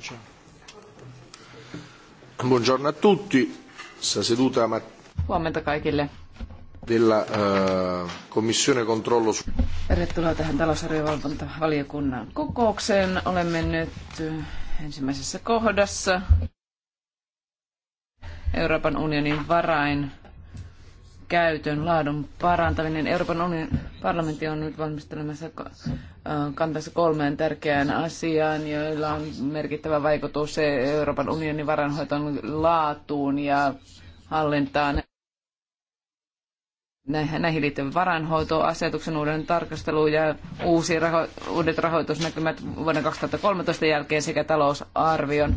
Cominciamo. Buongiorno a tutti. Sta seduta mat- Huomenta kaikille. Della uh, Commissione Controllo su... Tervetuloa tähän talousarvovalvontavaliokunnan kokoukseen. Olemme nyt eh, ensimmäisessä kohdassa. Euroopan unionin varain käytön laadun parantaminen. Euroopan unionin Parlamentti on nyt valmistelemassa kantansa kolmeen tärkeään asiaan, joilla on merkittävä vaikutus Euroopan unionin varanhoiton laatuun ja hallintaan. Näihin liittyvän varainhoitoasetuksen uuden tarkastelu ja uusi raho- uudet rahoitusnäkymät vuoden 2013 jälkeen sekä talousarvion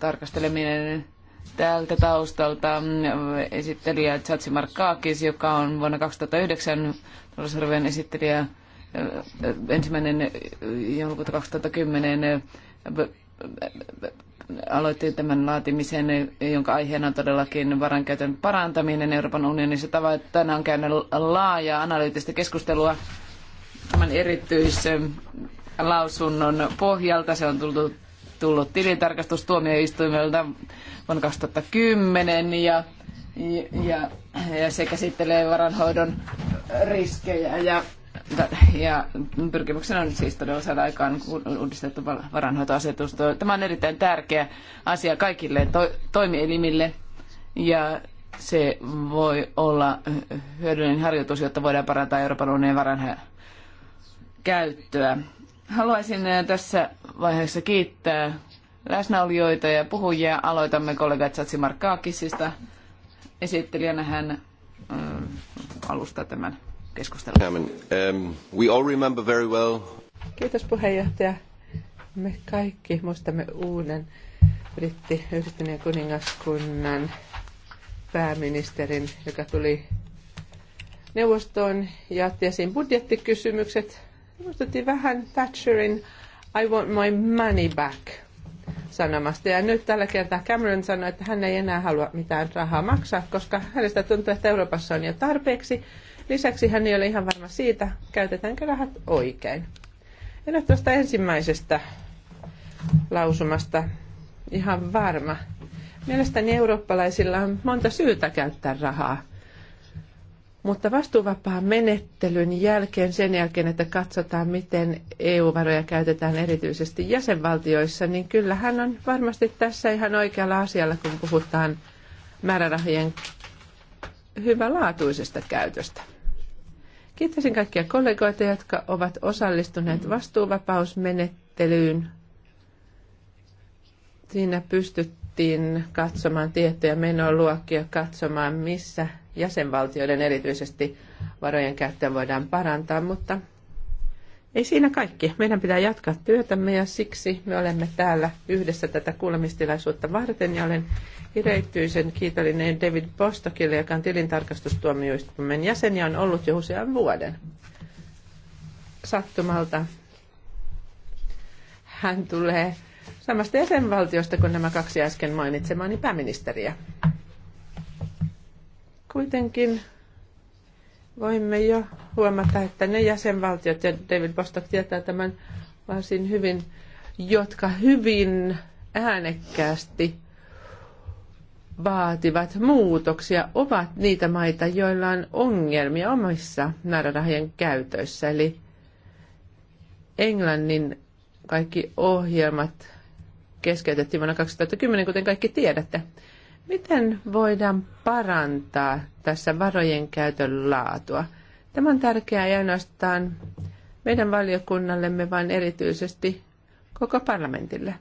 tarkasteleminen Tältä taustalta mm, esittelijä Chatsi Markkaakis, joka on vuonna 2009 talousarvion esittelijä ensimmäinen joulukuuta 2010 aloitti tämän laatimisen, jonka aiheena on todellakin varankäytön parantaminen Euroopan unionissa. Tänään on käynyt laajaa analyyttistä keskustelua tämän erityisen lausunnon pohjalta. Se on tullut tullut tilintarkastustuomioistuimelta vuonna 2010 ja, ja, ja se käsittelee varanhoidon riskejä ja ja pyrkimyksenä on siis todella saada aikaan uudistettu varanhoitoasetus. Tämä on erittäin tärkeä asia kaikille to- toimielimille ja se voi olla hyödyllinen harjoitus, jotta voidaan parantaa Euroopan unionin varanhoitoa käyttöä. Haluaisin eh, tässä vaiheessa kiittää läsnäolijoita ja puhujia. Aloitamme kollega Markkaakisista Esittelijänä hän eh, alustaa tämän keskustelun. Um, we all remember very well. Kiitos puheenjohtaja. Me kaikki muistamme uuden britti yhdistyneen kuningaskunnan pääministerin, joka tuli neuvostoon ja jätti esiin budjettikysymykset muistettiin vähän Thatcherin I want my money back sanomasta. Ja nyt tällä kertaa Cameron sanoi, että hän ei enää halua mitään rahaa maksaa, koska hänestä tuntuu, että Euroopassa on jo tarpeeksi. Lisäksi hän ei ole ihan varma siitä, käytetäänkö rahat oikein. En ole tuosta ensimmäisestä lausumasta ihan varma. Mielestäni eurooppalaisilla on monta syytä käyttää rahaa mutta vastuuvapaan menettelyn jälkeen, sen jälkeen, että katsotaan, miten EU-varoja käytetään erityisesti jäsenvaltioissa, niin kyllähän on varmasti tässä ihan oikealla asialla, kun puhutaan määrärahojen hyvälaatuisesta käytöstä. Kiitosin kaikkia kollegoita, jotka ovat osallistuneet vastuuvapausmenettelyyn. Siinä pystyttiin katsomaan tiettyjä menoluokkia, katsomaan missä jäsenvaltioiden erityisesti varojen käyttöä voidaan parantaa, mutta ei siinä kaikki. Meidän pitää jatkaa työtämme ja siksi me olemme täällä yhdessä tätä kuulemistilaisuutta varten ja olen erityisen kiitollinen David Postokille, joka on tilintarkastustuomioistuimen jäsen ja on ollut jo usean vuoden. Sattumalta hän tulee samasta jäsenvaltiosta kuin nämä kaksi äsken mainitsemaani pääministeriä. Kuitenkin voimme jo huomata, että ne jäsenvaltiot, ja David Bostock tietää tämän varsin hyvin, jotka hyvin äänekkäästi vaativat muutoksia, ovat niitä maita, joilla on ongelmia omissa määrärahojen käytöissä. Eli Englannin kaikki ohjelmat keskeytettiin vuonna 2010, kuten kaikki tiedätte. Miten voidaan parantaa tässä varojen käytön laatua? Tämä on tärkeää ei ainoastaan meidän valiokunnallemme, vaan erityisesti koko parlamentille.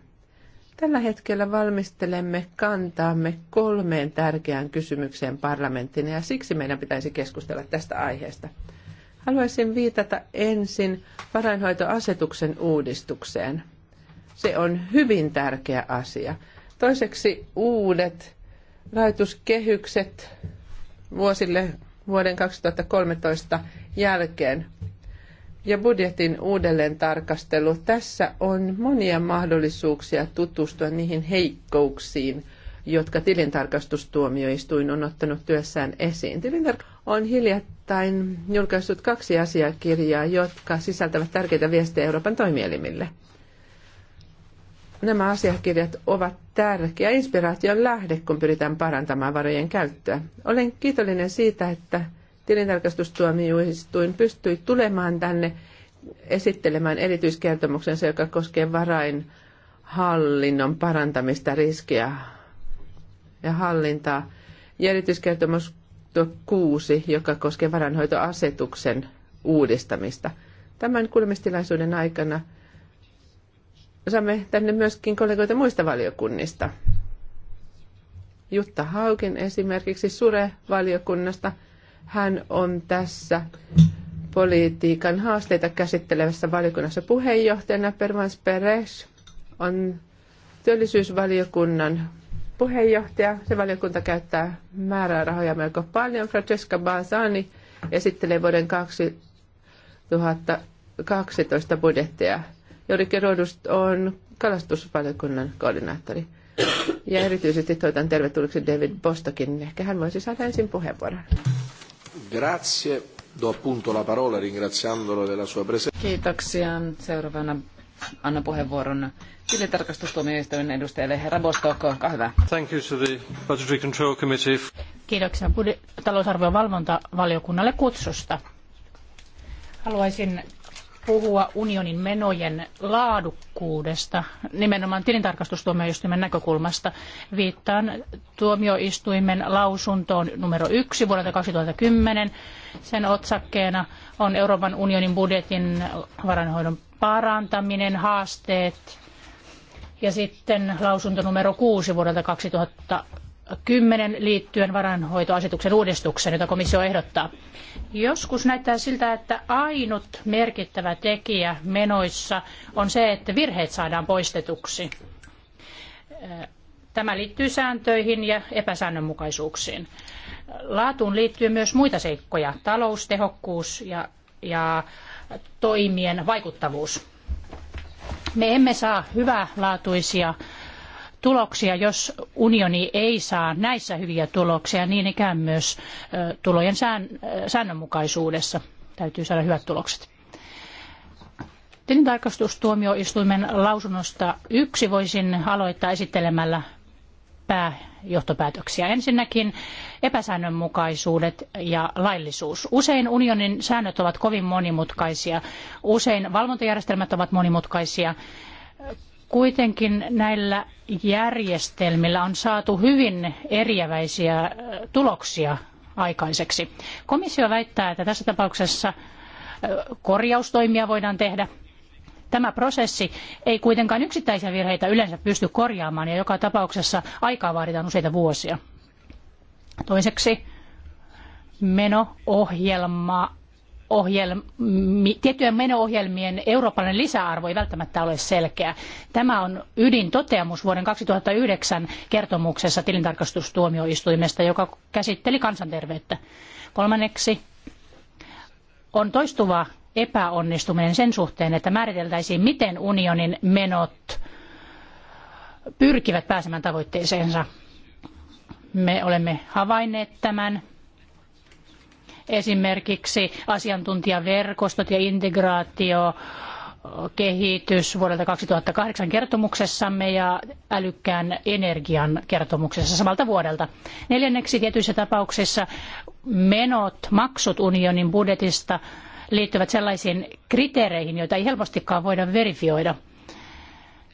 Tällä hetkellä valmistelemme kantaamme kolmeen tärkeään kysymykseen parlamenttina ja siksi meidän pitäisi keskustella tästä aiheesta. Haluaisin viitata ensin varainhoitoasetuksen uudistukseen. Se on hyvin tärkeä asia. Toiseksi uudet rahoituskehykset vuosille vuoden 2013 jälkeen ja budjetin uudelleen tarkastelu. Tässä on monia mahdollisuuksia tutustua niihin heikkouksiin, jotka tilintarkastustuomioistuin on ottanut työssään esiin. Tilintark- on hiljattain julkaissut kaksi asiakirjaa, jotka sisältävät tärkeitä viestejä Euroopan toimielimille. Nämä asiakirjat ovat tärkeä inspiraation lähde, kun pyritään parantamaan varojen käyttöä. Olen kiitollinen siitä, että tilintarkastustuomioistuin pystyi tulemaan tänne esittelemään erityiskertomuksensa, joka koskee varainhallinnon parantamista, riskiä ja hallintaa. Ja erityiskertomus 6, joka koskee varainhoitoasetuksen uudistamista. Tämän kuulemistilaisuuden aikana – saamme tänne myöskin kollegoita muista valiokunnista. Jutta Haukin esimerkiksi Sure-valiokunnasta. Hän on tässä politiikan haasteita käsittelevässä valiokunnassa puheenjohtajana. Permans Peres on työllisyysvaliokunnan puheenjohtaja. Se valiokunta käyttää määrärahoja melko paljon. Francesca Balsani esittelee vuoden 2012 budjettia Joudikki Rodust on kalastusvaliokunnan koordinaattori. Ja erityisesti toitan tervetulleeksi David Bostokin. Ehkä hän voisi saada ensin puheenvuoron. Grazie. Do appunto la parola ringraziandolo della sua presenza. Kiitoksia. Seuraavana anna puheenvuoron tilintarkastustuomioistuimen edustajalle herra Bostok, olkaa hyvä. Thank you to the Budgetary Control Committee. Kiitoksia talousarvion valvontavaliokunnalle kutsusta. Haluaisin puhua unionin menojen laadukkuudesta, nimenomaan tilintarkastustuomioistuimen näkökulmasta. Viittaan tuomioistuimen lausuntoon numero yksi vuodelta 2010. Sen otsakkeena on Euroopan unionin budjetin varainhoidon parantaminen, haasteet ja sitten lausunto numero kuusi vuodelta 2000 10 liittyen varainhoitoasetuksen uudistukseen, jota komissio ehdottaa. Joskus näyttää siltä, että ainut merkittävä tekijä menoissa on se, että virheet saadaan poistetuksi. Tämä liittyy sääntöihin ja epäsäännönmukaisuuksiin. Laatuun liittyy myös muita seikkoja, talous, tehokkuus ja, ja toimien vaikuttavuus. Me emme saa hyvälaatuisia laatuisia tuloksia, jos unioni ei saa näissä hyviä tuloksia, niin ikään myös tulojen säännönmukaisuudessa täytyy saada hyvät tulokset. Tilintarkastustuomioistuimen lausunnosta yksi voisin aloittaa esittelemällä pääjohtopäätöksiä. Ensinnäkin epäsäännönmukaisuudet ja laillisuus. Usein unionin säännöt ovat kovin monimutkaisia, usein valvontajärjestelmät ovat monimutkaisia, Kuitenkin näillä järjestelmillä on saatu hyvin eriäväisiä tuloksia aikaiseksi. Komissio väittää, että tässä tapauksessa korjaustoimia voidaan tehdä. Tämä prosessi ei kuitenkaan yksittäisiä virheitä yleensä pysty korjaamaan ja joka tapauksessa aikaa vaaditaan useita vuosia. Toiseksi meno-ohjelma ohjelmi, tiettyjen meno-ohjelmien eurooppalainen lisäarvo ei välttämättä ole selkeä. Tämä on ydintoteamus vuoden 2009 kertomuksessa tilintarkastustuomioistuimesta, joka käsitteli kansanterveyttä. Kolmanneksi on toistuva epäonnistuminen sen suhteen, että määriteltäisiin, miten unionin menot pyrkivät pääsemään tavoitteeseensa. Me olemme havainneet tämän Esimerkiksi asiantuntijaverkostot ja integraatio kehitys vuodelta 2008 kertomuksessamme ja älykkään energian kertomuksessa samalta vuodelta. Neljänneksi tietyissä tapauksissa menot, maksut unionin budjetista liittyvät sellaisiin kriteereihin, joita ei helpostikaan voida verifioida –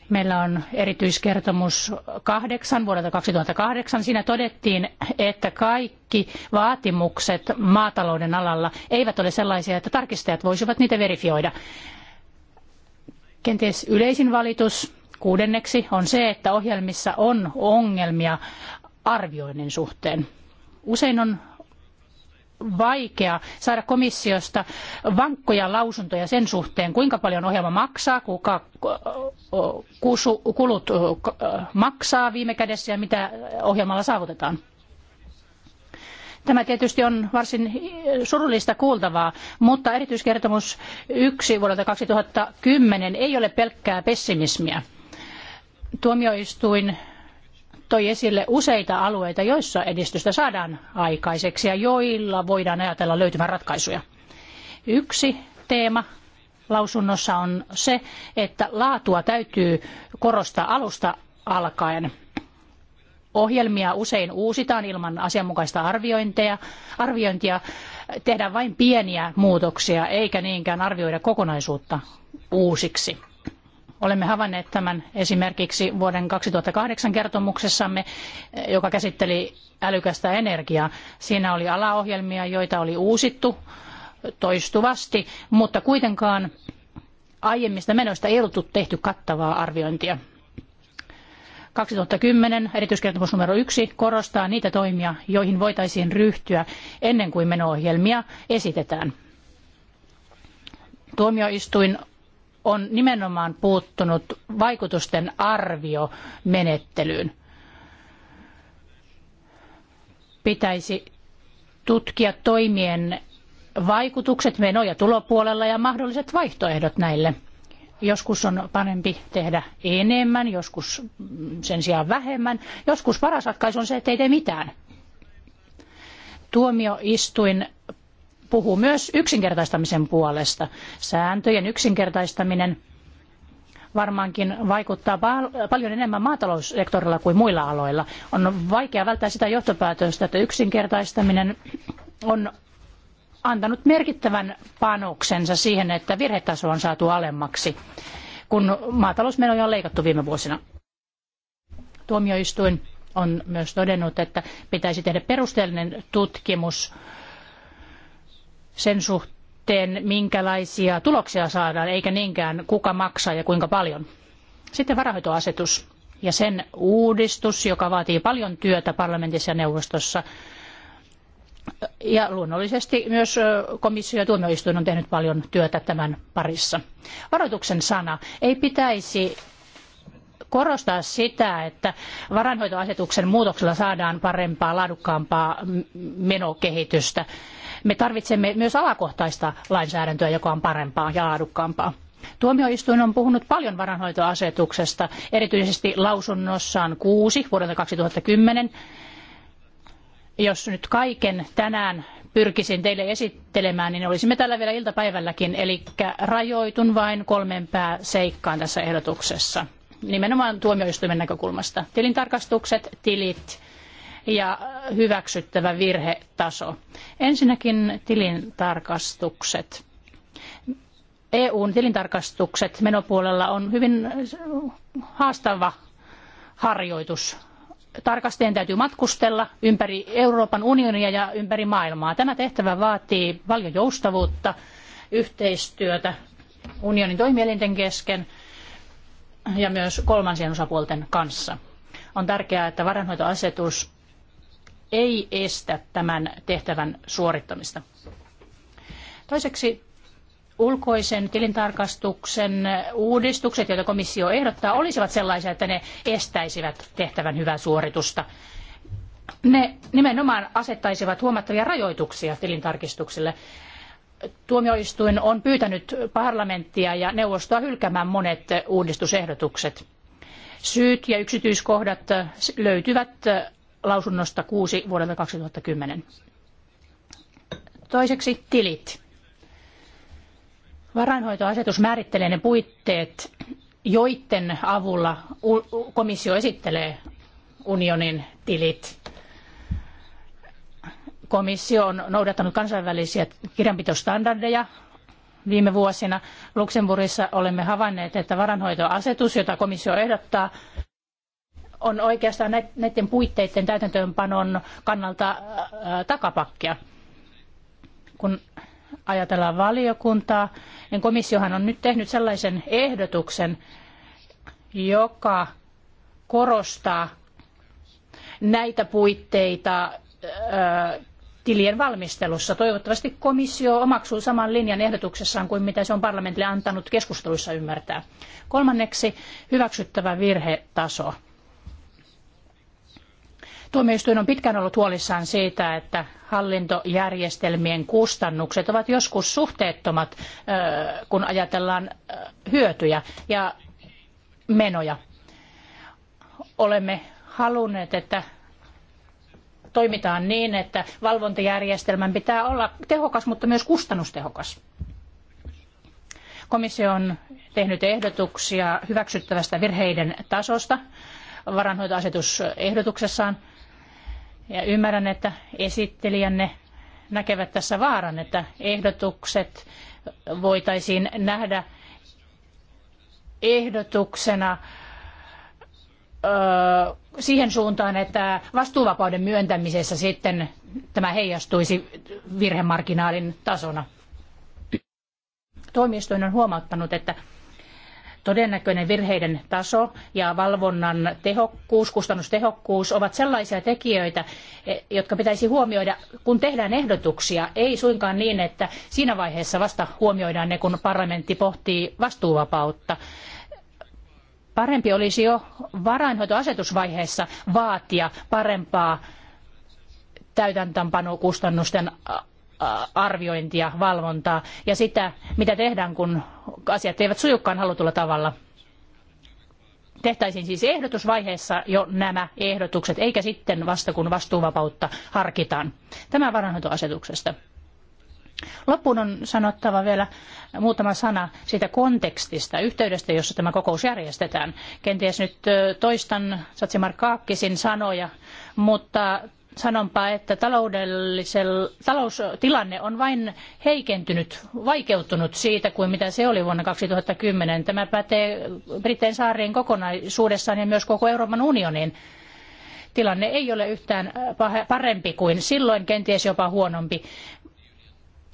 Meillä on erityiskertomus kahdeksan vuodelta 2008. Siinä todettiin, että kaikki vaatimukset maatalouden alalla eivät ole sellaisia, että tarkistajat voisivat niitä verifioida. Kenties yleisin valitus kuudenneksi on se, että ohjelmissa on ongelmia arvioinnin suhteen. Usein on vaikea saada komissiosta vankkoja lausuntoja sen suhteen, kuinka paljon ohjelma maksaa, kuka kulut maksaa viime kädessä ja mitä ohjelmalla saavutetaan. Tämä tietysti on varsin surullista kuultavaa, mutta erityiskertomus 1 vuodelta 2010 ei ole pelkkää pessimismiä. Tuomioistuin toi esille useita alueita, joissa edistystä saadaan aikaiseksi ja joilla voidaan ajatella löytyvän ratkaisuja. Yksi teema lausunnossa on se, että laatua täytyy korostaa alusta alkaen. Ohjelmia usein uusitaan ilman asianmukaista arviointeja, arviointia tehdään vain pieniä muutoksia eikä niinkään arvioida kokonaisuutta uusiksi. Olemme havainneet tämän esimerkiksi vuoden kahdeksan kertomuksessamme, joka käsitteli älykästä energiaa. Siinä oli alaohjelmia, joita oli uusittu toistuvasti, mutta kuitenkaan aiemmista menoista ei ollut tehty kattavaa arviointia. 2010 erityiskertomus numero yksi korostaa niitä toimia, joihin voitaisiin ryhtyä ennen kuin menoohjelmia esitetään. Tuomioistuin on nimenomaan puuttunut vaikutusten arviomenettelyyn. Pitäisi tutkia toimien vaikutukset meno- ja tulopuolella ja mahdolliset vaihtoehdot näille. Joskus on parempi tehdä enemmän, joskus sen sijaan vähemmän. Joskus paras ratkaisu on se, että ei tee mitään. Tuomioistuin puhuu myös yksinkertaistamisen puolesta. Sääntöjen yksinkertaistaminen varmaankin vaikuttaa paljon enemmän maataloussektorilla kuin muilla aloilla. On vaikea välttää sitä johtopäätöstä, että yksinkertaistaminen on antanut merkittävän panoksensa siihen, että virhetaso on saatu alemmaksi, kun maatalousmenoja on leikattu viime vuosina. Tuomioistuin on myös todennut, että pitäisi tehdä perusteellinen tutkimus sen suhteen, minkälaisia tuloksia saadaan, eikä niinkään kuka maksaa ja kuinka paljon. Sitten varahoitoasetus ja sen uudistus, joka vaatii paljon työtä parlamentissa ja neuvostossa. Ja luonnollisesti myös komissio ja tuomioistuin on tehnyt paljon työtä tämän parissa. Varoituksen sana ei pitäisi korostaa sitä, että varainhoitoasetuksen muutoksella saadaan parempaa, laadukkaampaa menokehitystä. Me tarvitsemme myös alakohtaista lainsäädäntöä, joka on parempaa ja laadukkaampaa. Tuomioistuin on puhunut paljon varanhoitoasetuksesta, erityisesti lausunnossaan kuusi vuodelta 2010. Jos nyt kaiken tänään pyrkisin teille esittelemään, niin olisimme tällä vielä iltapäivälläkin, eli rajoitun vain kolmen pääseikkaan tässä ehdotuksessa nimenomaan tuomioistuimen näkökulmasta. Tilintarkastukset, tilit ja hyväksyttävä virhetaso. Ensinnäkin tilintarkastukset. EUn tilintarkastukset menopuolella on hyvin haastava harjoitus. Tarkastajien täytyy matkustella ympäri Euroopan unionia ja ympäri maailmaa. Tämä tehtävä vaatii paljon joustavuutta, yhteistyötä unionin toimielinten kesken ja myös kolmansien osapuolten kanssa. On tärkeää, että varainhoitoasetus ei estä tämän tehtävän suorittamista. Toiseksi ulkoisen tilintarkastuksen uudistukset, joita komissio ehdottaa, olisivat sellaisia, että ne estäisivät tehtävän hyvää suoritusta. Ne nimenomaan asettaisivat huomattavia rajoituksia tilintarkistuksille. Tuomioistuin on pyytänyt parlamenttia ja neuvostoa hylkäämään monet uudistusehdotukset. Syyt ja yksityiskohdat löytyvät lausunnosta 6 vuodelta 2010. Toiseksi tilit. Varainhoitoasetus määrittelee ne puitteet, joiden avulla komissio esittelee unionin tilit. Komissio on noudattanut kansainvälisiä kirjanpitostandardeja viime vuosina. Luxemburgissa olemme havainneet, että varanhoitoasetus, jota komissio ehdottaa, on oikeastaan näiden puitteiden täytäntöönpanon kannalta äh, äh, takapakkia. Kun ajatellaan valiokuntaa, niin komissiohan on nyt tehnyt sellaisen ehdotuksen, joka korostaa näitä puitteita äh, tilien valmistelussa. Toivottavasti komissio omaksuu saman linjan ehdotuksessaan kuin mitä se on parlamentille antanut keskusteluissa ymmärtää. Kolmanneksi hyväksyttävä virhetaso. Tuomioistuin on pitkään ollut huolissaan siitä, että hallintojärjestelmien kustannukset ovat joskus suhteettomat, kun ajatellaan hyötyjä ja menoja. Olemme halunneet, että toimitaan niin, että valvontajärjestelmän pitää olla tehokas, mutta myös kustannustehokas. Komissio on tehnyt ehdotuksia hyväksyttävästä virheiden tasosta varainhoitoasetusehdotuksessaan. ehdotuksessaan ja ymmärrän, että esittelijänne näkevät tässä vaaran, että ehdotukset voitaisiin nähdä ehdotuksena siihen suuntaan, että vastuuvapauden myöntämisessä sitten tämä heijastuisi virhemarginaalin tasona. Tuomioistuin on huomauttanut, että todennäköinen virheiden taso ja valvonnan tehokkuus, kustannustehokkuus ovat sellaisia tekijöitä, eh, jotka pitäisi huomioida, kun tehdään ehdotuksia, ei suinkaan niin, että siinä vaiheessa vasta huomioidaan ne, kun parlamentti pohtii vastuuvapautta. Parempi olisi jo varainhoitoasetusvaiheessa vaatia parempaa täytäntöönpanokustannusten arviointia, valvontaa ja sitä, mitä tehdään, kun asiat eivät sujukaan halutulla tavalla. Tehtäisiin siis ehdotusvaiheessa jo nämä ehdotukset, eikä sitten vasta kun vastuuvapautta harkitaan. Tämä varainhoitoasetuksesta. Loppuun on sanottava vielä muutama sana siitä kontekstista, yhteydestä, jossa tämä kokous järjestetään. Kenties nyt toistan Satsimark Kaakkisin sanoja, mutta sanonpaa, että taloustilanne on vain heikentynyt, vaikeutunut siitä kuin mitä se oli vuonna 2010. Tämä pätee Britein saariin kokonaisuudessaan ja myös koko Euroopan unioniin. Tilanne ei ole yhtään parempi kuin silloin, kenties jopa huonompi.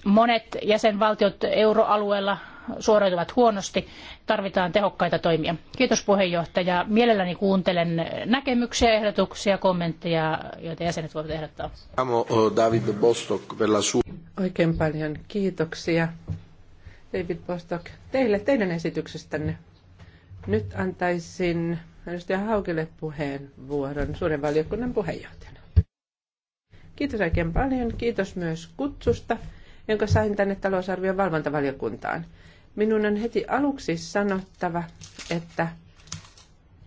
Monet jäsenvaltiot euroalueella suoriutuvat huonosti. Tarvitaan tehokkaita toimia. Kiitos puheenjohtaja. Mielelläni kuuntelen näkemyksiä, ehdotuksia, kommentteja, joita jäsenet voivat ehdottaa. David Bostock Oikein paljon kiitoksia. David Bostock, teille teidän esityksestänne. Nyt antaisin edustaja Haukille puheenvuoron suuren valiokunnan puheenjohtajana. Kiitos oikein paljon. Kiitos myös kutsusta jonka sain tänne talousarvion valvontavaliokuntaan. Minun on heti aluksi sanottava, että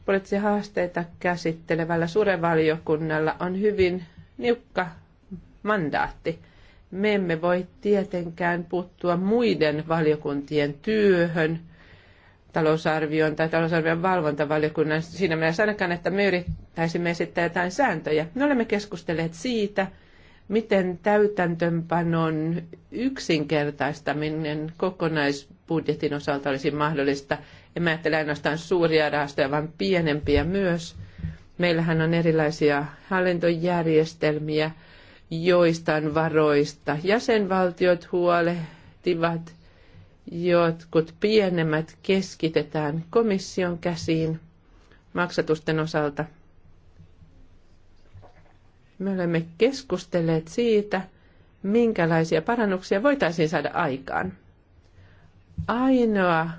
poliittisia haasteita käsittelevällä suurevaliokunnalla on hyvin niukka mandaatti. Me emme voi tietenkään puuttua muiden valiokuntien työhön, talousarvion tai talousarvion valvontavaliokunnan siinä mielessä ainakaan, että me yrittäisimme esittää jotain sääntöjä. Me olemme keskustelleet siitä, miten täytäntöönpanon yksinkertaistaminen kokonaisbudjetin osalta olisi mahdollista. En ajattele ainoastaan suuria rahastoja, vaan pienempiä myös. Meillähän on erilaisia hallintojärjestelmiä, on varoista jäsenvaltiot huolehtivat, jotkut pienemmät keskitetään komission käsiin maksatusten osalta – me olemme keskustelleet siitä, minkälaisia parannuksia voitaisiin saada aikaan. Ainoa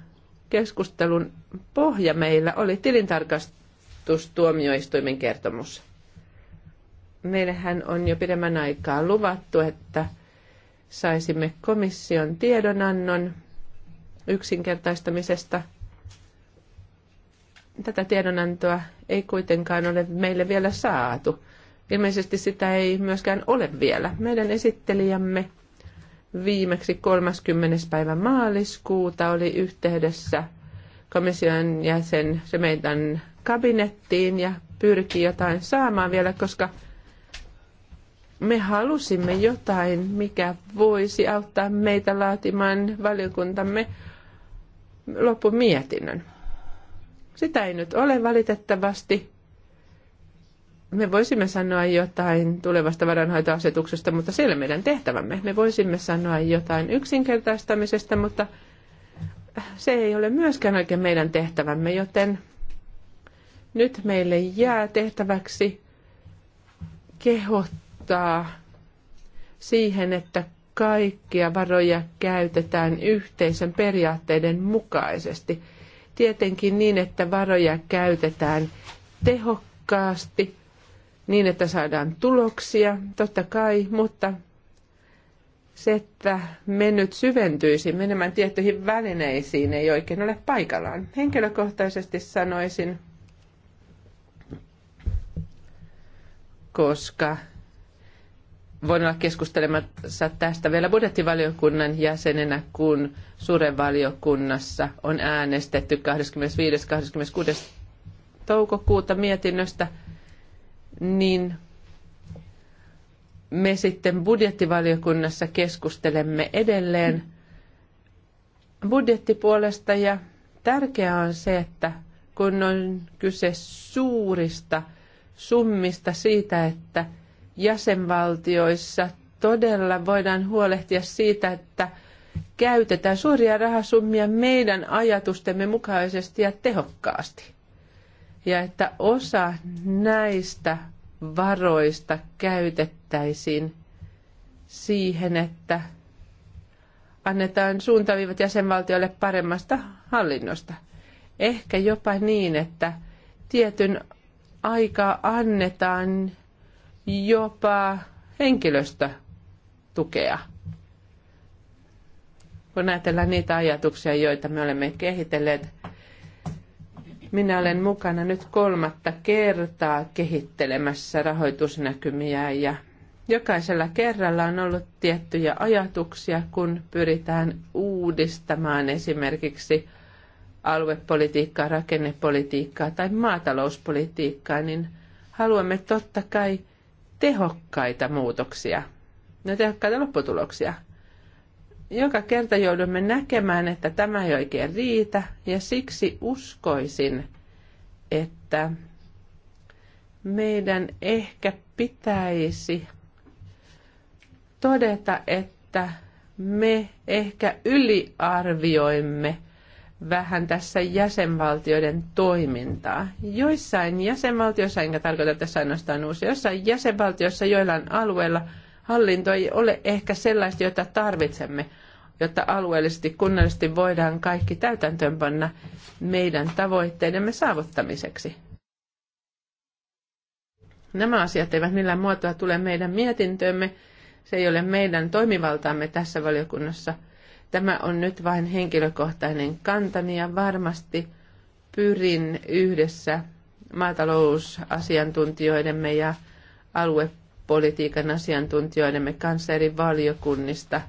keskustelun pohja meillä oli tilintarkastustuomioistuimen kertomus. Meillähän on jo pidemmän aikaa luvattu, että saisimme komission tiedonannon yksinkertaistamisesta. Tätä tiedonantoa ei kuitenkaan ole meille vielä saatu. Ilmeisesti sitä ei myöskään ole vielä. Meidän esittelijämme viimeksi 30. päivä maaliskuuta oli yhteydessä komission jäsen se meidän kabinettiin ja pyrki jotain saamaan vielä, koska me halusimme jotain, mikä voisi auttaa meitä laatimaan valiokuntamme loppumietinnön. Sitä ei nyt ole valitettavasti me voisimme sanoa jotain tulevasta varanhoitoasetuksesta, mutta se ei ole meidän tehtävämme. Me voisimme sanoa jotain yksinkertaistamisesta, mutta se ei ole myöskään oikein meidän tehtävämme, joten nyt meille jää tehtäväksi kehottaa siihen, että kaikkia varoja käytetään yhteisen periaatteiden mukaisesti. Tietenkin niin, että varoja käytetään tehokkaasti – niin, että saadaan tuloksia, totta kai, mutta se, että me nyt syventyisi menemään tiettyihin välineisiin, ei oikein ole paikallaan. Henkilökohtaisesti sanoisin, koska voin olla keskustelemassa tästä vielä budjettivaliokunnan jäsenenä, kun suuren valiokunnassa on äänestetty 25.-26. toukokuuta mietinnöstä – niin me sitten budjettivaliokunnassa keskustelemme edelleen budjettipuolesta ja tärkeää on se, että kun on kyse suurista summista siitä, että jäsenvaltioissa todella voidaan huolehtia siitä, että käytetään suuria rahasummia meidän ajatustemme mukaisesti ja tehokkaasti ja että osa näistä varoista käytettäisiin siihen, että annetaan suuntaviivat jäsenvaltioille paremmasta hallinnosta. Ehkä jopa niin, että tietyn aikaa annetaan jopa henkilöstötukea. Kun ajatellaan niitä ajatuksia, joita me olemme kehitelleet – minä olen mukana nyt kolmatta kertaa kehittelemässä rahoitusnäkymiä ja jokaisella kerralla on ollut tiettyjä ajatuksia, kun pyritään uudistamaan esimerkiksi aluepolitiikkaa, rakennepolitiikkaa tai maatalouspolitiikkaa, niin haluamme totta kai tehokkaita muutoksia, no tehokkaita lopputuloksia – joka kerta joudumme näkemään, että tämä ei oikein riitä, ja siksi uskoisin, että meidän ehkä pitäisi todeta, että me ehkä yliarvioimme vähän tässä jäsenvaltioiden toimintaa. Joissain jäsenvaltioissa, enkä tarkoita tässä ainoastaan uusia, joissain jäsenvaltioissa, joillain alueilla hallinto ei ole ehkä sellaista, jota tarvitsemme jotta alueellisesti, kunnallisesti voidaan kaikki täytäntöönpanna meidän tavoitteidemme saavuttamiseksi. Nämä asiat eivät millään muotoa tule meidän mietintöömme. Se ei ole meidän toimivaltaamme tässä valiokunnassa. Tämä on nyt vain henkilökohtainen kantani ja varmasti pyrin yhdessä maatalousasiantuntijoidemme ja aluepolitiikan asiantuntijoidemme kanssa eri valiokunnista –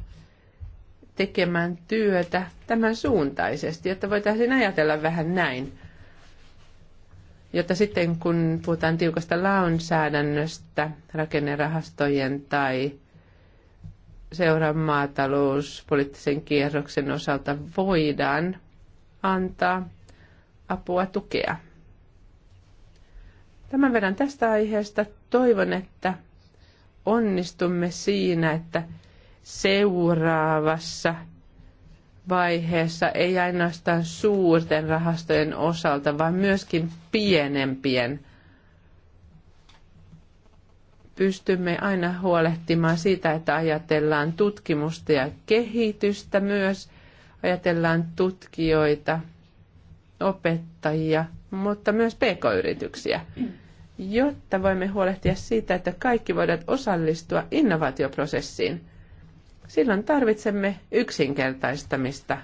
tekemään työtä tämän suuntaisesti, jotta voitaisiin ajatella vähän näin. Jotta sitten kun puhutaan tiukasta lainsäädännöstä, rakennerahastojen tai seuran maatalouspoliittisen kierroksen osalta voidaan antaa apua tukea. Tämän verran tästä aiheesta. Toivon, että onnistumme siinä, että seuraavassa vaiheessa ei ainoastaan suurten rahastojen osalta, vaan myöskin pienempien. Pystymme aina huolehtimaan siitä, että ajatellaan tutkimusta ja kehitystä myös, ajatellaan tutkijoita, opettajia, mutta myös pk-yrityksiä, jotta voimme huolehtia siitä, että kaikki voivat osallistua innovaatioprosessiin – Silloin tarvitsemme yksinkertaistamista.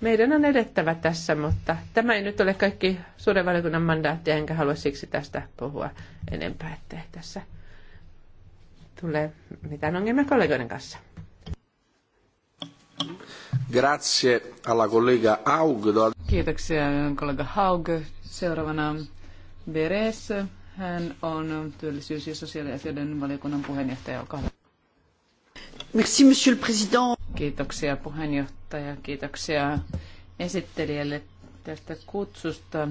Meidän on edettävä tässä, mutta tämä ei nyt ole kaikki suuren valiokunnan mandaatti, enkä halua siksi tästä puhua enempää, että tässä tule mitään ongelmia kollegoiden kanssa. Grazie alla collega Haug. Kiitoksia kollega Haug. Seuraavana Beres. Hän on työllisyys- ja sosiaaliasioiden valiokunnan puheenjohtaja. Olkaa hyvä. Merci, monsieur le président. Kiitoksia puheenjohtaja, kiitoksia esittelijälle tästä kutsusta,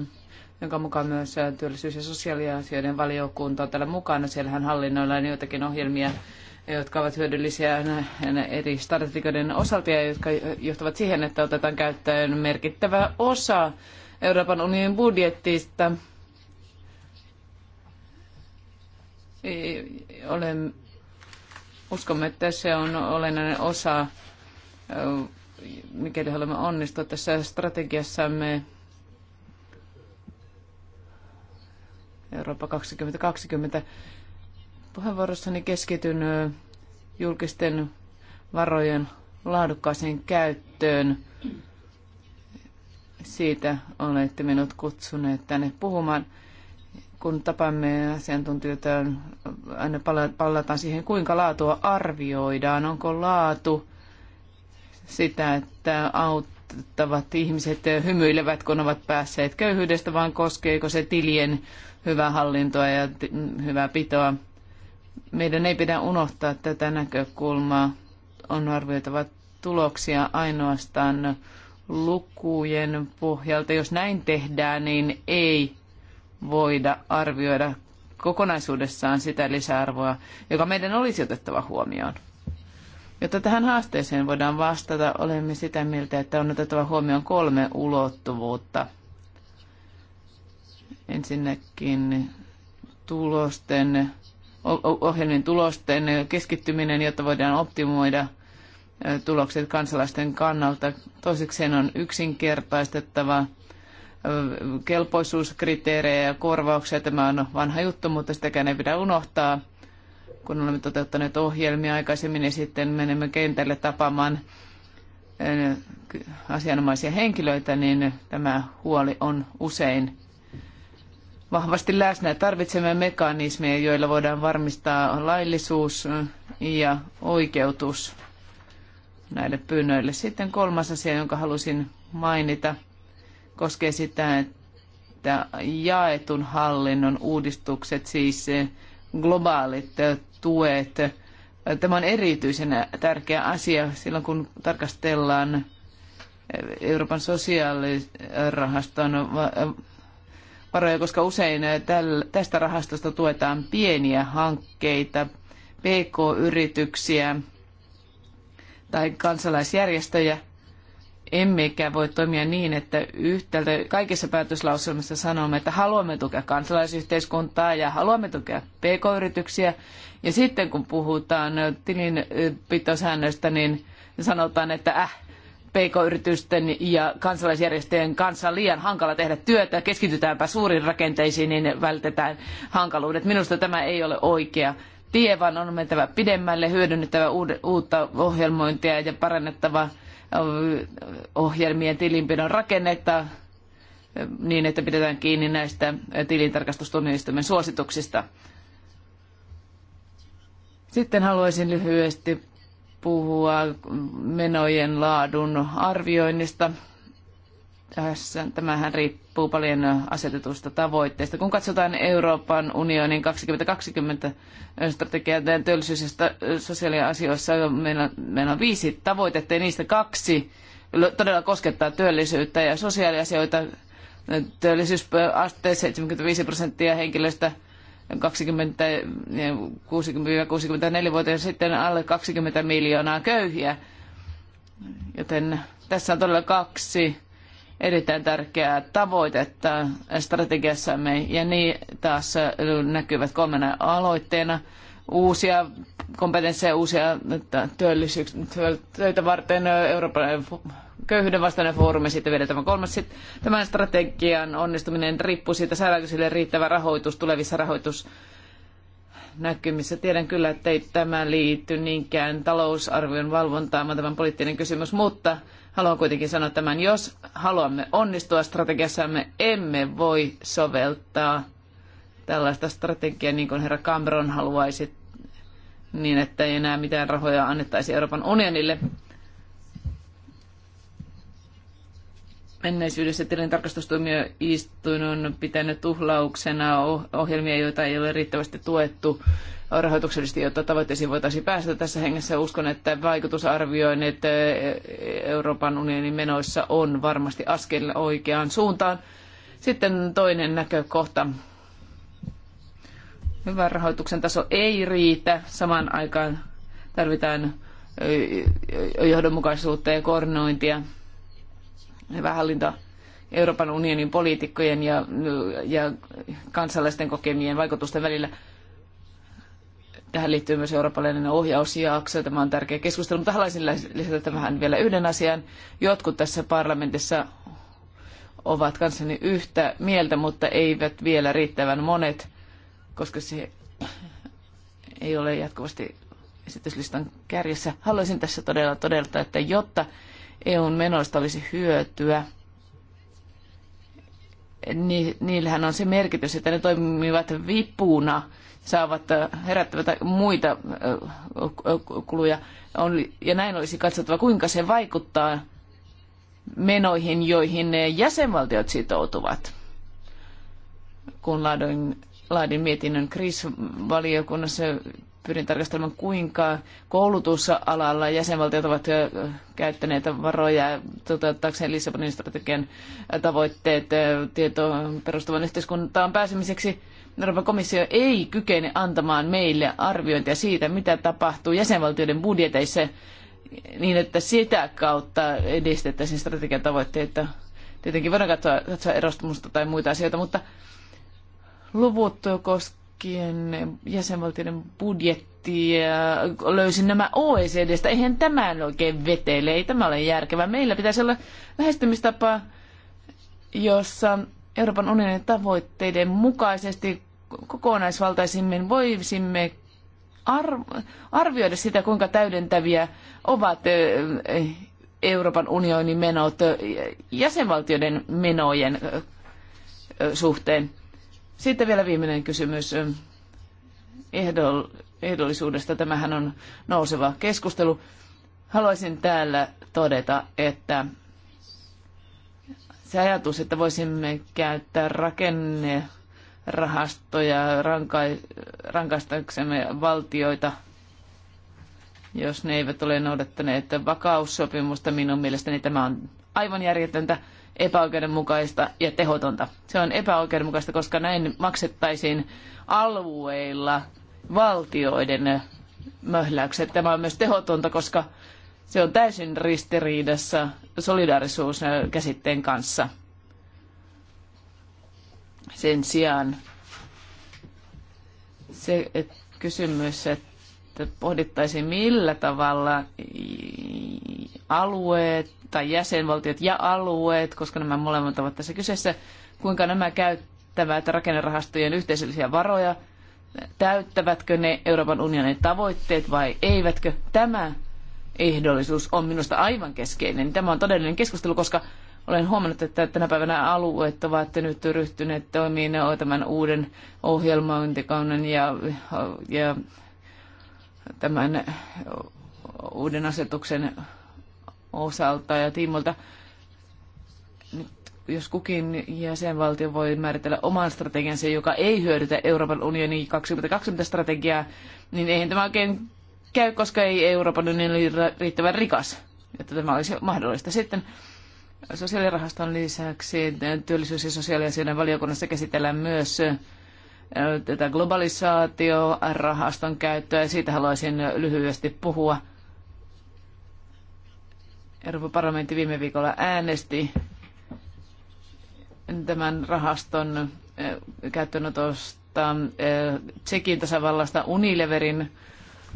jonka mukaan myös työllisyys- ja sosiaaliasioiden valiokunta on täällä mukana. Siellähän hallinnoillaan joitakin ohjelmia, jotka ovat hyödyllisiä eri strategioiden osalta ja jotka johtavat siihen, että otetaan käyttöön merkittävä osa Euroopan unionin budjettista. Olen Uskomme, että se on olennainen osa, mikäli haluamme onnistua tässä strategiassamme Eurooppa 2020. Puheenvuorossani keskityn julkisten varojen laadukkaaseen käyttöön. Siitä olette minut kutsuneet tänne puhumaan kun tapamme asiantuntijoita, aina palataan siihen, kuinka laatua arvioidaan. Onko laatu sitä, että auttavat ihmiset hymyilevät, kun ovat päässeet köyhyydestä, vaan koskeeko se tilien hyvää hallintoa ja hyvää pitoa. Meidän ei pidä unohtaa tätä näkökulmaa. On arvioitava tuloksia ainoastaan lukujen pohjalta. Jos näin tehdään, niin ei voida arvioida kokonaisuudessaan sitä lisäarvoa, joka meidän olisi otettava huomioon. Jotta tähän haasteeseen voidaan vastata, olemme sitä mieltä, että on otettava huomioon kolme ulottuvuutta. Ensinnäkin tulosten, ohjelmien tulosten keskittyminen, jotta voidaan optimoida tulokset kansalaisten kannalta. Toisekseen on yksinkertaistettava kelpoisuuskriteerejä ja korvauksia. Tämä on vanha juttu, mutta sitäkään ei pidä unohtaa, kun olemme toteuttaneet ohjelmia aikaisemmin ja niin sitten menemme kentälle tapaamaan eh, asianomaisia henkilöitä, niin tämä huoli on usein vahvasti läsnä. Tarvitsemme mekanismeja, joilla voidaan varmistaa laillisuus eh, ja oikeutus näille pyynnöille. Sitten kolmas asia, jonka halusin mainita – koskee sitä, että jaetun hallinnon uudistukset, siis globaalit tuet, tämä on erityisen tärkeä asia silloin, kun tarkastellaan Euroopan sosiaalirahaston varoja, koska usein tästä rahastosta tuetaan pieniä hankkeita, pk-yrityksiä tai kansalaisjärjestöjä – emmekä voi toimia niin, että yhtäältä kaikissa päätöslauselmissa sanomme, että haluamme tukea kansalaisyhteiskuntaa ja haluamme tukea pk-yrityksiä. Ja sitten kun puhutaan tilinpitosäännöistä, niin sanotaan, että äh, pk-yritysten ja kansalaisjärjestöjen kanssa on liian hankala tehdä työtä, keskitytäänpä suuriin rakenteisiin, niin vältetään hankaluudet. Minusta tämä ei ole oikea tie, vaan on mentävä pidemmälle, hyödynnettävä uutta ohjelmointia ja parannettava ohjelmien tilinpidon rakennetta niin, että pidetään kiinni näistä tilintarkastustuomioistuimen suosituksista. Sitten haluaisin lyhyesti puhua menojen laadun arvioinnista. Tämähän riippuu paljon asetetusta tavoitteista. Kun katsotaan Euroopan unionin 2020 strategiaa työllisyys- ja sosiaaliasioissa, meillä, meillä on viisi tavoitetta ja niistä kaksi todella koskettaa työllisyyttä ja sosiaaliasioita. Työllisyysaste 75 prosenttia henkilöstä 20 60-64-vuotiaita sitten alle 20 miljoonaa köyhiä. Joten tässä on todella kaksi erittäin tärkeää tavoitetta strategiassamme ja niin taas näkyvät kolmena aloitteena uusia kompetensseja, uusia työllisyys- työtä varten Euroopan köyhyyden vastainen foorumi sitten vielä tämä kolmas. Sitten tämän strategian onnistuminen riippuu siitä, saadaanko sille riittävä rahoitus tulevissa rahoitusnäkymissä. Tiedän kyllä, että ei tämä liity niinkään talousarvion valvontaan, vaan tämän poliittinen kysymys, mutta Haluan kuitenkin sanoa tämän, jos haluamme onnistua strategiassamme, emme voi soveltaa tällaista strategiaa, niin kuin herra Cameron haluaisi, niin että ei enää mitään rahoja annettaisi Euroopan unionille. Menneisyydessä tilintarkastustuomioistuin on pitänyt tuhlauksena ohjelmia, joita ei ole riittävästi tuettu rahoituksellisesti, jotta tavoitteisiin voitaisiin päästä. Tässä hengessä uskon, että vaikutusarvioinnit eh, Euroopan unionin menoissa on varmasti askel oikeaan suuntaan. Sitten toinen näkökohta. Hyvän rahoituksen taso ei riitä. Samaan aikaan tarvitaan eh, johdonmukaisuutta ja koordinointia hyvä hallinto Euroopan unionin poliitikkojen ja, ja kansalaisten kokemien vaikutusten välillä. Tähän liittyy myös eurooppalainen ohjausjakso. Tämä on tärkeä keskustelu, mutta haluaisin lisätä tähän vielä yhden asian. Jotkut tässä parlamentissa ovat kanssani yhtä mieltä, mutta eivät vielä riittävän monet, koska se ei ole jatkuvasti esityslistan kärjessä. Haluaisin tässä todella todeta, että jotta EUn menoista olisi hyötyä. Ni, niillähän on se merkitys, että ne toimivat vipuna, saavat äh, herättävät muita äh, kuluja. ja näin olisi katsottava, kuinka se vaikuttaa menoihin, joihin ne jäsenvaltiot sitoutuvat. Kun laadin, laadin mietinnön kriisivaliokunnassa pyrin tarkastelemaan, kuinka koulutusalalla jäsenvaltiot ovat käyttäneet varoja toteuttaakseen Lissabonin strategian tavoitteet tietoon perustuvan yhteiskuntaan pääsemiseksi. Euroopan komissio ei kykene antamaan meille arviointia siitä, mitä tapahtuu jäsenvaltioiden budjeteissa niin, että sitä kautta edistettäisiin strategian tavoitteita. Tietenkin voidaan katsoa, katsoa tai muita asioita, mutta luvut koskevat kaikkien jäsenvaltioiden budjettia löysin nämä OECDstä. Eihän tämä oikein vetele, ei tämä ole järkevää. Meillä pitäisi olla lähestymistapa, jossa Euroopan unionin tavoitteiden mukaisesti kokonaisvaltaisimmin voisimme arvioida sitä, kuinka täydentäviä ovat Euroopan unionin menot jäsenvaltioiden menojen suhteen. Sitten vielä viimeinen kysymys ehdollisuudesta. Tämähän on nouseva keskustelu. Haluaisin täällä todeta, että se ajatus, että voisimme käyttää rakennerahastoja rankai, rankaistaksemme valtioita, jos ne eivät ole noudattaneet vakaussopimusta, minun mielestäni tämä on aivan järjetöntä epäoikeudenmukaista ja tehotonta. Se on epäoikeudenmukaista, koska näin maksettaisiin alueilla valtioiden möhläykset. Tämä on myös tehotonta, koska se on täysin ristiriidassa solidaarisuuskäsitteen kanssa. Sen sijaan se kysymys, että pohdittaisiin millä tavalla alueet tai jäsenvaltiot ja alueet, koska nämä molemmat ovat tässä kyseessä, kuinka nämä käyttävät rakennerahastojen yhteisöllisiä varoja, täyttävätkö ne Euroopan unionin tavoitteet vai eivätkö. Tämä ehdollisuus on minusta aivan keskeinen. Tämä on todellinen keskustelu, koska olen huomannut, että tänä päivänä alueet ovat nyt ryhtyneet toimiin tämän uuden ohjelmointikauden ja, ja tämän uuden asetuksen osalta ja tiimolta. Nyt jos kukin jäsenvaltio voi määritellä oman strategiansa, joka ei hyödytä Euroopan unionin 2020-strategiaa, niin eihän tämä oikein käy, koska ei Euroopan unioni ole riittävän rikas, jotta tämä olisi mahdollista. Sitten sosiaalirahaston lisäksi työllisyys- ja sosiaaliasioiden valiokunnassa käsitellään myös tätä globalisaatiorahaston käyttöä, ja siitä haluaisin lyhyesti puhua – Euroopan parlamentti viime viikolla äänesti tämän rahaston eh, käyttöönotosta eh, Tsekin tasavallasta Unileverin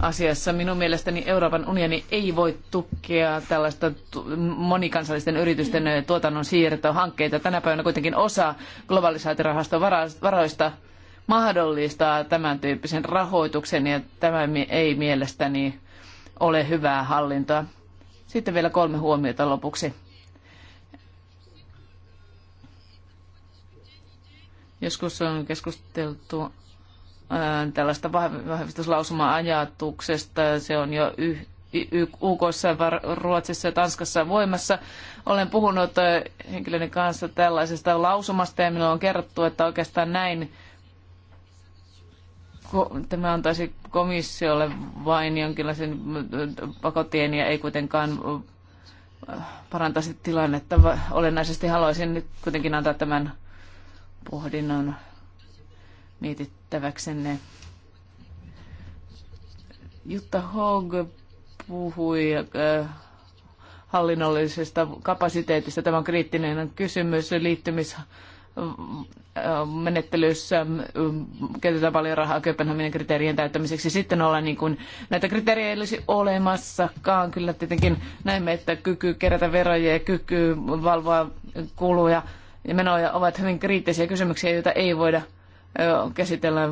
asiassa. Minun mielestäni Euroopan unioni ei voi tukea tällaista monikansallisten yritysten eh, tuotannon siirtohankkeita. Tänä päivänä kuitenkin osa globalisaatiorahaston varoista mahdollistaa tämän tyyppisen rahoituksen ja tämä ei mielestäni ole hyvää hallintoa. Sitten vielä kolme huomiota lopuksi. Joskus on keskusteltu ää, tällaista vahvistuslausuma-ajatuksesta. Se on jo y- UKssa, Ruotsissa ja Tanskassa voimassa. Olen puhunut henkilöiden kanssa tällaisesta lausumasta ja minulla on kerrottu, että oikeastaan näin tämä antaisi komissiolle vain jonkinlaisen äh, pakotien ja ei kuitenkaan äh, parantaisi tilannetta. Olennaisesti haluaisin nyt kuitenkin antaa tämän pohdinnan mietittäväksenne. Jutta Hogg puhui äh, hallinnollisesta kapasiteetista. Tämä on kriittinen kysymys liittymis menettelyssä mm, mm, käytetään paljon rahaa Kööpenhaminan kriteerien täyttämiseksi. Sitten olla niin kuin, näitä kriteerejä ei olisi olemassakaan. Kyllä tietenkin näemme, että kyky kerätä veroja ja kyky valvoa kuluja ja menoja ovat hyvin kriittisiä kysymyksiä, joita ei voida käsitellä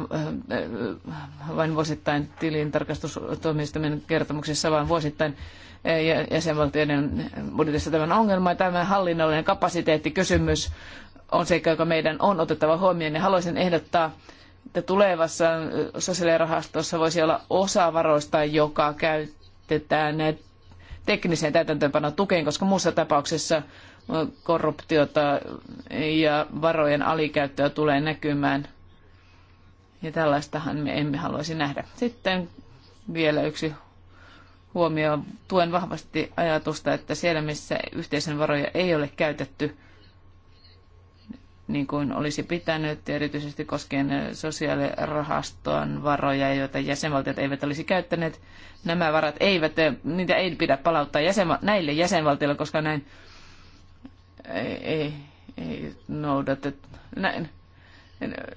vain vuosittain tilintarkastustoimistojen kertomuksessa, vaan vuosittain jäsenvaltioiden budjetissa tämän ja Tämä hallinnollinen kapasiteettikysymys on seikka, joka meidän on otettava huomioon. Ja haluaisin ehdottaa, että tulevassa sosiaalirahastossa voisi olla osa varoista, joka käytetään tekniseen täytäntöönpanon tukeen, koska muussa tapauksessa korruptiota ja varojen alikäyttöä tulee näkymään. Ja tällaistahan me emme haluaisi nähdä. Sitten vielä yksi huomio. Tuen vahvasti ajatusta, että siellä missä yhteisen varoja ei ole käytetty, niin kuin olisi pitänyt, erityisesti koskien sosiaalirahaston varoja, joita jäsenvaltiot eivät olisi käyttäneet. Nämä varat eivät, niitä ei pidä palauttaa jäsenva- näille jäsenvaltioille, koska näin ei, ei, ei noudatet, näin.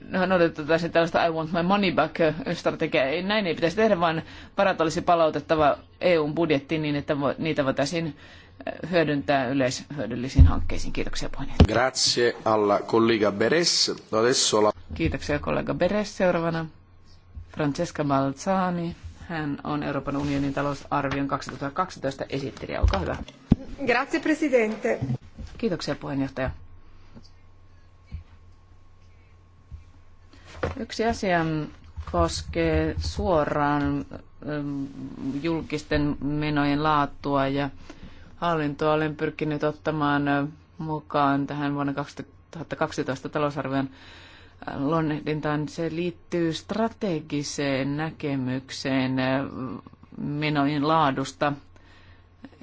No, noudatettaisiin tällaista I want my money back strategiaa. Ei, näin ei pitäisi tehdä, vaan varat olisi palautettava EUn budjettiin niin, että niitä voitaisiin hyödyntää yleishyödyllisiin hankkeisiin. Kiitoksia puheenjohtaja. Grazie alla collega Beres. Adesso la... Kiitoksia kollega Beres seuraavana. Francesca Balzani. Hän on Euroopan unionin talousarvion 2012 esittelijä. Olkaa hyvä. Grazie, presidente. Kiitoksia puheenjohtaja. Yksi asia koskee suoraan julkisten menojen laatua ja hallintoa olen pyrkinyt ottamaan mukaan tähän vuonna 2012 talousarvion luonnehdintaan. Se liittyy strategiseen näkemykseen menojen laadusta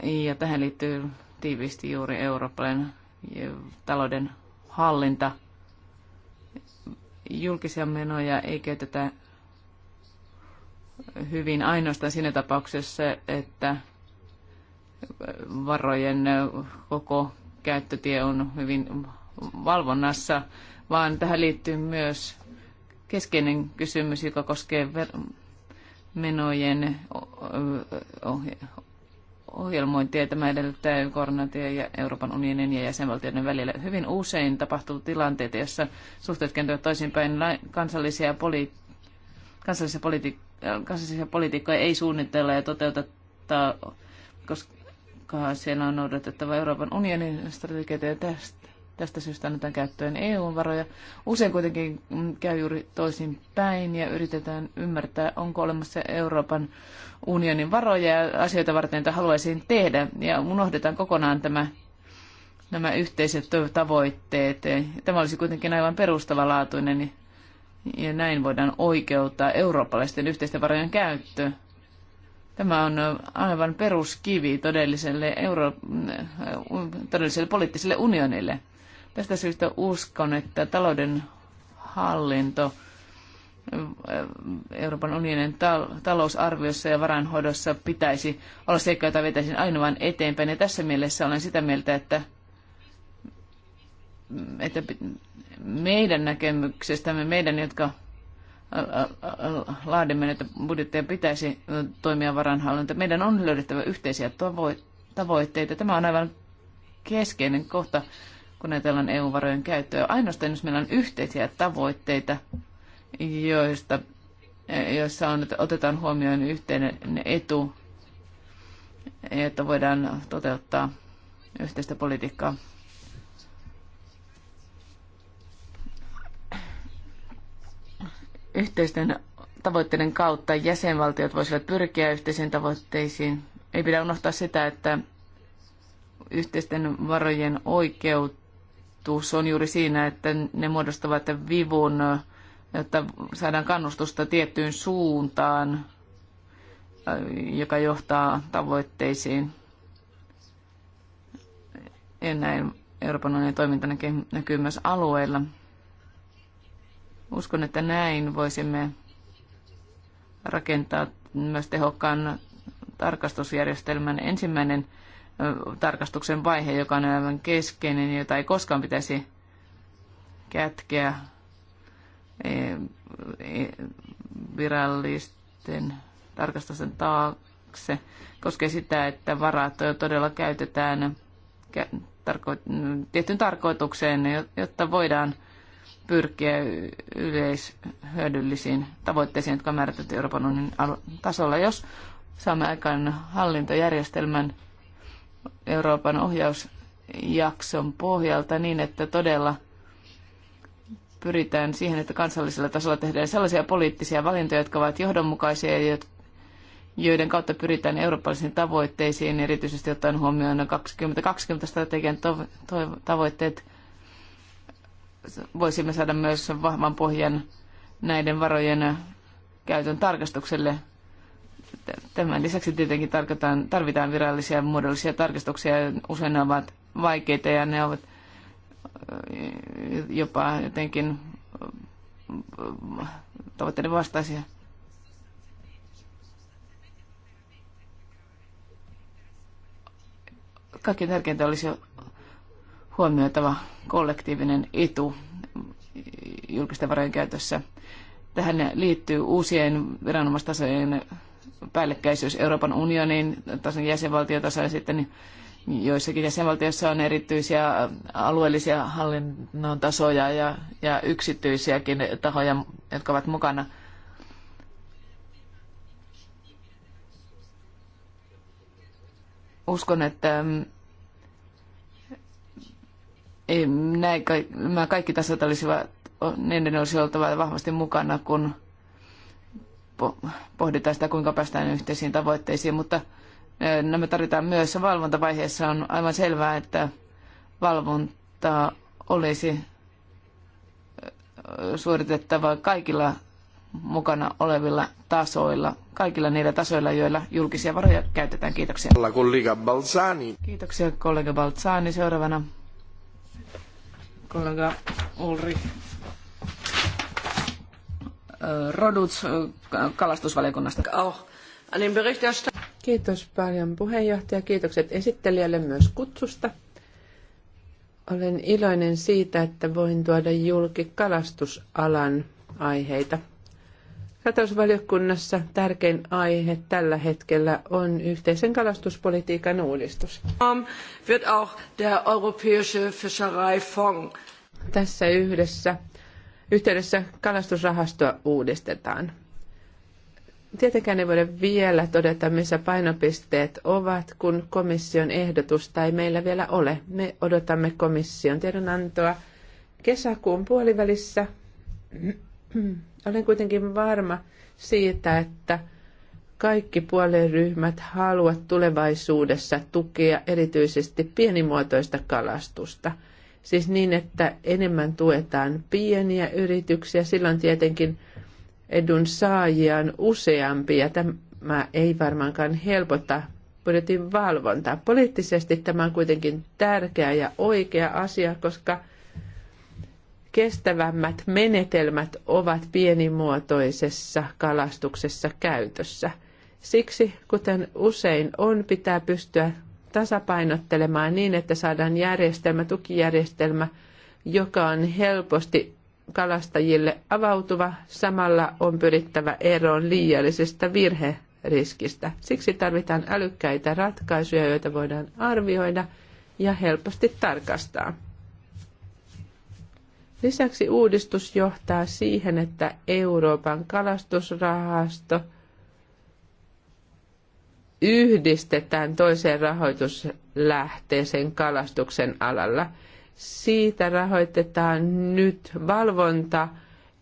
ja tähän liittyy tiiviisti juuri eurooppalainen talouden hallinta. Julkisia menoja ei käytetä hyvin ainoastaan siinä tapauksessa, että varojen koko käyttötie on hyvin valvonnassa, vaan tähän liittyy myös keskeinen kysymys, joka koskee menojen ohjelmointia. Tämä edellyttää koordinaatio ja Euroopan unionin ja jäsenvaltioiden välillä. Hyvin usein tapahtuu tilanteita, joissa suhteet kentävät toisinpäin. Kansallisia, poli- kansallisia, politi- kansallisia politiikkoja ei suunnitella ja toteuteta koska tiukkaa. Siellä on noudatettava Euroopan unionin strategioita ja tästä, tästä syystä annetaan käyttöön EU-varoja. Usein kuitenkin käy juuri toisin päin ja yritetään ymmärtää, onko olemassa Euroopan unionin varoja ja asioita varten, joita haluaisin tehdä. Ja unohdetaan kokonaan tämä nämä yhteiset tavoitteet. Tämä olisi kuitenkin aivan perustavanlaatuinen ja näin voidaan oikeuttaa eurooppalaisten yhteisten varojen käyttöön. Tämä on aivan peruskivi todelliselle, euro, todelliselle poliittiselle unionille. Tästä syystä uskon, että talouden hallinto eh, Euroopan unionin talousarviossa ja varainhoidossa pitäisi olla se, jota vetäisin aina vain eteenpäin. Ja tässä mielessä olen sitä mieltä, että, että meidän näkemyksestämme, meidän, jotka laadimme näitä budjetteja, pitäisi toimia varanhallinta. Meidän on löydettävä yhteisiä tavoitteita. Tämä on aivan keskeinen kohta, kun ajatellaan EU-varojen käyttöä. Ainoastaan jos meillä on yhteisiä tavoitteita, joista, joissa on, että otetaan huomioon yhteinen etu, että voidaan toteuttaa yhteistä politiikkaa. Yhteisten tavoitteiden kautta jäsenvaltiot voisivat pyrkiä yhteisiin tavoitteisiin. Ei pidä unohtaa sitä, että yhteisten varojen oikeutus on juuri siinä, että ne muodostavat vivun, jotta saadaan kannustusta tiettyyn suuntaan, joka johtaa tavoitteisiin. En näin Euroopan unionin toiminta näkyy myös alueilla. Uskon, että näin voisimme rakentaa myös tehokkaan tarkastusjärjestelmän ensimmäinen tarkastuksen vaihe, joka on aivan keskeinen, jota ei koskaan pitäisi kätkeä e, e, virallisten tarkastusten taakse, koskee sitä, että varat todella käytetään tarko- mm, tiettyyn tarkoitukseen, jotta voidaan pyrkiä yleishyödyllisiin tavoitteisiin, jotka on määrätty Euroopan unionin tasolla. Jos saamme aikaan hallintojärjestelmän Euroopan ohjausjakson pohjalta niin, että todella pyritään siihen, että kansallisella tasolla tehdään sellaisia poliittisia valintoja, jotka ovat johdonmukaisia ja joiden kautta pyritään eurooppalaisiin tavoitteisiin, erityisesti ottaen huomioon 2020 strategian tavoitteet – voisimme saada myös vahvan pohjan näiden varojen käytön tarkastukselle. Tämän lisäksi tietenkin tarvitaan virallisia muodollisia tarkastuksia. Usein ne ovat vaikeita ja ne ovat eh, jopa jotenkin eh, tavoitteiden vastaisia. Kaikkein tärkeintä olisi huomioitava kollektiivinen etu julkisten varojen käytössä. Tähän liittyy uusien viranomaistasojen päällekkäisyys Euroopan unionin tason jäsenvaltiotaso ja sitten joissakin jäsenvaltioissa on erityisiä alueellisia hallinnon tasoja ja, ja yksityisiäkin tahoja, jotka ovat mukana. Uskon, että ei, näin, nämä kaikki tasot olisivat, niiden olisi oltava vahvasti mukana, kun pohditaan sitä, kuinka päästään yhteisiin tavoitteisiin, mutta nämä tarvitaan myös valvontavaiheessa. On aivan selvää, että valvonta olisi suoritettava kaikilla mukana olevilla tasoilla, kaikilla niillä tasoilla, joilla julkisia varoja käytetään. Kiitoksia. Kollega Balzani. Kiitoksia kollega Balzani. Seuraavana kollega Ulri Roduts kalastusvaliokunnasta. Oh, niin Kiitos paljon puheenjohtaja. Kiitokset esittelijälle myös kutsusta. Olen iloinen siitä, että voin tuoda julki kalastusalan aiheita. Katausvaliokunnassa tärkein aihe tällä hetkellä on yhteisen kalastuspolitiikan uudistus. Um, wird auch der Europäische Fischereifonds tässä yhdessä yhteydessä kalastusrahastoa uudistetaan. Tietenkään ei voida vielä todeta, missä painopisteet ovat, kun komission ehdotusta ei meillä vielä ole. Me odotamme komission tiedonantoa kesäkuun puolivälissä. Olen kuitenkin varma siitä, että kaikki puoliryhmät haluavat tulevaisuudessa tukea erityisesti pienimuotoista kalastusta – Siis niin, että enemmän tuetaan pieniä yrityksiä, silloin tietenkin edun saajia on useampi ja tämä ei varmaankaan helpota budjetin valvontaa. Poliittisesti tämä on kuitenkin tärkeä ja oikea asia, koska kestävämmät menetelmät ovat pienimuotoisessa kalastuksessa käytössä. Siksi, kuten usein on, pitää pystyä tasapainottelemaan niin, että saadaan järjestelmä, tukijärjestelmä, joka on helposti kalastajille avautuva. Samalla on pyrittävä eroon liiallisesta virheriskistä. Siksi tarvitaan älykkäitä ratkaisuja, joita voidaan arvioida ja helposti tarkastaa. Lisäksi uudistus johtaa siihen, että Euroopan kalastusrahasto – yhdistetään toiseen rahoituslähteeseen kalastuksen alalla. Siitä rahoitetaan nyt valvonta-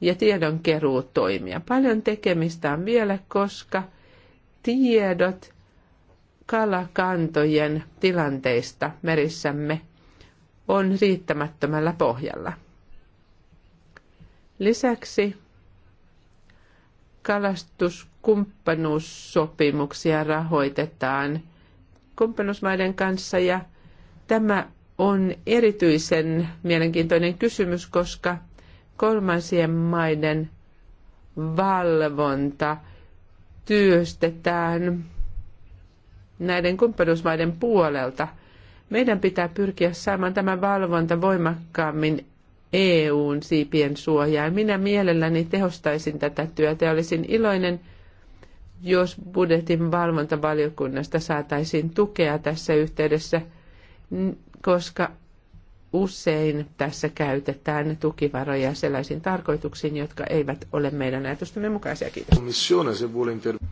ja tiedonkeruutoimia. Paljon tekemistä on vielä, koska tiedot kalakantojen tilanteista merissämme on riittämättömällä pohjalla. Lisäksi kalastus kumppanuussopimuksia rahoitetaan kumppanuusmaiden kanssa ja tämä on erityisen mielenkiintoinen kysymys, koska kolmansien maiden valvonta työstetään näiden kumppanuusmaiden puolelta. Meidän pitää pyrkiä saamaan tämä valvonta voimakkaammin EUn siipien suojaan. Minä mielelläni tehostaisin tätä työtä ja olisin iloinen – jos budjetin valvontavaliokunnasta saataisiin tukea tässä yhteydessä, koska usein tässä käytetään tukivaroja sellaisiin tarkoituksiin, jotka eivät ole meidän ajatustamme mukaisia. Kiitos.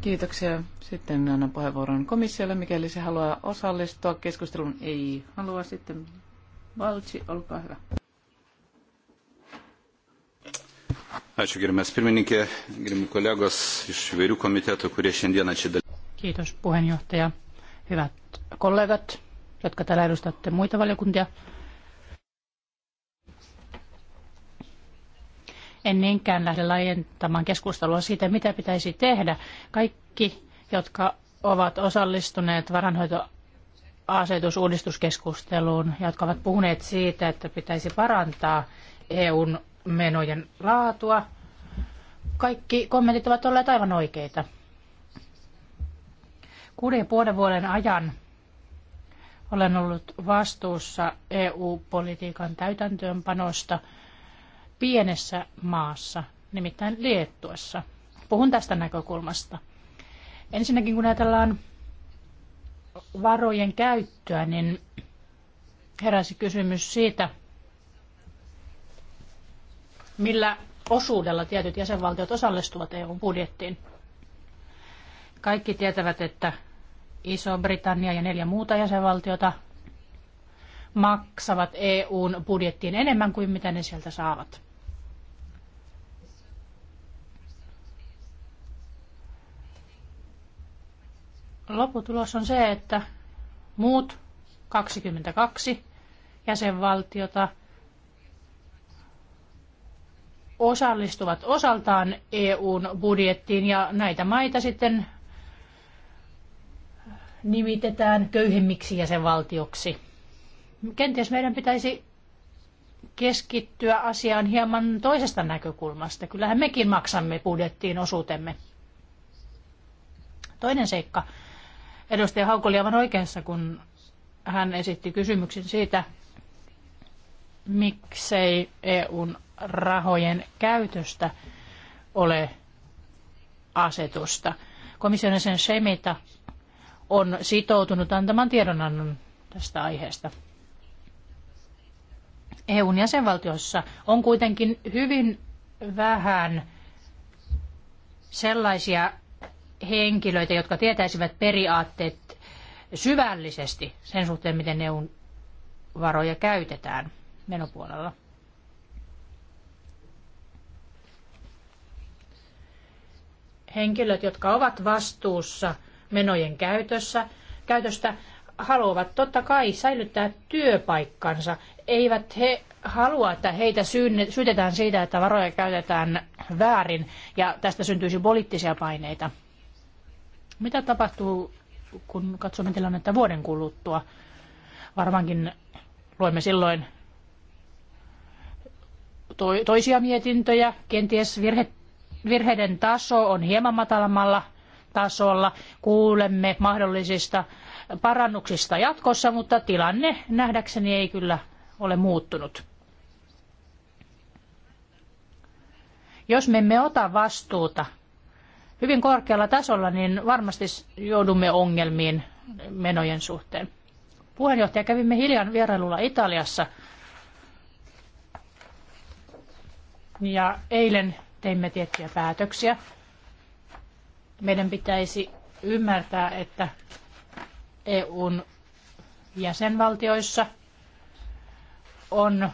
Kiitoksia. Sitten annan puheenvuoron komissiolle, mikäli se haluaa osallistua keskusteluun. Ei halua. Sitten Valtsi, olkaa hyvä. Ačiū gerimas pirmininkė, gerimi kollegos iš įvairių komitetų, kurie šiandieną čia dalyvauja. Kiitos puheenjohtaja. Hyvät kollegat, jotka täällä edustatte muita valiokuntia. En niinkään lähde laajentamaan keskustelua siitä, mitä pitäisi tehdä. Kaikki, jotka ovat osallistuneet varanhoito asetusuudistuskeskusteluun, jotka ovat puhuneet siitä, että pitäisi parantaa EUn menojen laatua. Kaikki kommentit ovat olleet aivan oikeita. Kuuden puolen vuoden ajan olen ollut vastuussa EU-politiikan täytäntöönpanosta pienessä maassa, nimittäin Liettuessa. Puhun tästä näkökulmasta. Ensinnäkin kun ajatellaan varojen käyttöä, niin heräsi kysymys siitä, millä osuudella tietyt jäsenvaltiot osallistuvat EUn budjettiin. Kaikki tietävät, että Iso-Britannia ja neljä muuta jäsenvaltiota maksavat EUn budjettiin enemmän kuin mitä ne sieltä saavat. Lopputulos on se, että muut 22 jäsenvaltiota – osallistuvat osaltaan EUn budjettiin ja näitä maita sitten nimitetään köyhemmiksi jäsenvaltioksi. Kenties meidän pitäisi keskittyä asiaan hieman toisesta näkökulmasta. Kyllähän mekin maksamme budjettiin osuutemme. Toinen seikka. Edustaja Haukoli aivan oikeassa, kun hän esitti kysymyksen siitä, miksei EUn rahojen käytöstä ole asetusta. Komission sen Semita on sitoutunut antamaan tiedonannon tästä aiheesta. EUn jäsenvaltioissa on kuitenkin hyvin vähän sellaisia henkilöitä, jotka tietäisivät periaatteet syvällisesti sen suhteen, miten EUn varoja käytetään menopuolella. henkilöt, jotka ovat vastuussa menojen käytössä, käytöstä, haluavat totta kai säilyttää työpaikkansa. Eivät he halua, että heitä syytetään siitä, että varoja käytetään väärin ja tästä syntyisi poliittisia paineita. Mitä tapahtuu, kun katsomme tilannetta vuoden kuluttua? Varmaankin luemme silloin toisia mietintöjä, kenties virhettä virheiden taso on hieman matalammalla tasolla. Kuulemme mahdollisista parannuksista jatkossa, mutta tilanne nähdäkseni ei kyllä ole muuttunut. Jos me emme ota vastuuta hyvin korkealla tasolla, niin varmasti joudumme ongelmiin menojen suhteen. Puheenjohtaja kävimme hiljan vierailulla Italiassa ja eilen teimme tiettyjä päätöksiä. Meidän pitäisi ymmärtää, että EUn jäsenvaltioissa on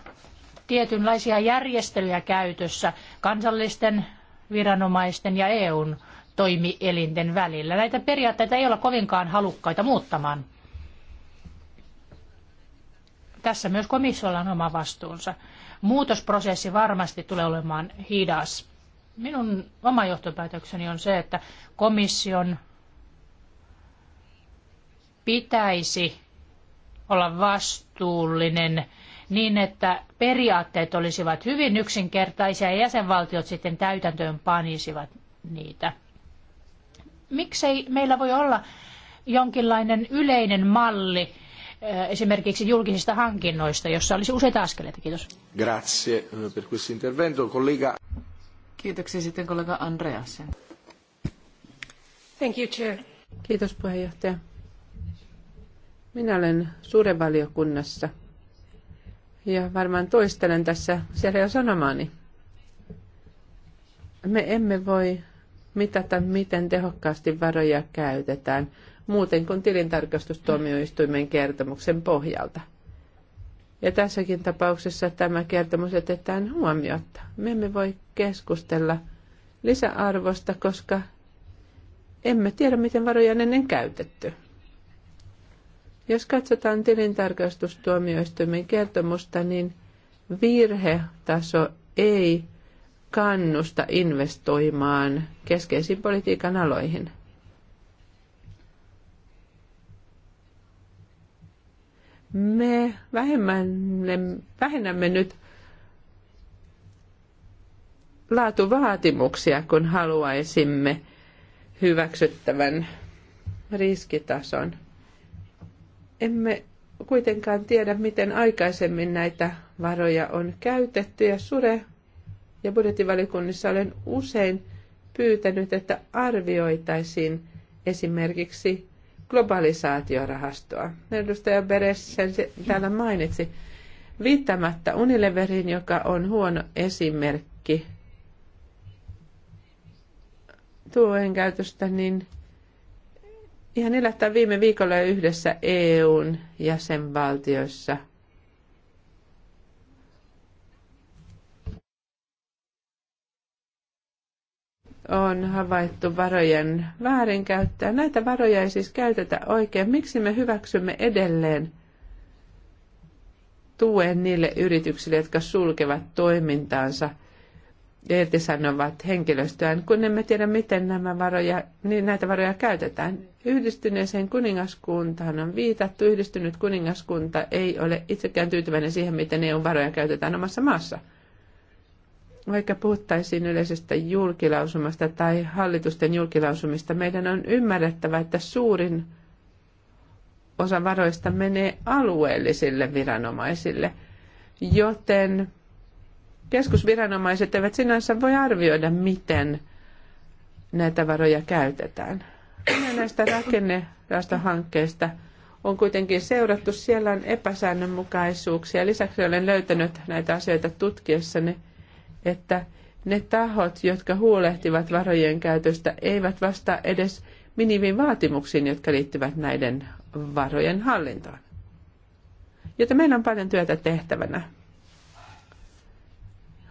tietynlaisia järjestelyjä käytössä kansallisten viranomaisten ja EUn toimielinten välillä. Näitä periaatteita ei ole kovinkaan halukkaita muuttamaan. Tässä myös komissiolla on oma vastuunsa. Muutosprosessi varmasti tulee olemaan hidas. Minun oma johtopäätökseni on se, että komission pitäisi olla vastuullinen niin, että periaatteet olisivat hyvin yksinkertaisia ja jäsenvaltiot sitten täytäntöön panisivat niitä. Miksei meillä voi olla jonkinlainen yleinen malli eh, esimerkiksi julkisista hankinnoista, jossa olisi useita askeleita? Kiitos. Grazie eh, per questo intervento. Collega... Kiitoksia sitten kollega Andreasen. Thank you, Chair. Kiitos puheenjohtaja. Minä olen suuren valiokunnassa ja varmaan toistelen tässä siellä jo sanomaani. Me emme voi mitata, miten tehokkaasti varoja käytetään, muuten kuin tilintarkastustuomioistuimen kertomuksen pohjalta – ja tässäkin tapauksessa tämä kertomus jätetään huomiota. Me emme voi keskustella lisäarvosta, koska emme tiedä, miten varoja on ennen käytetty. Jos katsotaan tilintarkastustuomioistuimen kertomusta, niin virhetaso ei kannusta investoimaan keskeisiin politiikan aloihin. me vähennämme nyt laatuvaatimuksia, kun haluaisimme hyväksyttävän riskitason. Emme kuitenkaan tiedä, miten aikaisemmin näitä varoja on käytetty ja Sure ja budjettivalikunnissa olen usein pyytänyt, että arvioitaisiin esimerkiksi globalisaatiorahastoa. Edustaja Beres sen täällä mainitsi viittämättä Unileverin, joka on huono esimerkki tuen käytöstä, niin ihan yllättäen viime viikolla yhdessä EUn jäsenvaltioissa – on havaittu varojen väärinkäyttöä. Näitä varoja ei siis käytetä oikein. Miksi me hyväksymme edelleen tuen niille yrityksille, jotka sulkevat toimintaansa ja irtisanovat henkilöstöään, kun emme tiedä, miten nämä varoja, niin näitä varoja käytetään. Yhdistyneeseen kuningaskuntaan on viitattu. Yhdistynyt kuningaskunta ei ole itsekään tyytyväinen siihen, miten EU-varoja käytetään omassa maassa vaikka puhuttaisiin yleisestä julkilausumasta tai hallitusten julkilausumista, meidän on ymmärrettävä, että suurin osa varoista menee alueellisille viranomaisille, joten keskusviranomaiset eivät sinänsä voi arvioida, miten näitä varoja käytetään. Minä näistä rakennerastohankkeista on kuitenkin seurattu, siellä on epäsäännönmukaisuuksia. Lisäksi olen löytänyt näitä asioita tutkiessani että ne tahot, jotka huolehtivat varojen käytöstä, eivät vastaa edes minimin vaatimuksiin, jotka liittyvät näiden varojen hallintaan. Joten meillä on paljon työtä tehtävänä.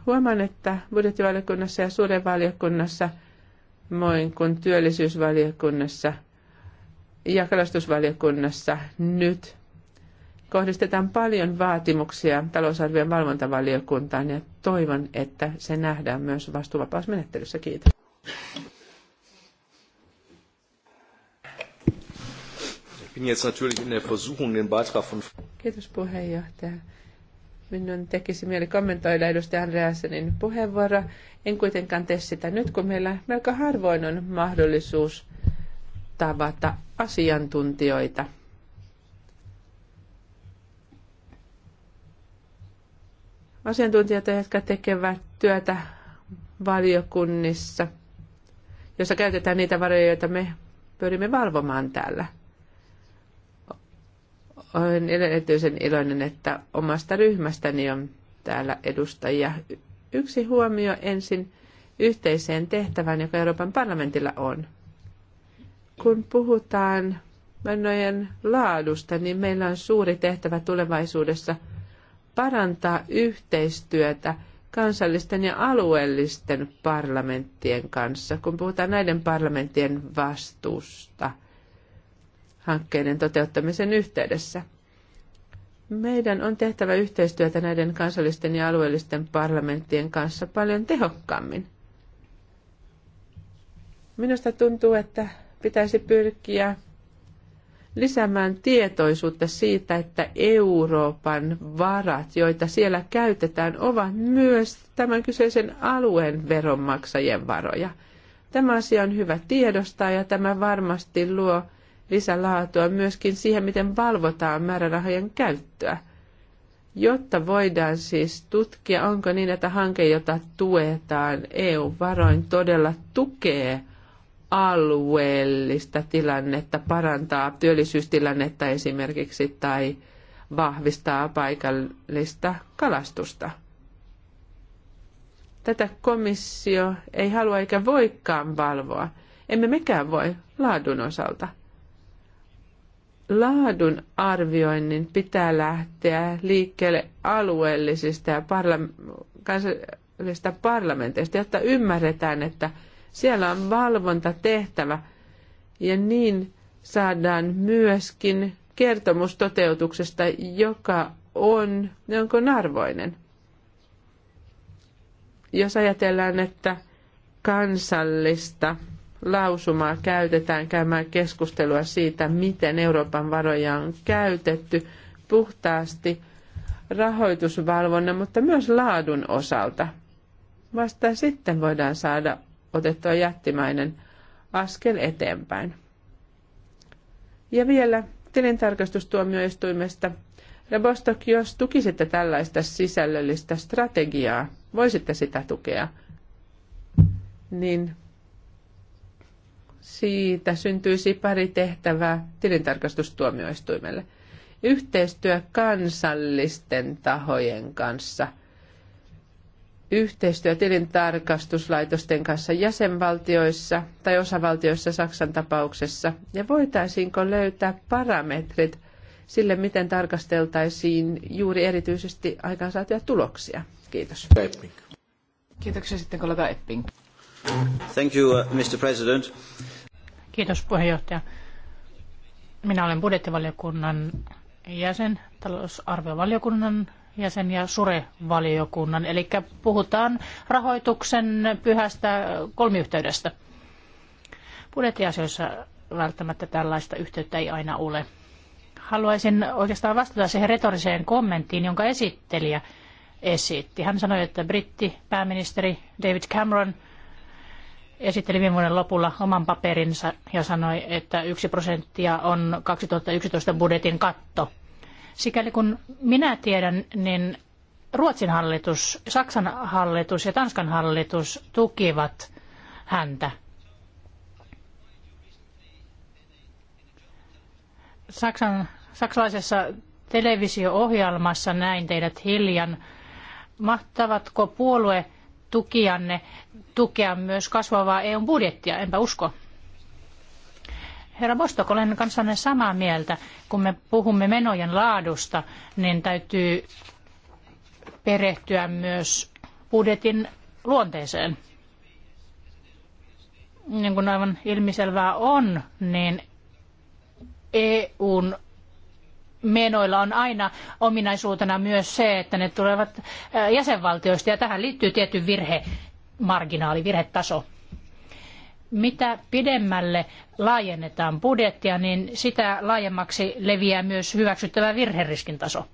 Huomaan, että budjettivaliokunnassa ja suuren valiokunnassa, moin kuin työllisyysvaliokunnassa ja kalastusvaliokunnassa nyt kohdistetaan paljon vaatimuksia talousarvion valvontavaliokuntaan ja toivon, että se nähdään myös vastuuvapausmenettelyssä. Kiitos. Kiitos puheenjohtaja. Minun tekisi mieli kommentoida edustaja Andreasenin puheenvuoro. En kuitenkaan tee sitä nyt, kun meillä melko harvoin on mahdollisuus tavata asiantuntijoita – asiantuntijoita, jotka tekevät työtä valiokunnissa, jossa käytetään niitä varoja, joita me pyrimme valvomaan täällä. Olen erityisen iloinen, että omasta ryhmästäni on täällä edustajia. Yksi huomio ensin yhteiseen tehtävään, joka Euroopan parlamentilla on. Kun puhutaan menojen laadusta, niin meillä on suuri tehtävä tulevaisuudessa – parantaa yhteistyötä kansallisten ja alueellisten parlamenttien kanssa, kun puhutaan näiden parlamenttien vastuusta hankkeiden toteuttamisen yhteydessä. Meidän on tehtävä yhteistyötä näiden kansallisten ja alueellisten parlamenttien kanssa paljon tehokkaammin. Minusta tuntuu, että pitäisi pyrkiä lisäämään tietoisuutta siitä, että Euroopan varat, joita siellä käytetään, ovat myös tämän kyseisen alueen veronmaksajien varoja. Tämä asia on hyvä tiedostaa ja tämä varmasti luo lisälaatua myöskin siihen, miten valvotaan määrärahojen käyttöä, jotta voidaan siis tutkia, onko niin, että hanke, jota tuetaan EU-varoin, todella tukee – alueellista tilannetta, parantaa työllisyystilannetta esimerkiksi tai vahvistaa paikallista kalastusta. Tätä komissio ei halua eikä voikaan valvoa. Emme mekään voi laadun osalta. Laadun arvioinnin pitää lähteä liikkeelle alueellisista ja parla- kansallisista parlamenteista, jotta ymmärretään, että siellä on valvontatehtävä ja niin saadaan myöskin kertomus toteutuksesta, joka on jonkun arvoinen. Jos ajatellaan, että kansallista lausumaa käytetään käymään keskustelua siitä, miten Euroopan varoja on käytetty puhtaasti rahoitusvalvonnan, mutta myös laadun osalta. Vasta sitten voidaan saada otettua jättimäinen askel eteenpäin. Ja vielä tilintarkastustuomioistuimesta. Rebostok, jos tukisitte tällaista sisällöllistä strategiaa, voisitte sitä tukea, niin siitä syntyisi pari tehtävää tilintarkastustuomioistuimelle. Yhteistyö kansallisten tahojen kanssa – yhteistyö tilintarkastuslaitosten kanssa jäsenvaltioissa tai osavaltioissa Saksan tapauksessa ja voitaisiinko löytää parametrit sille, miten tarkasteltaisiin juuri erityisesti aikaansaatuja tuloksia. Kiitos. Epping. Kiitoksia sitten kollega Epping. Thank you, uh, Mr. President. Kiitos puheenjohtaja. Minä olen budjettivaliokunnan jäsen, talousarviovaliokunnan jäsen ja Sure-valiokunnan. Eli puhutaan rahoituksen pyhästä kolmiyhteydestä. Budjettiasioissa välttämättä tällaista yhteyttä ei aina ole. Haluaisin oikeastaan vastata siihen retoriseen kommenttiin, jonka esittelijä esitti. Hän sanoi, että britti pääministeri David Cameron esitteli viime vuoden lopulla oman paperinsa ja sanoi, että yksi prosenttia on 2011 budjetin katto. Sikäli kun minä tiedän, niin Ruotsin hallitus, Saksan hallitus ja Tanskan hallitus tukivat häntä. Saksan, saksalaisessa televisio-ohjelmassa näin teidät hiljan. Mahtavatko puolue tukijanne tukea myös kasvavaa eu budjettia? Enpä usko. Herra Vostok, olen kanssanne samaa mieltä. Kun me puhumme menojen laadusta, niin täytyy perehtyä myös budjetin luonteeseen. Niin kuin aivan ilmiselvää on, niin EUn menoilla on aina ominaisuutena myös se, että ne tulevat jäsenvaltioista ja tähän liittyy tietty virhe, marginaali, virhetaso mitä pidemmälle laajennetaan budjettia, niin sitä laajemmaksi leviää myös hyväksyttävä virheriskin taso.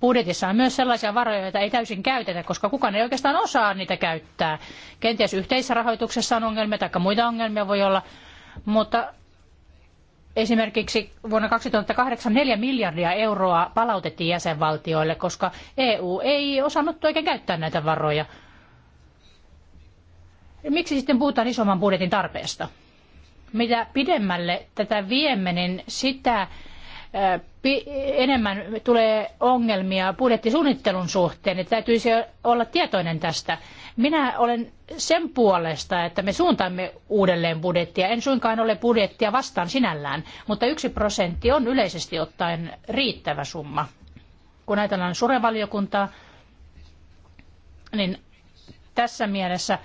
budjetissa on myös sellaisia varoja, joita ei täysin käytetä, koska kukaan ei oikeastaan osaa niitä käyttää. Kenties yhteisrahoituksessa on ongelmia tai muita ongelmia voi olla, mutta Esimerkiksi vuonna 2008 4 miljardia euroa palautettiin jäsenvaltioille, koska EU ei osannut oikein käyttää näitä varoja. Miksi sitten puhutaan isomman budjetin tarpeesta? Mitä pidemmälle tätä viemme, niin sitä enemmän tulee ongelmia budjettisuunnittelun suhteen, että niin täytyisi olla tietoinen tästä. Minä olen sen puolesta, että me suuntaamme uudelleen budjettia. En suinkaan ole budjettia vastaan sinällään, mutta yksi prosentti on yleisesti ottaen riittävä summa. Kun ajatellaan surevaliokuntaa, niin tässä mielessä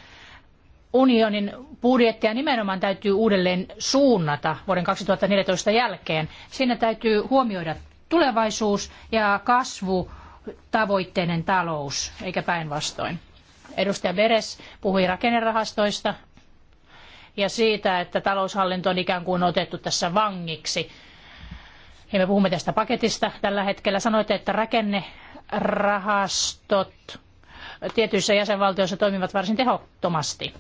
unionin budjettia nimenomaan täytyy uudelleen suunnata vuoden 2014 jälkeen. Siinä täytyy huomioida tulevaisuus ja kasvu tavoitteinen talous, eikä päinvastoin. Edustaja Beres puhui rakennerahastoista ja siitä, että taloushallinto on ikään kuin otettu tässä vangiksi. Ja me puhumme tästä paketista tällä hetkellä. Sanoitte, että rakennerahastot tietyissä jäsenvaltioissa toimivat varsin tehottomasti.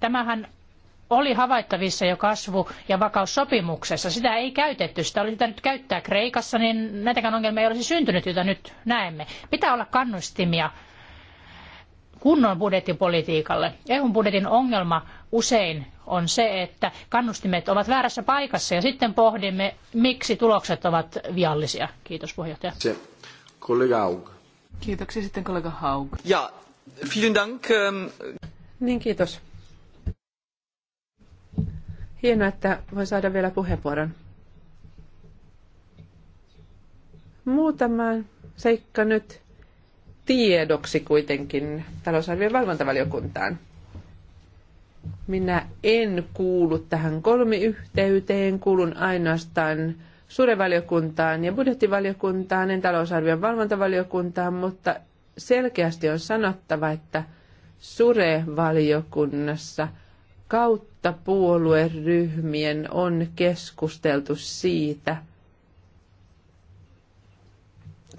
Tämähän oli havaittavissa jo kasvu- ja vakaussopimuksessa. Sitä ei käytetty. Sitä olisi pitänyt käyttää Kreikassa, niin näitäkään ongelmia ei olisi syntynyt, joita nyt näemme. Pitää olla kannustimia kunnon budjettipolitiikalle. EUn budjetin ongelma usein on se, että kannustimet ovat väärässä paikassa ja sitten pohdimme, miksi tulokset ovat viallisia. Kiitos puheenjohtaja. Se, kollega Haug. Kiitoksia sitten kollega Haug. Ja, vielen dank. Ähm, niin, kiitos. Hienoa, että voin saada vielä puheenvuoron. Muutama seikka nyt tiedoksi kuitenkin talousarvion valvontavaliokuntaan. Minä en kuulu tähän kolmiyhteyteen, kuulun ainoastaan suurevaliokuntaan ja budjettivaliokuntaan, en talousarvion valvontavaliokuntaan, mutta selkeästi on sanottava, että surevaliokunnassa kautta puolueryhmien on keskusteltu siitä –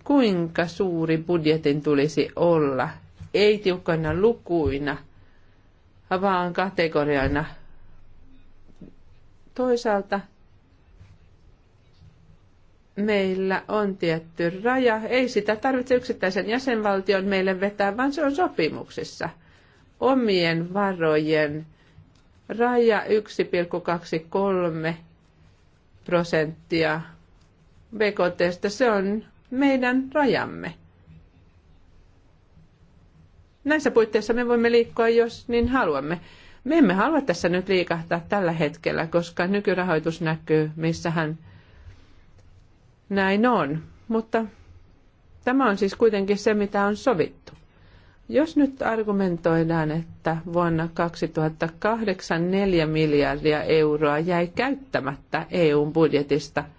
kuinka suuri budjetin tulisi olla, ei tiukkana lukuina, vaan kategoriana. Toisaalta meillä on tietty raja. Ei sitä tarvitse yksittäisen jäsenvaltion meille vetää, vaan se on sopimuksessa. Omien varojen raja 1,23 prosenttia BKT, se on meidän rajamme. Näissä puitteissa me voimme liikkua, jos niin haluamme. Me emme halua tässä nyt liikahtaa tällä hetkellä, koska nykyrahoitus näkyy, missähän näin on. Mutta tämä on siis kuitenkin se, mitä on sovittu. Jos nyt argumentoidaan, että vuonna 2008 4 miljardia euroa jäi käyttämättä EUn budjetista –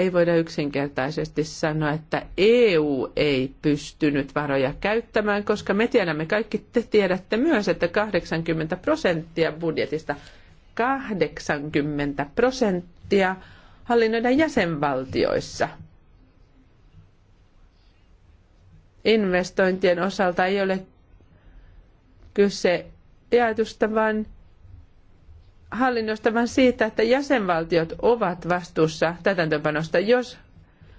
ei voida yksinkertaisesti sanoa, että EU ei pystynyt varoja käyttämään, koska me tiedämme kaikki, te tiedätte myös, että 80 prosenttia budjetista, 80 prosenttia hallinnoidaan jäsenvaltioissa. Investointien osalta ei ole kyse ajatusta, vaan hallinnosta, vaan siitä, että jäsenvaltiot ovat vastuussa täytäntöönpanosta, Jos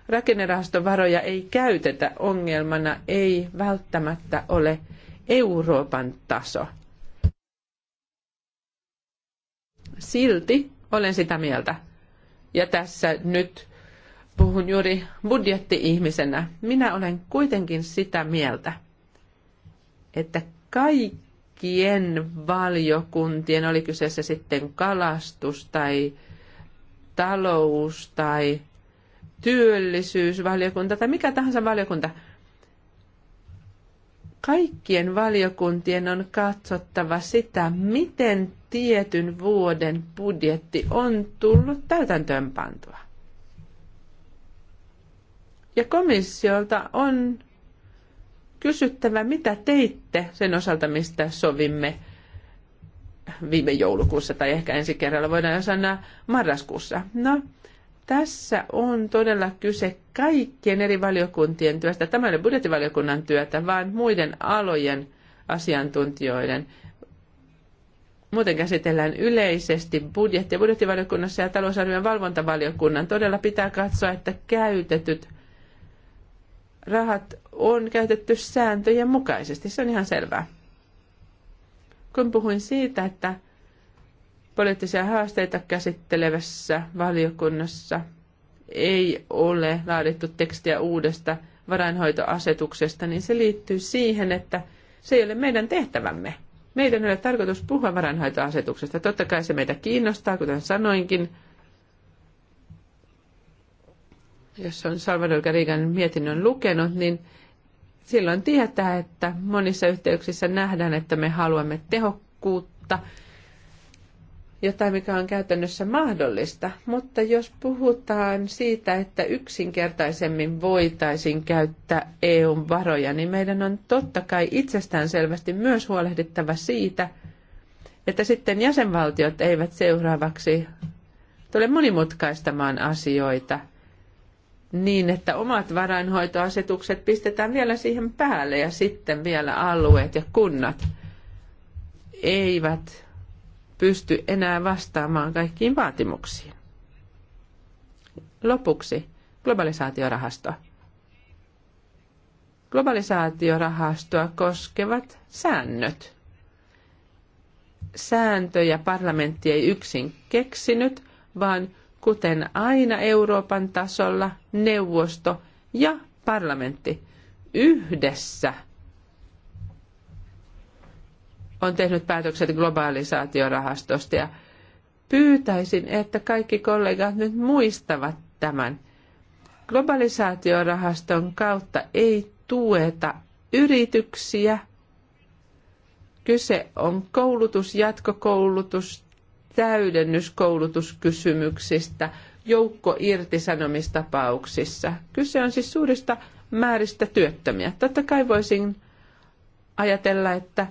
rakennerahastovaroja ei käytetä, ongelmana ei välttämättä ole Euroopan taso. Silti olen sitä mieltä. Ja tässä nyt puhun juuri budjetti-ihmisenä. Minä olen kuitenkin sitä mieltä, että kaikki kaikkien valiokuntien, oli kyseessä sitten kalastus tai talous tai työllisyysvaliokunta tai mikä tahansa valiokunta. Kaikkien valiokuntien on katsottava sitä, miten tietyn vuoden budjetti on tullut täytäntöönpantua. Ja komissiolta on kysyttävä, mitä teitte sen osalta, mistä sovimme viime joulukuussa tai ehkä ensi kerralla voidaan jo sanoa marraskuussa. No, tässä on todella kyse kaikkien eri valiokuntien työstä. Tämä ei ole budjettivaliokunnan työtä, vaan muiden alojen asiantuntijoiden. Muuten käsitellään yleisesti budjetti- ja budjettivaliokunnassa ja talousarvion valvontavaliokunnan. Todella pitää katsoa, että käytetyt – rahat on käytetty sääntöjen mukaisesti. Se on ihan selvää. Kun puhuin siitä, että poliittisia haasteita käsittelevässä valiokunnassa ei ole laadittu tekstiä uudesta varainhoitoasetuksesta, niin se liittyy siihen, että se ei ole meidän tehtävämme. Meidän ei ole tarkoitus puhua varainhoitoasetuksesta. Totta kai se meitä kiinnostaa, kuten sanoinkin, jos on Salvador Garrigan mietinnön lukenut, niin silloin tietää, että monissa yhteyksissä nähdään, että me haluamme tehokkuutta, jotain mikä on käytännössä mahdollista. Mutta jos puhutaan siitä, että yksinkertaisemmin voitaisiin käyttää EUn varoja, niin meidän on totta kai itsestäänselvästi myös huolehdittava siitä, että sitten jäsenvaltiot eivät seuraavaksi tule monimutkaistamaan asioita – niin, että omat varainhoitoasetukset pistetään vielä siihen päälle ja sitten vielä alueet ja kunnat eivät pysty enää vastaamaan kaikkiin vaatimuksiin. Lopuksi globalisaatiorahasto. Globalisaatiorahastoa koskevat säännöt. Sääntöjä parlamentti ei yksin keksinyt, vaan kuten aina Euroopan tasolla, neuvosto ja parlamentti yhdessä on tehnyt päätökset globalisaatiorahastosta ja pyytäisin, että kaikki kollegat nyt muistavat tämän. Globalisaatiorahaston kautta ei tueta yrityksiä. Kyse on koulutus, jatkokoulutus, täydennyskoulutuskysymyksistä joukkoirtisanomistapauksissa. Kyse on siis suurista määristä työttömiä. Totta kai voisin ajatella, että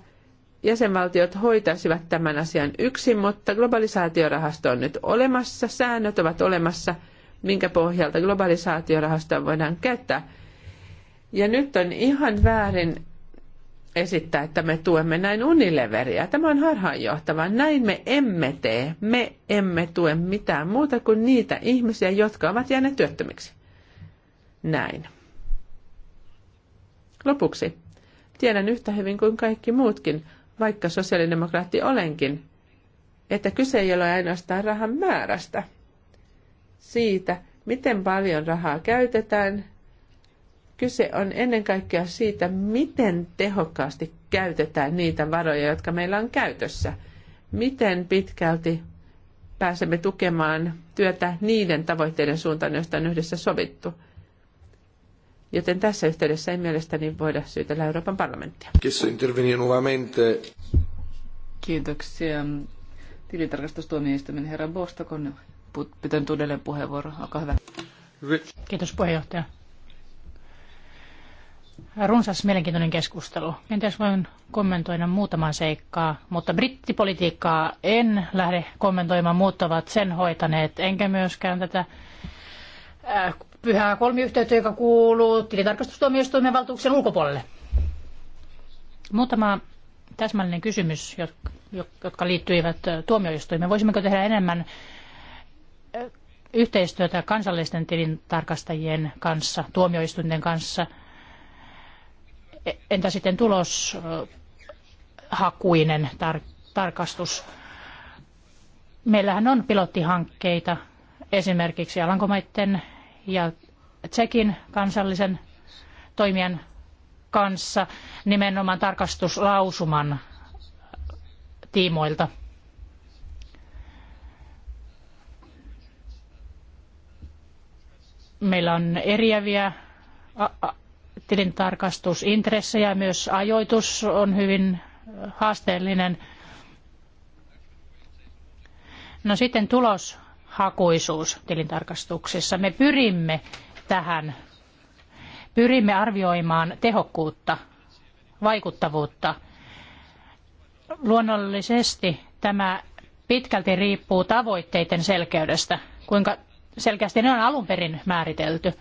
jäsenvaltiot hoitaisivat tämän asian yksin, mutta globalisaatiorahasto on nyt olemassa, säännöt ovat olemassa, minkä pohjalta globalisaatiorahastoa voidaan käyttää. Ja nyt on ihan väärin esittää, että me tuemme näin Unileveria. Tämä on harhaanjohtava. Näin me emme tee. Me emme tue mitään muuta kuin niitä ihmisiä, jotka ovat jääneet työttömiksi. Näin. Lopuksi. Tiedän yhtä hyvin kuin kaikki muutkin, vaikka sosiaalidemokraatti olenkin, että kyse ei ole ainoastaan rahan määrästä. Siitä, miten paljon rahaa käytetään Kyse on ennen kaikkea siitä, miten tehokkaasti käytetään niitä varoja, jotka meillä on käytössä. Miten pitkälti pääsemme tukemaan työtä niiden tavoitteiden suuntaan, joista on yhdessä sovittu. Joten tässä yhteydessä ei mielestäni voida syytellä Euroopan parlamenttia. Kiitoksia. Tilintarkastustuomioistuimen herra Bostokon pitänyt uudelleen puheenvuoro. Olkaa hyvä. Kiitos puheenjohtaja runsas mielenkiintoinen keskustelu. Kenties voin kommentoida muutaman seikkaa, mutta brittipolitiikkaa en lähde kommentoimaan, muut ovat sen hoitaneet, enkä myöskään tätä äh, pyhää kolmiyhteyttä, joka kuuluu tilitarkastustuomioistuimen valtuuksien ulkopuolelle. Muutama täsmällinen kysymys, jotka liittyivät äh, tuomioistuimeen. Voisimmeko tehdä enemmän äh, yhteistyötä kansallisten tilintarkastajien kanssa, tuomioistuinten kanssa – Entä sitten tuloshakuinen tar- tarkastus? Meillähän on pilottihankkeita esimerkiksi Alankomaiden ja Tsekin kansallisen toimijan kanssa nimenomaan tarkastuslausuman tiimoilta. Meillä on eriäviä tilintarkastusintressejä, myös ajoitus on hyvin haasteellinen. No sitten tuloshakuisuus tilintarkastuksessa. Me pyrimme tähän, pyrimme arvioimaan tehokkuutta, vaikuttavuutta. Luonnollisesti tämä pitkälti riippuu tavoitteiden selkeydestä, kuinka selkeästi ne on alun perin määritelty.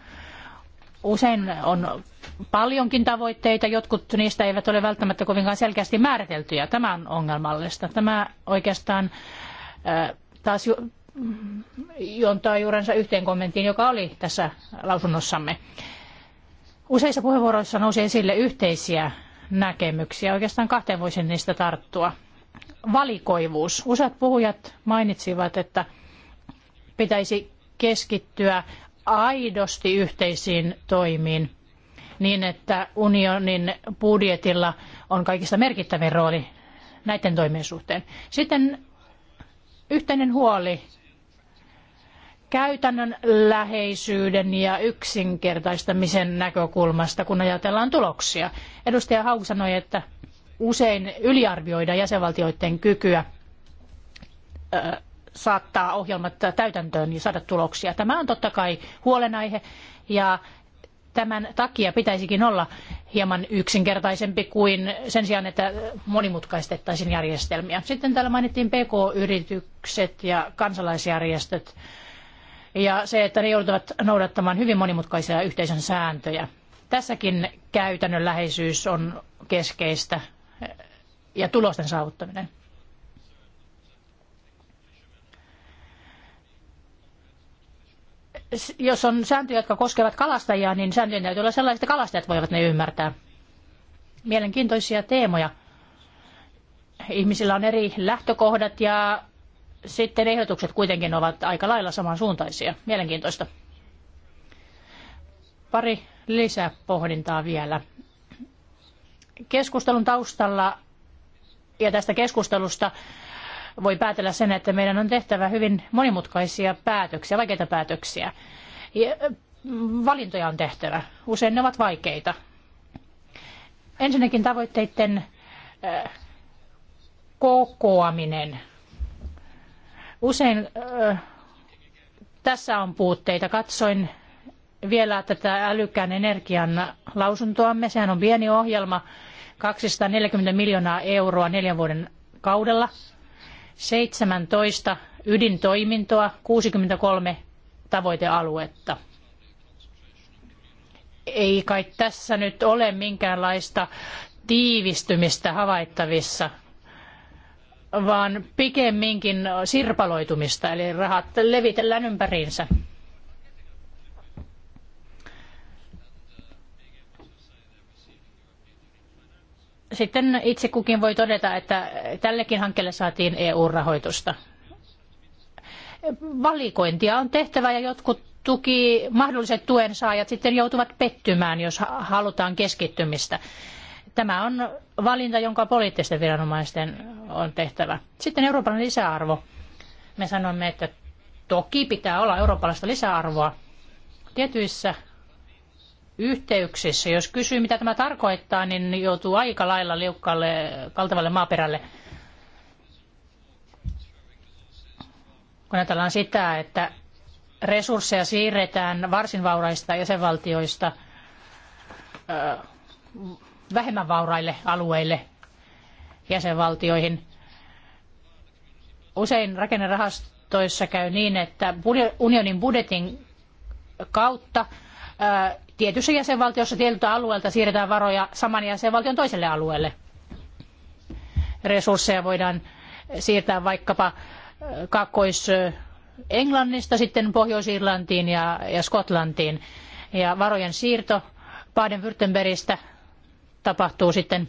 Usein on paljonkin tavoitteita, jotkut niistä eivät ole välttämättä kovinkaan selkeästi määriteltyjä. Tämä on ongelmallista. Tämä oikeastaan taas juontaa juurensa yhteen kommenttiin, joka oli tässä lausunnossamme. Useissa puheenvuoroissa nousi esille yhteisiä näkemyksiä. Oikeastaan kahteen voisin niistä tarttua. Valikoivuus. Useat puhujat mainitsivat, että pitäisi keskittyä aidosti yhteisiin toimiin niin, että unionin budjetilla on kaikista merkittävin rooli näiden toimien suhteen. Sitten yhteinen huoli käytännön läheisyyden ja yksinkertaistamisen näkökulmasta, kun ajatellaan tuloksia. Edustaja Haug sanoi, että usein yliarvioidaan jäsenvaltioiden kykyä saattaa ohjelmat täytäntöön ja saada tuloksia. Tämä on totta kai huolenaihe ja tämän takia pitäisikin olla hieman yksinkertaisempi kuin sen sijaan, että monimutkaistettaisiin järjestelmiä. Sitten täällä mainittiin PK-yritykset ja kansalaisjärjestöt ja se, että ne joutuvat noudattamaan hyvin monimutkaisia yhteisön sääntöjä. Tässäkin käytännönläheisyys on keskeistä ja tulosten saavuttaminen. jos on sääntöjä, jotka koskevat kalastajia, niin sääntöjen täytyy olla sellaiset, että kalastajat voivat ne ymmärtää. Mielenkiintoisia teemoja. Ihmisillä on eri lähtökohdat ja sitten ehdotukset kuitenkin ovat aika lailla samansuuntaisia. Mielenkiintoista. Pari lisäpohdintaa vielä. Keskustelun taustalla ja tästä keskustelusta voi päätellä sen, että meidän on tehtävä hyvin monimutkaisia päätöksiä, vaikeita päätöksiä. Ja valintoja on tehtävä. Usein ne ovat vaikeita. Ensinnäkin tavoitteiden kokoaminen. Usein tässä on puutteita. Katsoin vielä tätä älykkään energian lausuntoamme. Sehän on pieni ohjelma, 240 miljoonaa euroa neljän vuoden kaudella. 17 ydintoimintoa, 63 tavoitealuetta. Ei kai tässä nyt ole minkäänlaista tiivistymistä havaittavissa, vaan pikemminkin sirpaloitumista, eli rahat levitellään ympäriinsä. sitten itse kukin voi todeta, että tällekin hankkeelle saatiin EU-rahoitusta. Valikointia on tehtävä ja jotkut tuki, mahdolliset tuen saajat sitten joutuvat pettymään, jos halutaan keskittymistä. Tämä on valinta, jonka poliittisten viranomaisten on tehtävä. Sitten Euroopan lisäarvo. Me sanomme, että toki pitää olla eurooppalaista lisäarvoa tietyissä yhteyksissä. Jos kysyy, mitä tämä tarkoittaa, niin joutuu aika lailla liukkaalle kaltavalle maaperälle. Kun ajatellaan sitä, että resursseja siirretään varsin vauraista jäsenvaltioista vähemmän vauraille alueille jäsenvaltioihin. Usein rakennerahastoissa käy niin, että unionin budjetin kautta tietyssä jäsenvaltiossa tietyltä alueelta siirretään varoja saman jäsenvaltion toiselle alueelle. Resursseja voidaan siirtää vaikkapa Kaakkois-Englannista sitten Pohjois-Irlantiin ja, ja Skotlantiin. Ja varojen siirto Baden-Württembergistä tapahtuu sitten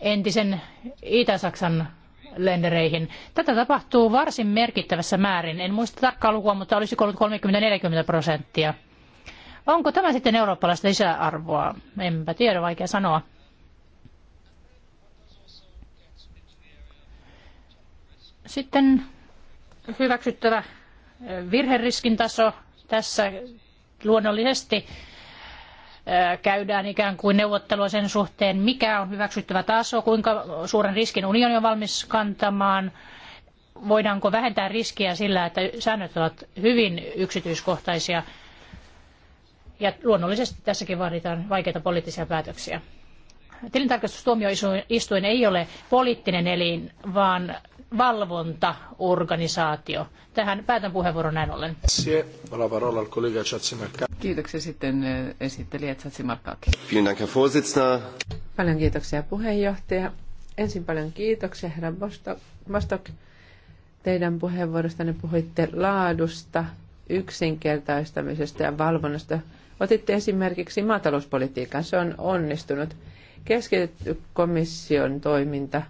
entisen Itä-Saksan lendereihin. Tätä tapahtuu varsin merkittävässä määrin. En muista tarkkaa lukua, mutta olisiko ollut 30-40 prosenttia. Onko tämä sitten eurooppalaista lisäarvoa? Enpä tiedä, vaikea sanoa. Sitten hyväksyttävä virheriskin taso. Tässä luonnollisesti käydään ikään kuin neuvottelua sen suhteen, mikä on hyväksyttävä taso, kuinka suuren riskin unioni on valmis kantamaan, voidaanko vähentää riskiä sillä, että säännöt ovat hyvin yksityiskohtaisia. Ja luonnollisesti tässäkin vaaditaan vaikeita poliittisia päätöksiä. Tilintarkastustuomioistuin ei ole poliittinen elin, vaan valvontaorganisaatio. Tähän päätän puheenvuoron näin ollen. Kiitoksia sitten eh, esittelijä Tsatsimarkakis. Paljon kiitoksia puheenjohtaja. Ensin paljon kiitoksia herra Vostok. Teidän puheenvuorostanne puhuitte laadusta, yksinkertaistamisesta ja valvonnasta. Otitte esimerkiksi maatalouspolitiikan, se on onnistunut. Keskitetty komission toiminta,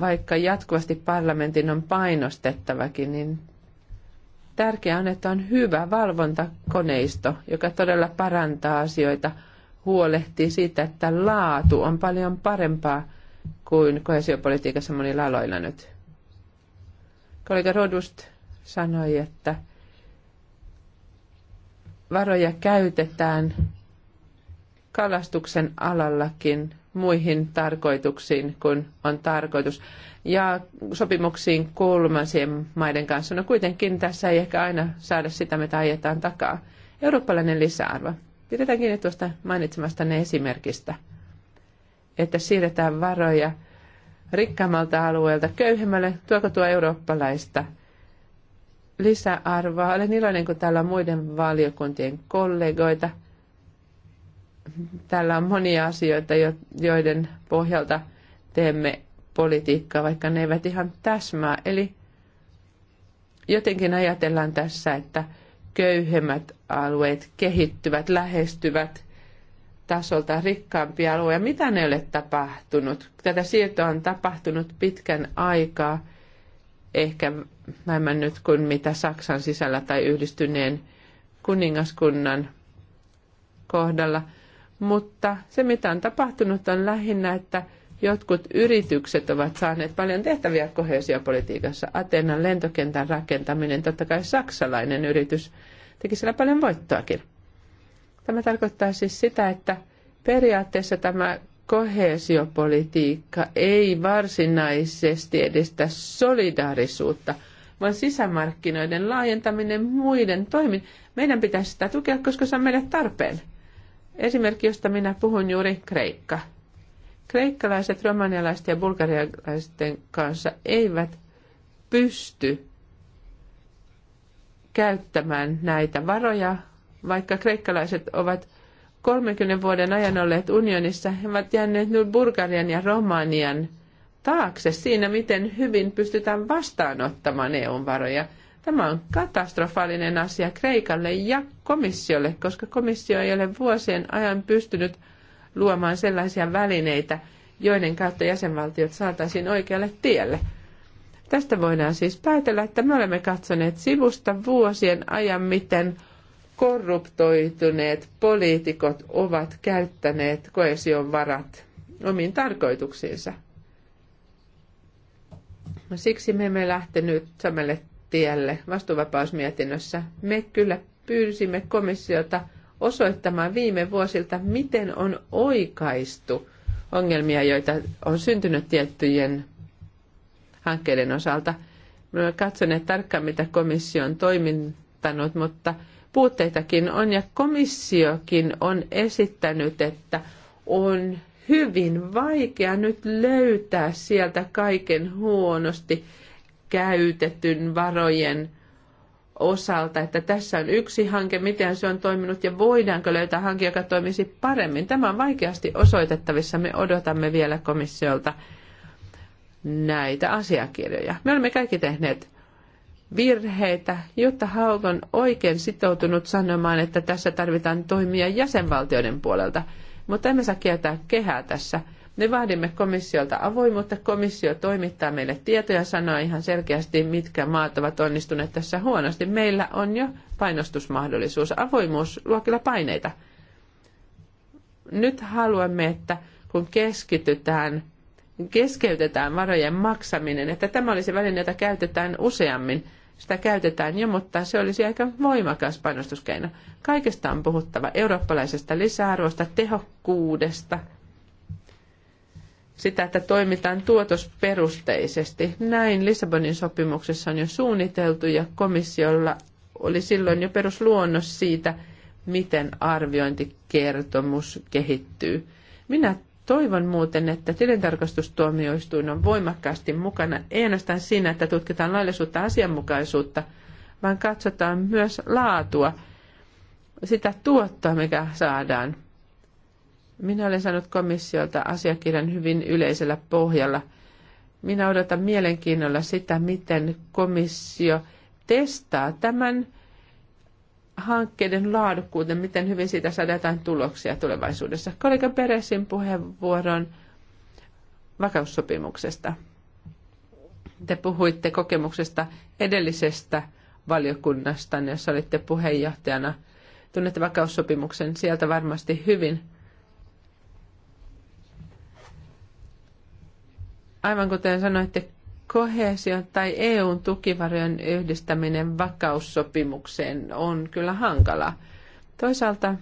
vaikka jatkuvasti parlamentin on painostettavakin, niin tärkeää on, että on hyvä valvontakoneisto, joka todella parantaa asioita, huolehtii siitä, että laatu on paljon parempaa kuin kohesiopolitiikassa monilla aloilla nyt. Kollega Rodust sanoi, että varoja käytetään kalastuksen alallakin muihin tarkoituksiin kuin on tarkoitus. Ja sopimuksiin kolmansien maiden kanssa. No kuitenkin tässä ei ehkä aina saada sitä, mitä ajetaan takaa. Eurooppalainen lisäarvo. Pidetään kiinni tuosta mainitsemastanne esimerkistä, että siirretään varoja rikkaammalta alueelta köyhemmälle. Tuoko tuo eurooppalaista lisäarvoa. Olen iloinen, kun täällä on muiden valiokuntien kollegoita. Täällä on monia asioita, joiden pohjalta teemme politiikkaa, vaikka ne eivät ihan täsmää. Eli jotenkin ajatellaan tässä, että köyhemmät alueet kehittyvät, lähestyvät tasolta rikkaampia alueita. Mitä ne ole tapahtunut? Tätä siirtoa on tapahtunut pitkän aikaa ehkä vähemmän nyt kuin mitä Saksan sisällä tai yhdistyneen kuningaskunnan kohdalla. Mutta se, mitä on tapahtunut, on lähinnä, että jotkut yritykset ovat saaneet paljon tehtäviä kohesiopolitiikassa. Atenan lentokentän rakentaminen, totta kai saksalainen yritys, teki siellä paljon voittoakin. Tämä tarkoittaa siis sitä, että periaatteessa tämä kohesiopolitiikka ei varsinaisesti edistä solidaarisuutta, vaan sisämarkkinoiden laajentaminen muiden toimin. Meidän pitäisi sitä tukea, koska se on meille tarpeen. Esimerkki, josta minä puhun juuri, Kreikka. Kreikkalaiset, romanialaiset ja bulgarialaisten kanssa eivät pysty käyttämään näitä varoja, vaikka kreikkalaiset ovat 30 vuoden ajan olleet unionissa, he ovat jääneet nyt Bulgarian ja Romanian taakse siinä, miten hyvin pystytään vastaanottamaan eu varoja. Tämä on katastrofaalinen asia Kreikalle ja komissiolle, koska komissio ei ole vuosien ajan pystynyt luomaan sellaisia välineitä, joiden kautta jäsenvaltiot saataisiin oikealle tielle. Tästä voidaan siis päätellä, että me olemme katsoneet sivusta vuosien ajan, miten korruptoituneet poliitikot ovat käyttäneet koesion varat omiin tarkoituksiinsa. No, siksi me emme lähtenyt samalle tielle vastuuvapausmietinnössä. Me kyllä pyysimme komissiota osoittamaan viime vuosilta, miten on oikaistu ongelmia, joita on syntynyt tiettyjen hankkeiden osalta. Katson tarkkaan, mitä komissio on toimintanut, mutta – puutteitakin on ja komissiokin on esittänyt, että on hyvin vaikea nyt löytää sieltä kaiken huonosti käytetyn varojen osalta, että tässä on yksi hanke, miten se on toiminut ja voidaanko löytää hanke, joka toimisi paremmin. Tämä on vaikeasti osoitettavissa. Me odotamme vielä komissiolta näitä asiakirjoja. Me olemme kaikki tehneet virheitä. Jutta Haug on oikein sitoutunut sanomaan, että tässä tarvitaan toimia jäsenvaltioiden puolelta, mutta emme saa kieltää kehää tässä. Me vaadimme komissiolta avoimuutta. Komissio toimittaa meille tietoja ja sanoo ihan selkeästi, mitkä maat ovat onnistuneet tässä huonosti. Meillä on jo painostusmahdollisuus. Avoimuus luo kyllä paineita. Nyt haluamme, että kun keskitytään keskeytetään varojen maksaminen, että tämä olisi väline, jota käytetään useammin sitä käytetään jo, mutta se olisi aika voimakas panostuskeino. Kaikesta on puhuttava eurooppalaisesta lisäarvosta, tehokkuudesta, sitä, että toimitaan tuotosperusteisesti. Näin Lissabonin sopimuksessa on jo suunniteltu ja komissiolla oli silloin jo perusluonnos siitä, miten arviointikertomus kehittyy. Minä Toivon muuten, että tilintarkastustuomioistuin on voimakkaasti mukana, ei ainoastaan siinä, että tutkitaan laillisuutta asianmukaisuutta, vaan katsotaan myös laatua, sitä tuottoa, mikä saadaan. Minä olen saanut komissiolta asiakirjan hyvin yleisellä pohjalla. Minä odotan mielenkiinnolla sitä, miten komissio testaa tämän hankkeiden laadukkuuden, miten hyvin siitä saadaan jotain tuloksia tulevaisuudessa. Kollega Peresin puheenvuoron vakaussopimuksesta. Te puhuitte kokemuksesta edellisestä valiokunnasta, jossa olitte puheenjohtajana. Tunnette vakaussopimuksen sieltä varmasti hyvin. Aivan kuten sanoitte, Kohesion tai EUn tukivarojen yhdistäminen vakaussopimukseen on kyllä hankala. Toisaalta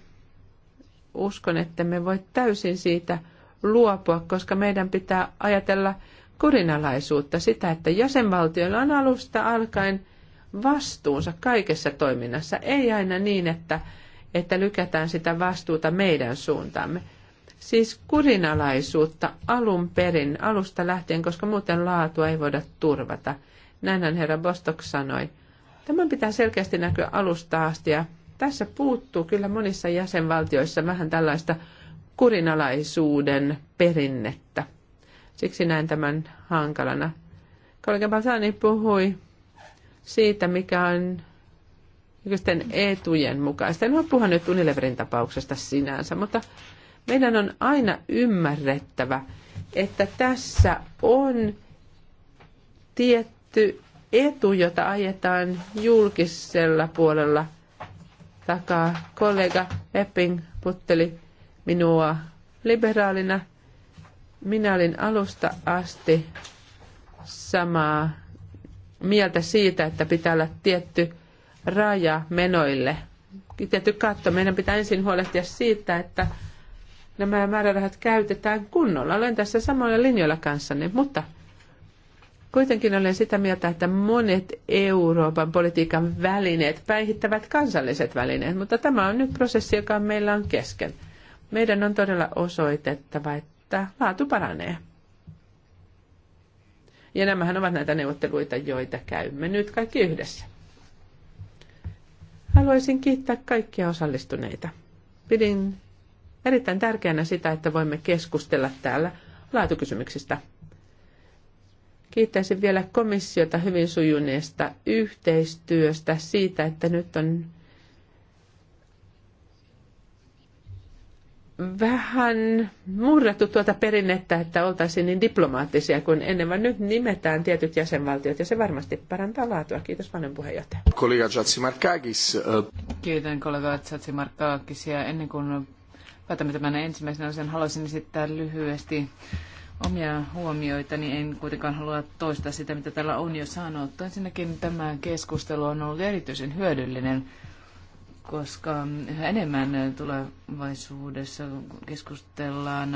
uskon, että me voi täysin siitä luopua, koska meidän pitää ajatella kurinalaisuutta, sitä, että jäsenvaltioilla on alusta alkaen vastuunsa kaikessa toiminnassa. Ei aina niin, että, että lykätään sitä vastuuta meidän suuntaamme siis kurinalaisuutta alun perin, alusta lähtien, koska muuten laatua ei voida turvata. Näinhän herra Bostock sanoi. Tämän pitää selkeästi näkyä alusta asti ja tässä puuttuu kyllä monissa jäsenvaltioissa vähän tällaista kurinalaisuuden perinnettä. Siksi näin tämän hankalana. Kollega Balsani puhui siitä, mikä on nykyisten etujen mukaista. En ole puhunut Unileverin tapauksesta sinänsä, mutta meidän on aina ymmärrettävä, että tässä on tietty etu, jota ajetaan julkisella puolella takaa. Kollega Epping putteli minua liberaalina. Minä olin alusta asti samaa mieltä siitä, että pitää olla tietty raja menoille. Tietty katto. Meidän pitää ensin huolehtia siitä, että nämä määrärahat käytetään kunnolla. Olen tässä samalla linjoilla kanssanne, mutta kuitenkin olen sitä mieltä, että monet Euroopan politiikan välineet päihittävät kansalliset välineet, mutta tämä on nyt prosessi, joka meillä on kesken. Meidän on todella osoitettava, että laatu paranee. Ja nämähän ovat näitä neuvotteluita, joita käymme nyt kaikki yhdessä. Haluaisin kiittää kaikkia osallistuneita. Pidin erittäin tärkeänä sitä, että voimme keskustella täällä laatukysymyksistä. Kiittäisin vielä komissiota hyvin sujuneesta yhteistyöstä siitä, että nyt on vähän murrettu tuota perinnettä, että oltaisiin niin diplomaattisia kuin ennen, vaan nyt nimetään tietyt jäsenvaltiot ja se varmasti parantaa laatua. Kiitos paljon puheenjohtaja. Kollega Kiitän kollega Jatsimarkakis ja ennen kuin päätämme tämän ensimmäisenä asian. Haluaisin esittää lyhyesti omia huomioita, niin en kuitenkaan halua toistaa sitä, mitä täällä on jo sanottu. Ensinnäkin tämä keskustelu on ollut erityisen hyödyllinen koska yhä enemmän tulevaisuudessa keskustellaan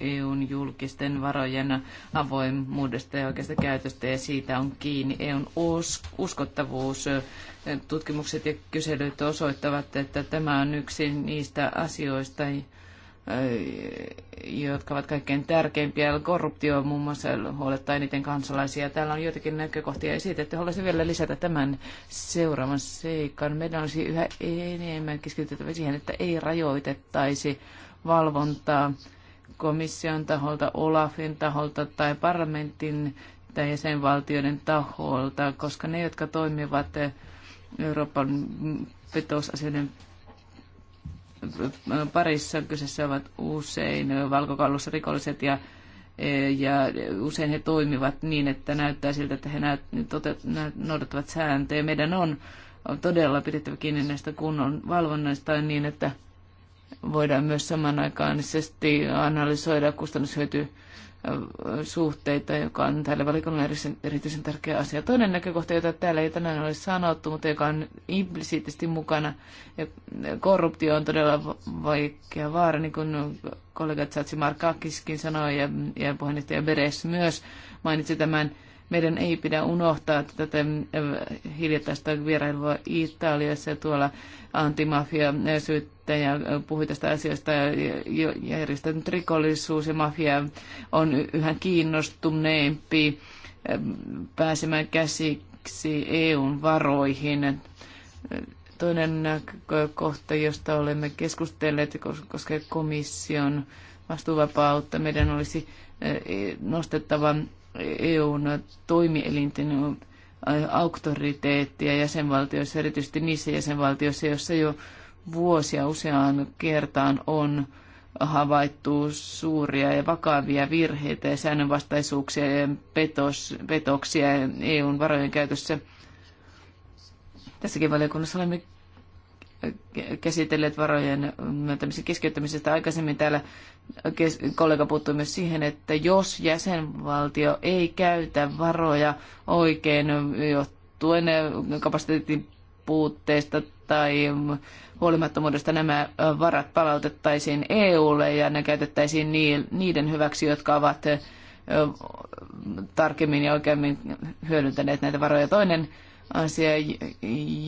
EUn julkisten varojen avoimuudesta ja oikeasta käytöstä ja siitä on kiinni EUn uskottavuus. Tutkimukset ja kyselyt osoittavat, että tämä on yksi niistä asioista, jotka ovat kaikkein tärkeimpiä. Korruptio muun muassa huolettaa eniten kansalaisia. Täällä on joitakin näkökohtia esitetty. Haluaisin vielä lisätä tämän seuraavan seikan. Meidän olisi yhä enemmän keskityttävä siihen, että ei rajoitettaisi valvontaa komission taholta, Olafin taholta tai parlamentin tai jäsenvaltioiden taholta, koska ne, jotka toimivat Euroopan petosasioiden parissa. Kyseessä ovat usein valkokallossa rikolliset ja, e, ja usein he toimivat niin, että näyttää siltä, että he näyt, noudattavat sääntöjä. Meidän on todella pidettävä kiinni näistä kunnon valvonnoista niin, että voidaan myös samanaikaisesti analysoida kustannushyötyä suhteita, joka on tälle valikolle erityisen tärkeä asia. Toinen näkökohta, jota täällä ei tänään ole sanottu, mutta joka on implisiittisesti mukana, ja korruptio on todella vaikea vaara, niin kuin kollega Tsatsi Markakiskin sanoi ja, ja puheenjohtaja Beres myös mainitsi tämän, meidän ei pidä unohtaa tätä äh, hiljattaista vierailua Italiassa tuolla antimafia ja puhui tästä asiasta. Järjestänyt rikollisuus ja mafia on yhä kiinnostuneempi äh, pääsemään käsiksi EUn varoihin. Toinen näkökohta, josta olemme keskustelleet, koskee komission vastuuvapautta. Meidän olisi äh, nostettava EUn toimielinten auktoriteettia jäsenvaltioissa, erityisesti niissä jäsenvaltioissa, joissa jo vuosia useaan kertaan on havaittu suuria ja vakavia virheitä ja säännönvastaisuuksia ja petos, petoksia EUn varojen käytössä. Tässäkin valiokunnassa olemme käsitelleet varojen myöntämisen keskeyttämisestä. Aikaisemmin täällä kollega puuttui myös siihen, että jos jäsenvaltio ei käytä varoja oikein johtuen kapasiteetin puutteesta tai huolimattomuudesta nämä varat palautettaisiin EUlle ja ne käytettäisiin niiden hyväksi, jotka ovat tarkemmin ja oikeammin hyödyntäneet näitä varoja. Toinen asia,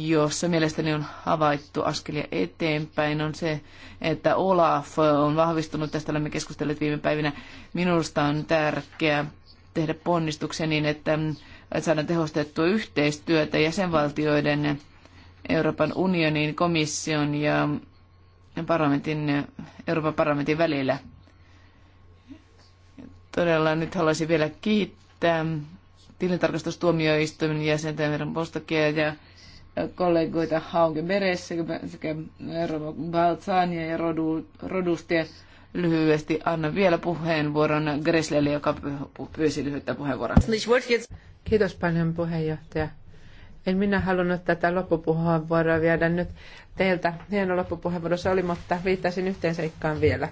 jossa mielestäni on havaittu askelia eteenpäin, on se, että Olaf on vahvistunut, tästä olemme keskustelleet viime päivinä. Minusta on tärkeää tehdä ponnistuksia niin, että saadaan tehostettua yhteistyötä jäsenvaltioiden, Euroopan unionin, komission ja parlamentin, Euroopan parlamentin välillä. Todella nyt haluaisin vielä kiittää tilintarkastustuomioistuimen jäsentä Meron Bostokia ja kollegoita Hauke Beres sekä Rovo Balzania ja Rodu, Rodustia. Lyhyesti annan vielä puheenvuoron Greslelle, joka pyysi lyhyttä puheenvuoroa. Kiitos paljon puheenjohtaja. En minä halunnut tätä loppupuheenvuoroa viedä nyt teiltä. Hieno loppupuheenvuoro se oli, mutta viittasin yhteen seikkaan vielä.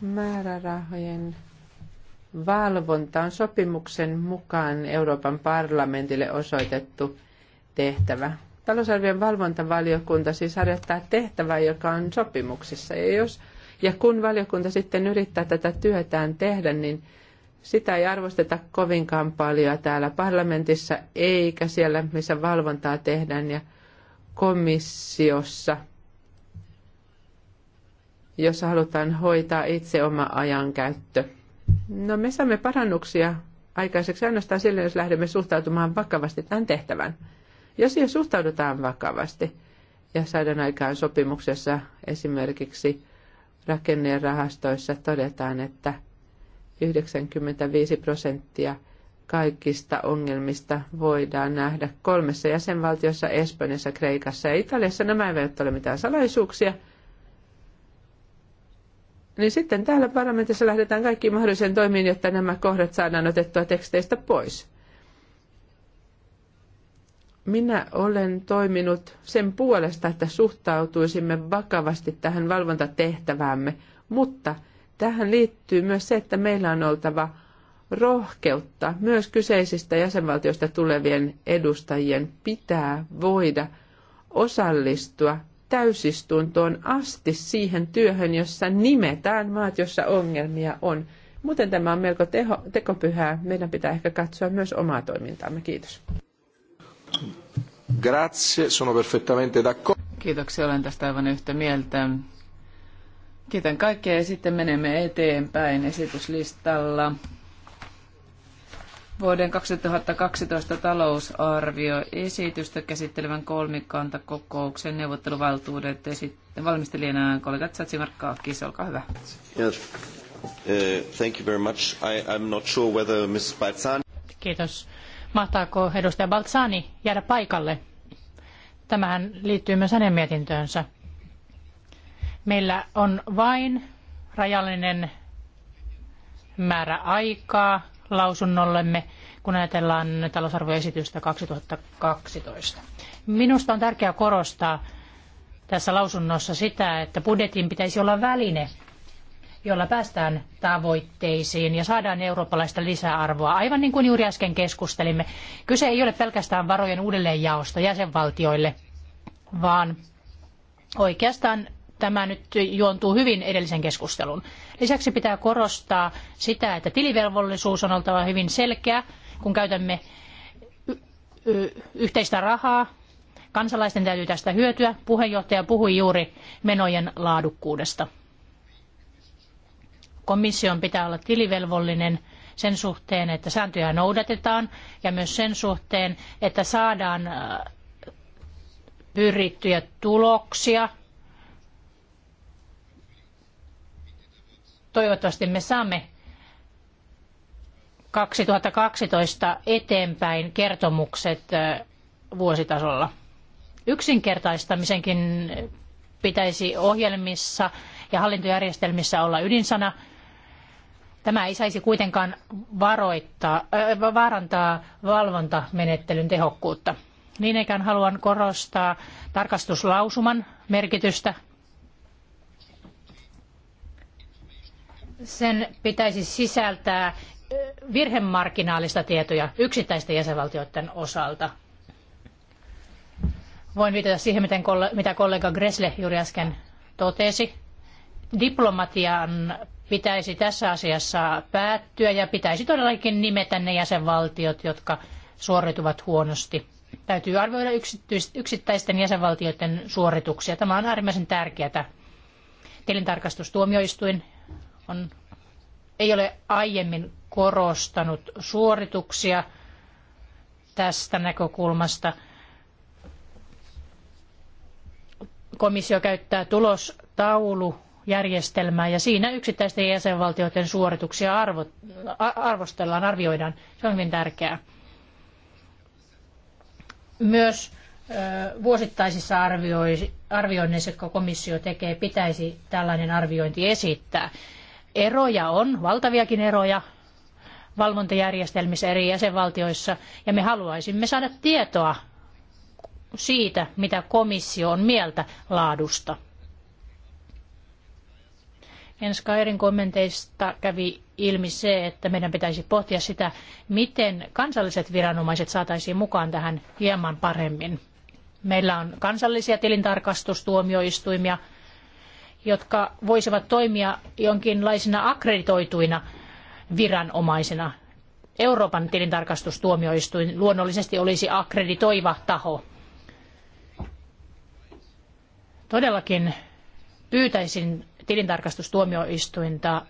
Määrärahojen Valvonta on sopimuksen mukaan Euroopan parlamentille osoitettu tehtävä. Talousarvion valvontavaliokunta siis harjoittaa tehtävää, joka on sopimuksissa. Ja, jos, ja kun valiokunta sitten yrittää tätä työtään tehdä, niin sitä ei arvosteta kovinkaan paljon täällä parlamentissa, eikä siellä, missä valvontaa tehdään, ja komissiossa, jossa halutaan hoitaa itse oma ajankäyttö No me saamme parannuksia aikaiseksi ainoastaan silloin, jos lähdemme suhtautumaan vakavasti tämän tehtävän. Jos siihen suhtaudutaan vakavasti ja saadaan aikaan sopimuksessa esimerkiksi rakennerahastoissa todetaan, että 95 prosenttia kaikista ongelmista voidaan nähdä kolmessa jäsenvaltiossa, Espanjassa, Kreikassa ja Italiassa. Nämä eivät ole mitään salaisuuksia – niin sitten täällä parlamentissa lähdetään kaikkiin mahdollisiin toimiin, jotta nämä kohdat saadaan otettua teksteistä pois. Minä olen toiminut sen puolesta, että suhtautuisimme vakavasti tähän valvontatehtäväämme, mutta tähän liittyy myös se, että meillä on oltava rohkeutta myös kyseisistä jäsenvaltioista tulevien edustajien pitää voida osallistua täysistuntoon asti siihen työhön, jossa nimetään maat, jossa ongelmia on. Muuten tämä on melko teho, tekopyhää. Meidän pitää ehkä katsoa myös omaa toimintaamme. Kiitos. Grazie, sono perfettamente d'accordo. Kiitoksia, olen tästä aivan yhtä mieltä. Kiitän kaikkia ja sitten menemme eteenpäin esityslistalla vuoden 2012 talousarvioesitystä käsittelevän kolmikantakokouksen neuvotteluvaltuudet esit- valmistelijana kollega Tsatsimarkkaakis, olkaa hyvä. Yes. Uh, thank you very much. I, I'm not sure whether Ms. Balzani... Kiitos. Mahtaako edustaja Balzani jäädä paikalle? Tämähän liittyy myös hänen mietintöönsä. Meillä on vain rajallinen määrä aikaa lausunnollemme, kun ajatellaan talousarvioesitystä 2012. Minusta on tärkeää korostaa tässä lausunnossa sitä, että budjetin pitäisi olla väline, jolla päästään tavoitteisiin ja saadaan eurooppalaista lisäarvoa. Aivan niin kuin juuri äsken keskustelimme, kyse ei ole pelkästään varojen uudelleenjaosta jäsenvaltioille, vaan oikeastaan tämä nyt juontuu hyvin edellisen keskustelun. Lisäksi pitää korostaa sitä, että tilivelvollisuus on oltava hyvin selkeä, kun käytämme yhteistä rahaa. Kansalaisten täytyy tästä hyötyä. Puheenjohtaja puhui juuri menojen laadukkuudesta. Komission pitää olla tilivelvollinen sen suhteen, että sääntöjä noudatetaan ja myös sen suhteen, että saadaan äh, pyrittyjä tuloksia – toivottavasti me saamme 2012 eteenpäin kertomukset vuositasolla. Yksinkertaistamisenkin pitäisi ohjelmissa ja hallintojärjestelmissä olla ydinsana. Tämä ei saisi kuitenkaan varoittaa, äh, vaarantaa valvontamenettelyn tehokkuutta. Niin ikään haluan korostaa tarkastuslausuman merkitystä. sen pitäisi sisältää virhemarginaalista tietoja yksittäisten jäsenvaltioiden osalta. Voin viitata siihen, miten, mitä kollega Gresle juuri äsken totesi. Diplomatian pitäisi tässä asiassa päättyä ja pitäisi todellakin nimetä ne jäsenvaltiot, jotka suorituvat huonosti. Täytyy arvioida yksittäisten jäsenvaltioiden suorituksia. Tämä on äärimmäisen tärkeää. Tilintarkastustuomioistuin on, ei ole aiemmin korostanut suorituksia tästä näkökulmasta. Komissio käyttää tulostaulujärjestelmää ja siinä yksittäisten jäsenvaltioiden suorituksia arvo, arvostellaan, arvioidaan. Se on hyvin tärkeää. Myös vuosittaisissa arvioinneissa, jotka komissio tekee, pitäisi tällainen arviointi esittää. Eroja on, valtaviakin eroja valvontajärjestelmissä eri jäsenvaltioissa, ja me haluaisimme saada tietoa siitä, mitä komissio on mieltä laadusta. Jens Kairin kommenteista kävi ilmi se, että meidän pitäisi pohtia sitä, miten kansalliset viranomaiset saataisiin mukaan tähän hieman paremmin. Meillä on kansallisia tilintarkastustuomioistuimia, jotka voisivat toimia jonkinlaisina akkreditoituina viranomaisina. Euroopan tilintarkastustuomioistuin luonnollisesti olisi akkreditoiva taho. Todellakin pyytäisin tilintarkastustuomioistuinta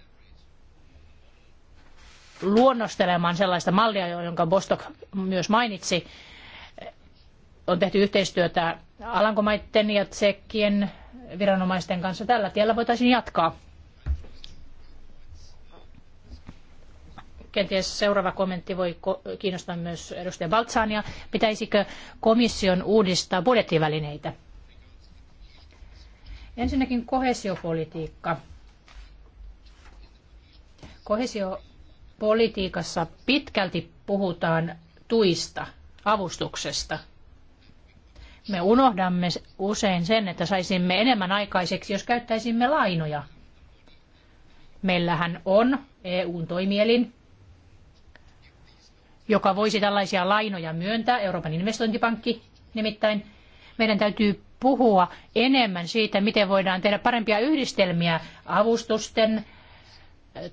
luonnostelemaan sellaista mallia, jonka Bostock myös mainitsi, on tehty yhteistyötä Alankomaiden ja Tsekkien viranomaisten kanssa. Tällä tiellä voitaisiin jatkaa. Kenties seuraava kommentti voi kiinnostaa myös edustaja Baltsania. Pitäisikö komission uudistaa budjettivälineitä? Ensinnäkin kohesiopolitiikka. Kohesiopolitiikassa pitkälti puhutaan tuista, avustuksesta – me unohdamme usein sen, että saisimme enemmän aikaiseksi, jos käyttäisimme lainoja. Meillähän on eu toimielin, joka voisi tällaisia lainoja myöntää, Euroopan investointipankki nimittäin. Meidän täytyy puhua enemmän siitä, miten voidaan tehdä parempia yhdistelmiä avustusten,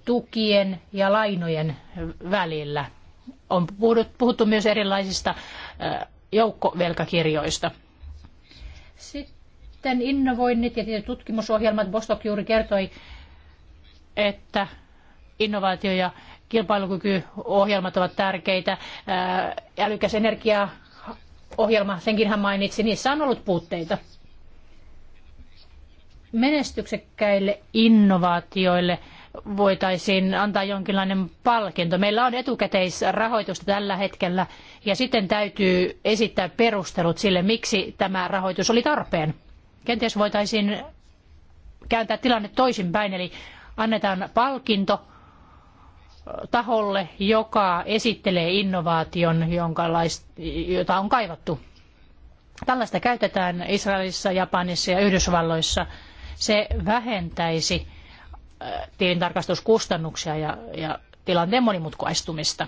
tukien ja lainojen välillä. On puhuttu myös erilaisista velkakirjoista. Sitten innovoinnit ja tutkimusohjelmat. Bostock juuri kertoi, että innovaatio- ja kilpailukykyohjelmat ovat tärkeitä. Älykäs energiaohjelma, senkin hän mainitsi, niissä on ollut puutteita. Menestyksekkäille innovaatioille – voitaisiin antaa jonkinlainen palkinto. Meillä on etukäteisrahoitusta tällä hetkellä ja sitten täytyy esittää perustelut sille, miksi tämä rahoitus oli tarpeen. Kenties voitaisiin kääntää tilanne toisinpäin, eli annetaan palkinto taholle, joka esittelee innovaation, jonka jota on kaivattu. Tällaista käytetään Israelissa, Japanissa ja Yhdysvalloissa. Se vähentäisi tilintarkastuskustannuksia ja, ja tilanteen monimutkaistumista.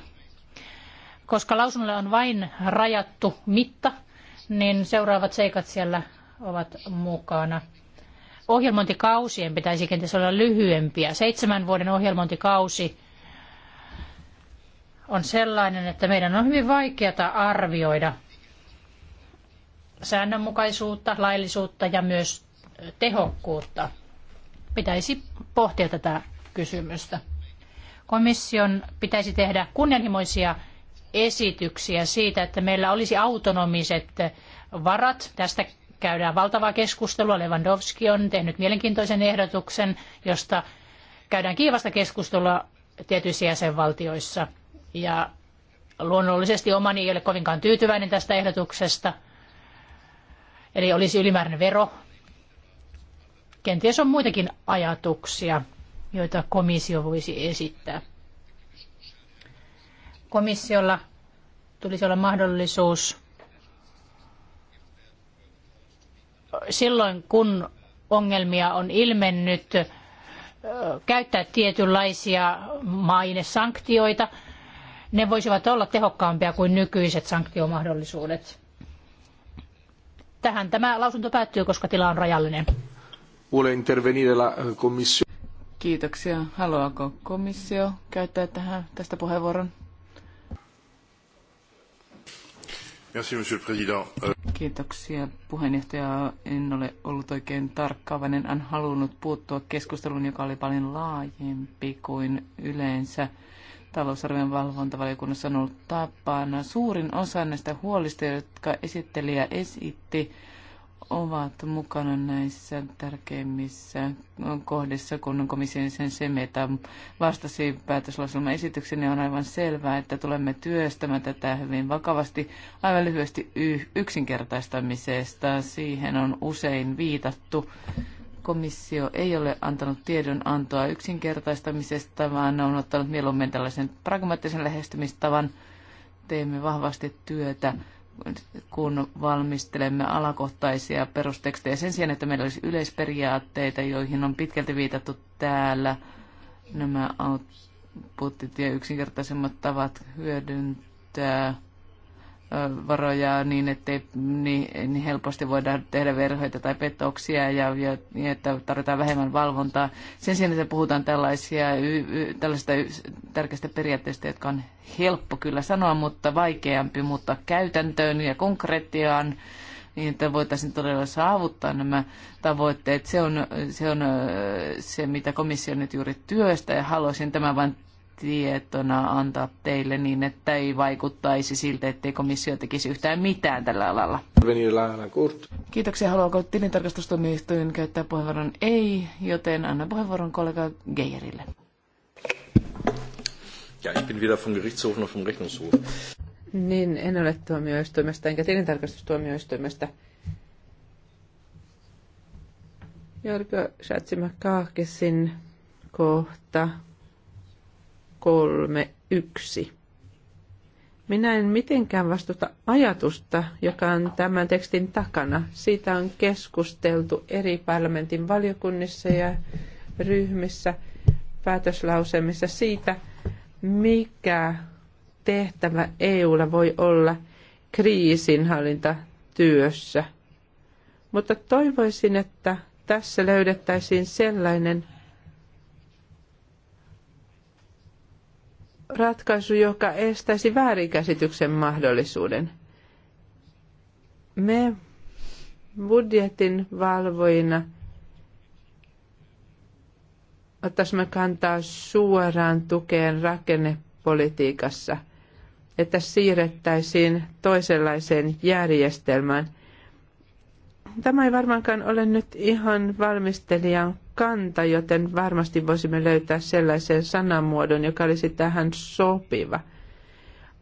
Koska lausunnolle on vain rajattu mitta, niin seuraavat seikat siellä ovat mukana. Ohjelmointikausien pitäisi kenties olla lyhyempiä. Seitsemän vuoden ohjelmointikausi on sellainen, että meidän on hyvin vaikeata arvioida säännönmukaisuutta, laillisuutta ja myös tehokkuutta pitäisi pohtia tätä kysymystä. Komission pitäisi tehdä kunnianhimoisia esityksiä siitä, että meillä olisi autonomiset varat. Tästä käydään valtavaa keskustelua. Lewandowski on tehnyt mielenkiintoisen ehdotuksen, josta käydään kiivasta keskustelua tietyissä jäsenvaltioissa. Ja luonnollisesti omani ei ole kovinkaan tyytyväinen tästä ehdotuksesta. Eli olisi ylimääräinen vero Kenties on muitakin ajatuksia, joita komissio voisi esittää. Komissiolla tulisi olla mahdollisuus silloin, kun ongelmia on ilmennyt, käyttää tietynlaisia mainesanktioita. Ne voisivat olla tehokkaampia kuin nykyiset sanktiomahdollisuudet. Tähän tämä lausunto päättyy, koska tila on rajallinen vuole intervenire la eh, Commissione. Kiitoksia. Haluaako komissio käyttää tähän, tästä puheenvuoron? Merci, monsieur le président. Euh, Kiitoksia puheenjohtaja. En ole ollut oikein tarkkaavainen. En halunnut puuttua keskusteluun, joka oli paljon laajempi kuin yleensä. Talousarvion valvontavaliokunnassa on ollut tapana. Suurin osa näistä huolista, jotka esittelijä esitti, ovat mukana näissä tärkeimmissä kohdissa, kun komission sen semeta vastasi päätöslauselman esityksen, niin on aivan selvää, että tulemme työstämään tätä hyvin vakavasti aivan lyhyesti yksinkertaistamisesta. Siihen on usein viitattu. Komissio ei ole antanut tiedonantoa yksinkertaistamisesta, vaan on ottanut mieluummin tällaisen pragmaattisen lähestymistavan. Teemme vahvasti työtä kun valmistelemme alakohtaisia perustekstejä sen sijaan, että meillä olisi yleisperiaatteita, joihin on pitkälti viitattu täällä. Nämä outputit ja yksinkertaisemmat tavat hyödyntää varoja niin, ettei niin, niin helposti voida tehdä verhoita tai petoksia ja, ja että tarvitaan vähemmän valvontaa. Sen sijaan, että puhutaan tällaisia, y, y, tällaista tärkeistä periaatteista, jotka on helppo kyllä sanoa, mutta vaikeampi mutta käytäntöön ja konkretiaan niin, että voitaisiin todella saavuttaa nämä tavoitteet. Se on se, on, se mitä komissio nyt juuri työstä ja haluaisin tämän vain tietona antaa teille niin, että ei vaikuttaisi siltä, ettei komissio tekisi yhtään mitään tällä alalla? Kiitoksia. Haluaako tilintarkastustuomioistuin käyttää puheenvuoron? Ei, joten annan puheenvuoron kollega Geijerille. Ja, ich bin weder vom Gerichtshof noch vom Rechnungshof. Niin, en ole tuomioistuimesta enkä tilintarkastustuomioistuimesta. Jarko Shatsimakaakesin kohta kolme yksi. Minä en mitenkään vastusta ajatusta, joka on tämän tekstin takana. Siitä on keskusteltu eri parlamentin valiokunnissa ja ryhmissä, päätöslausemissa siitä, mikä tehtävä EUlla voi olla kriisinhallintatyössä. Mutta toivoisin, että tässä löydettäisiin sellainen ratkaisu, joka estäisi väärinkäsityksen mahdollisuuden. Me budjetin valvojina ottaisimme kantaa suoraan tukeen rakennepolitiikassa, että siirrettäisiin toisenlaiseen järjestelmään. Tämä ei varmaankaan ole nyt ihan valmistelijan kanta, joten varmasti voisimme löytää sellaisen sanamuodon, joka olisi tähän sopiva.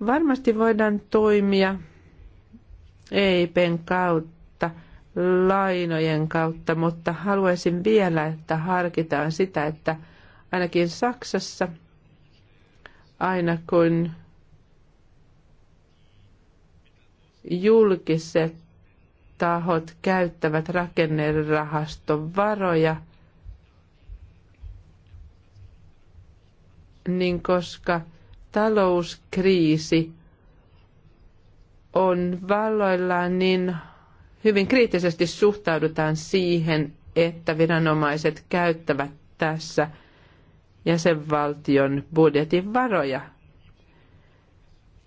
Varmasti voidaan toimia eipen kautta, lainojen kautta, mutta haluaisin vielä, että harkitaan sitä, että ainakin Saksassa aina kun julkiset tahot käyttävät rakennerahastovaroja, varoja – niin koska talouskriisi on valloillaan, niin hyvin kriittisesti suhtaudutaan siihen, että viranomaiset käyttävät tässä jäsenvaltion budjetin varoja.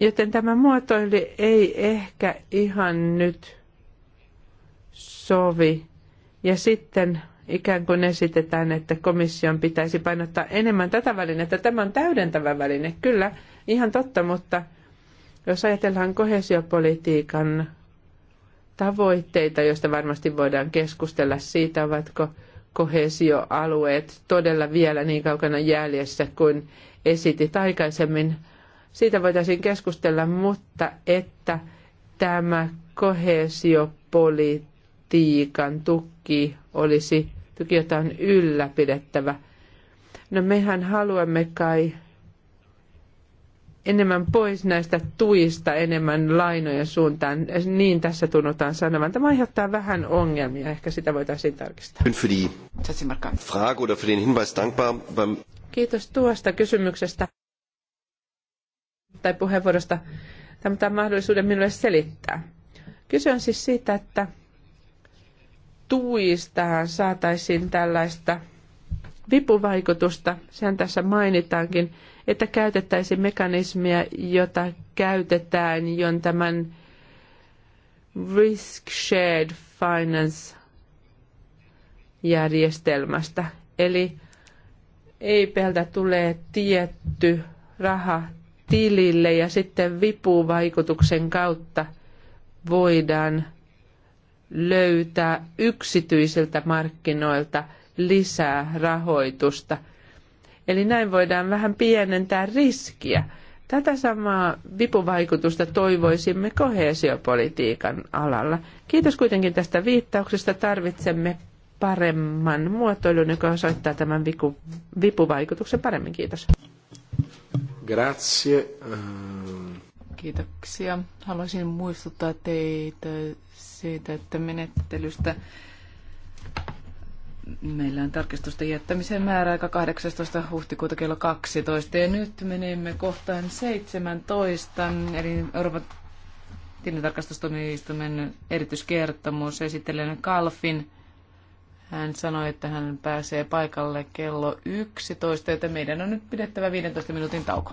Joten tämä muotoilu ei ehkä ihan nyt sovi. Ja sitten ikään kuin esitetään, että komission pitäisi painottaa enemmän tätä välinettä. Tämä on täydentävä väline, kyllä, ihan totta, mutta jos ajatellaan kohesiopolitiikan tavoitteita, joista varmasti voidaan keskustella siitä, ovatko kohesioalueet todella vielä niin kaukana jäljessä kuin esitit aikaisemmin. Siitä voitaisiin keskustella, mutta että tämä kohesiopolitiikan tuki olisi jotain ylläpidettävä. No mehän haluamme kai enemmän pois näistä tuista, enemmän lainojen suuntaan. Niin tässä tunnutaan sanovan. Tämä aiheuttaa vähän ongelmia. Ehkä sitä voitaisiin tarkistaa. Kiitos tuosta kysymyksestä tai puheenvuorosta. Tämä on mahdollisuuden minulle selittää. Kyse on siis siitä, että tuistahan saataisiin tällaista vipuvaikutusta. Sehän tässä mainitaankin, että käytettäisiin mekanismia, jota käytetään jo tämän risk shared finance järjestelmästä. Eli ei EIPltä tulee tietty raha tilille ja sitten vipuvaikutuksen kautta voidaan löytää yksityisiltä markkinoilta lisää rahoitusta. Eli näin voidaan vähän pienentää riskiä. Tätä samaa vipuvaikutusta toivoisimme koheesiopolitiikan alalla. Kiitos kuitenkin tästä viittauksesta. Tarvitsemme paremman muotoilun, joka osoittaa tämän vipu, vipuvaikutuksen paremmin. Kiitos. Grazie. Ehm. Kiitoksia. Haluaisin muistuttaa teitä siitä, että menettelystä meillä on tarkistusten jättämisen määräaika 18. huhtikuuta kello 12. Ja nyt menemme kohtaan 17, eli Euroopan tilintarkastustoimistuimen erityiskertomus esittelen Kalfin. Hän sanoi, että hän pääsee paikalle kello 11, joten meidän on nyt pidettävä 15 minuutin tauko.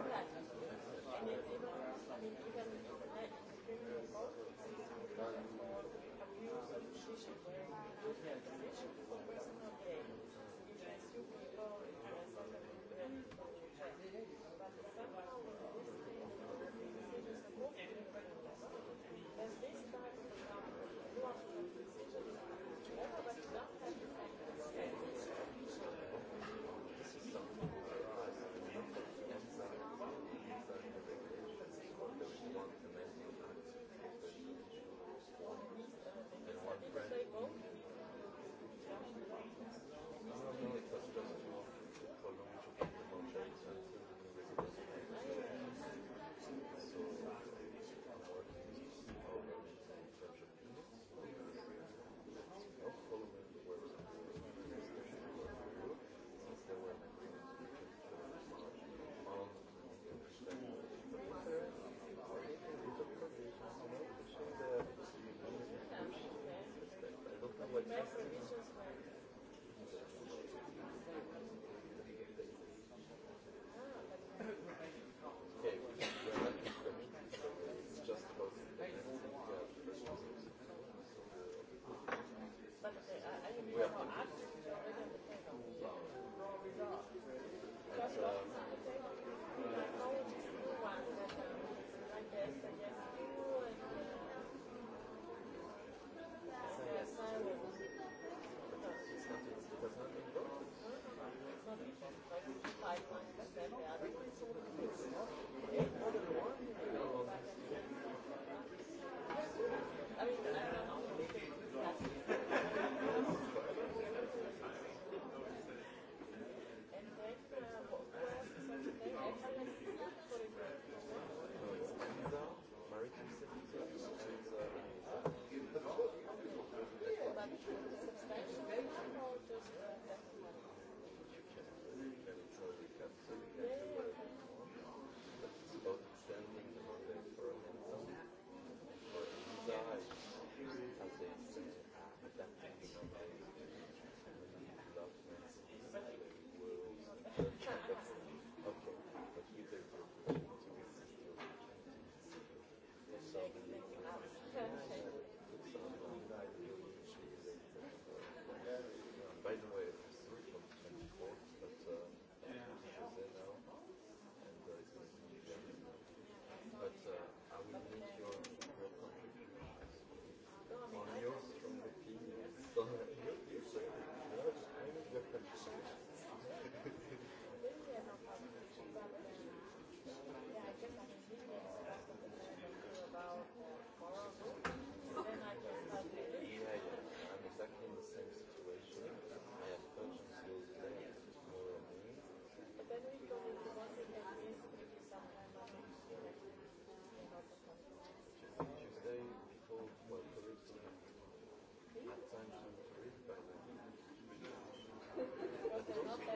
Okay.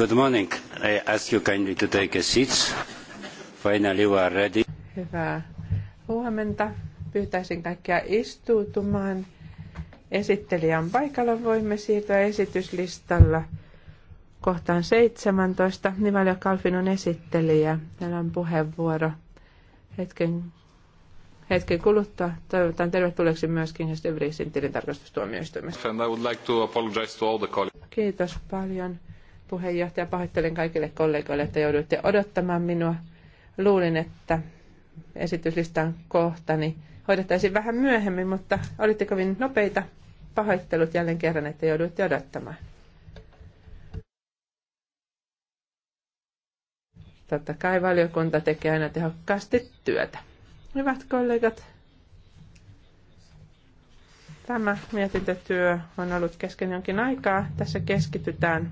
Good morning. I ask you kindly to take a seat. Finally we are ready. Hyvää huomenta. Pyytäisin kaikkia istuutumaan. Esittelijä on paikalla. Voimme siirtyä esityslistalla kohtaan 17. Nivalio Kalfin on esittelijä. Täällä on puheenvuoro hetken, hetken kuluttua. Toivotan tervetulleeksi myöskin Hestebrisin tilintarkastustuomioistuimesta. Kiitos paljon puheenjohtaja. Pahoittelen kaikille kollegoille, että jouduitte odottamaan minua. Luulin, että esityslistan kohtani hoidettaisiin vähän myöhemmin, mutta olitte kovin nopeita. Pahoittelut jälleen kerran, että jouduitte odottamaan. Totta kai valiokunta tekee aina tehokkaasti työtä. Hyvät kollegat, tämä mietintötyö on ollut kesken jonkin aikaa. Tässä keskitytään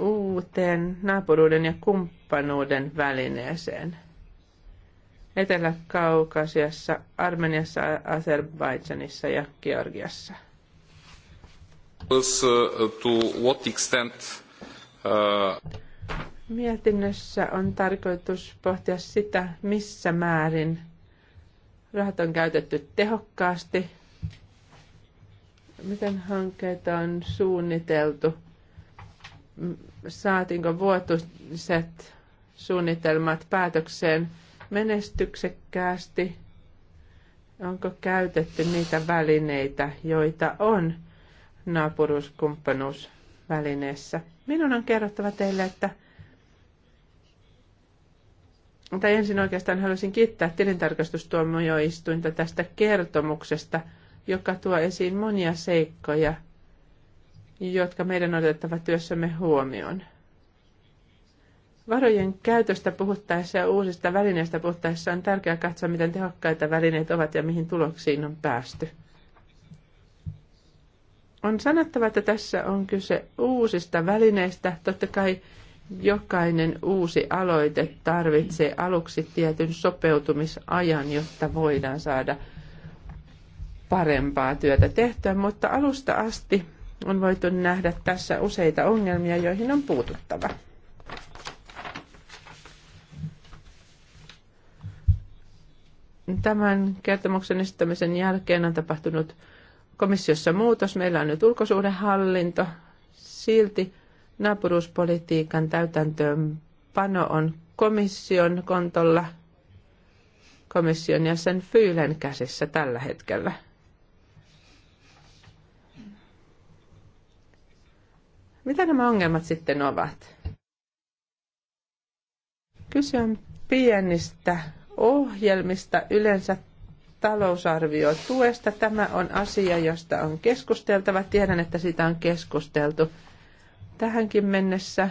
uuteen naapuruuden ja kumppanuuden välineeseen. Etelä-Kaukasiassa, Armeniassa, Azerbaidžanissa ja Georgiassa. Uh, uh, Mietinnössä on tarkoitus pohtia sitä, missä määrin rahat on käytetty tehokkaasti, miten hankkeita on suunniteltu – saatiinko vuotuiset suunnitelmat päätökseen menestyksekkäästi? Onko käytetty niitä välineitä, joita on naapuruuskumppanuusvälineessä? Minun on kerrottava teille, että mutta ensin oikeastaan haluaisin kiittää tilintarkastustuomioistuinta tästä kertomuksesta, joka tuo esiin monia seikkoja – jotka meidän on otettava työssämme huomioon. Varojen käytöstä puhuttaessa ja uusista välineistä puhuttaessa on tärkeää katsoa, miten tehokkaita välineet ovat ja mihin tuloksiin on päästy. On sanottava, että tässä on kyse uusista välineistä. Totta kai jokainen uusi aloite tarvitsee aluksi tietyn sopeutumisajan, jotta voidaan saada parempaa työtä tehtyä, mutta alusta asti on voitu nähdä tässä useita ongelmia, joihin on puututtava. Tämän kertomuksen esittämisen jälkeen on tapahtunut komissiossa muutos. Meillä on nyt ulkosuhdehallinto. Silti naapuruuspolitiikan täytäntöönpano on komission kontolla komission jäsen Fyylen käsissä tällä hetkellä. Mitä nämä ongelmat sitten ovat? Kyse on pienistä ohjelmista, yleensä talousarviotuesta. Tämä on asia, josta on keskusteltava. Tiedän, että sitä on keskusteltu tähänkin mennessä.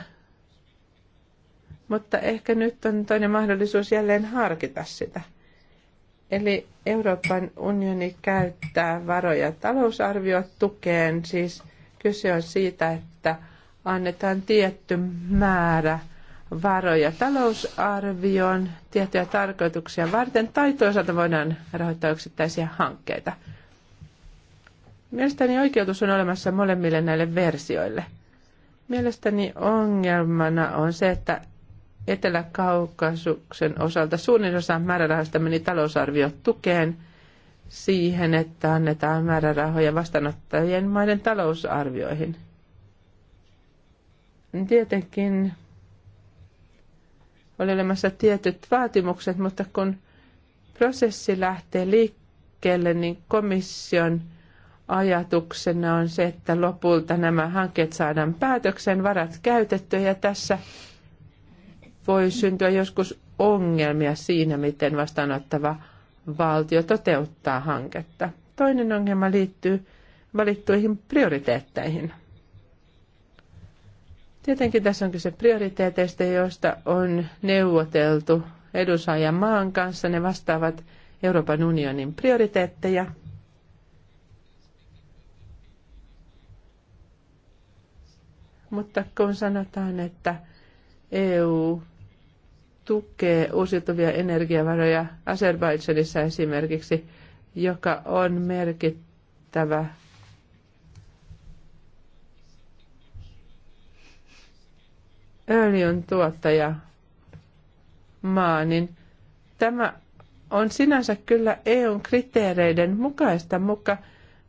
Mutta ehkä nyt on toinen mahdollisuus jälleen harkita sitä. Eli Euroopan unioni käyttää varoja tukeen, siis kyse on siitä, että annetaan tietty määrä varoja talousarvioon tiettyjä tarkoituksia varten tai toisaalta voidaan rahoittaa yksittäisiä hankkeita. Mielestäni oikeutus on olemassa molemmille näille versioille. Mielestäni ongelmana on se, että Etelä-Kaukasuksen osalta suurin osa määrärahoista meni talousarvio tukeen siihen, että annetaan määrärahoja vastaanottajien maiden talousarvioihin – niin tietenkin oli olemassa tietyt vaatimukset, mutta kun prosessi lähtee liikkeelle, niin komission ajatuksena on se, että lopulta nämä hankkeet saadaan päätöksen, varat käytetty ja tässä voi syntyä joskus ongelmia siinä, miten vastaanottava valtio toteuttaa hanketta. Toinen ongelma liittyy valittuihin prioriteetteihin. Tietenkin tässä on kyse prioriteeteista, joista on neuvoteltu edusajan maan kanssa. Ne vastaavat Euroopan unionin prioriteetteja. Mutta kun sanotaan, että EU tukee uusiutuvia energiavaroja Azerbaidžanissa esimerkiksi, joka on merkittävä öljyn tuottaja maa, niin tämä on sinänsä kyllä EUn kriteereiden mukaista, muka,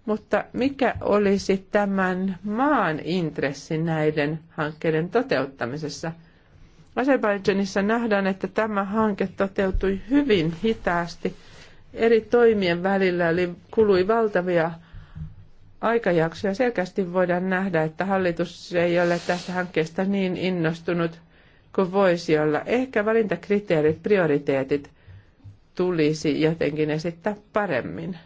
mutta mikä olisi tämän maan intressi näiden hankkeiden toteuttamisessa? Azerbaijanissa nähdään, että tämä hanke toteutui hyvin hitaasti. Eri toimien välillä eli kului valtavia aikajaksoja selkeästi voidaan nähdä, että hallitus ei ole tästä hankkeesta niin innostunut kuin voisi olla. Ehkä valintakriteerit, prioriteetit tulisi jotenkin esittää paremmin.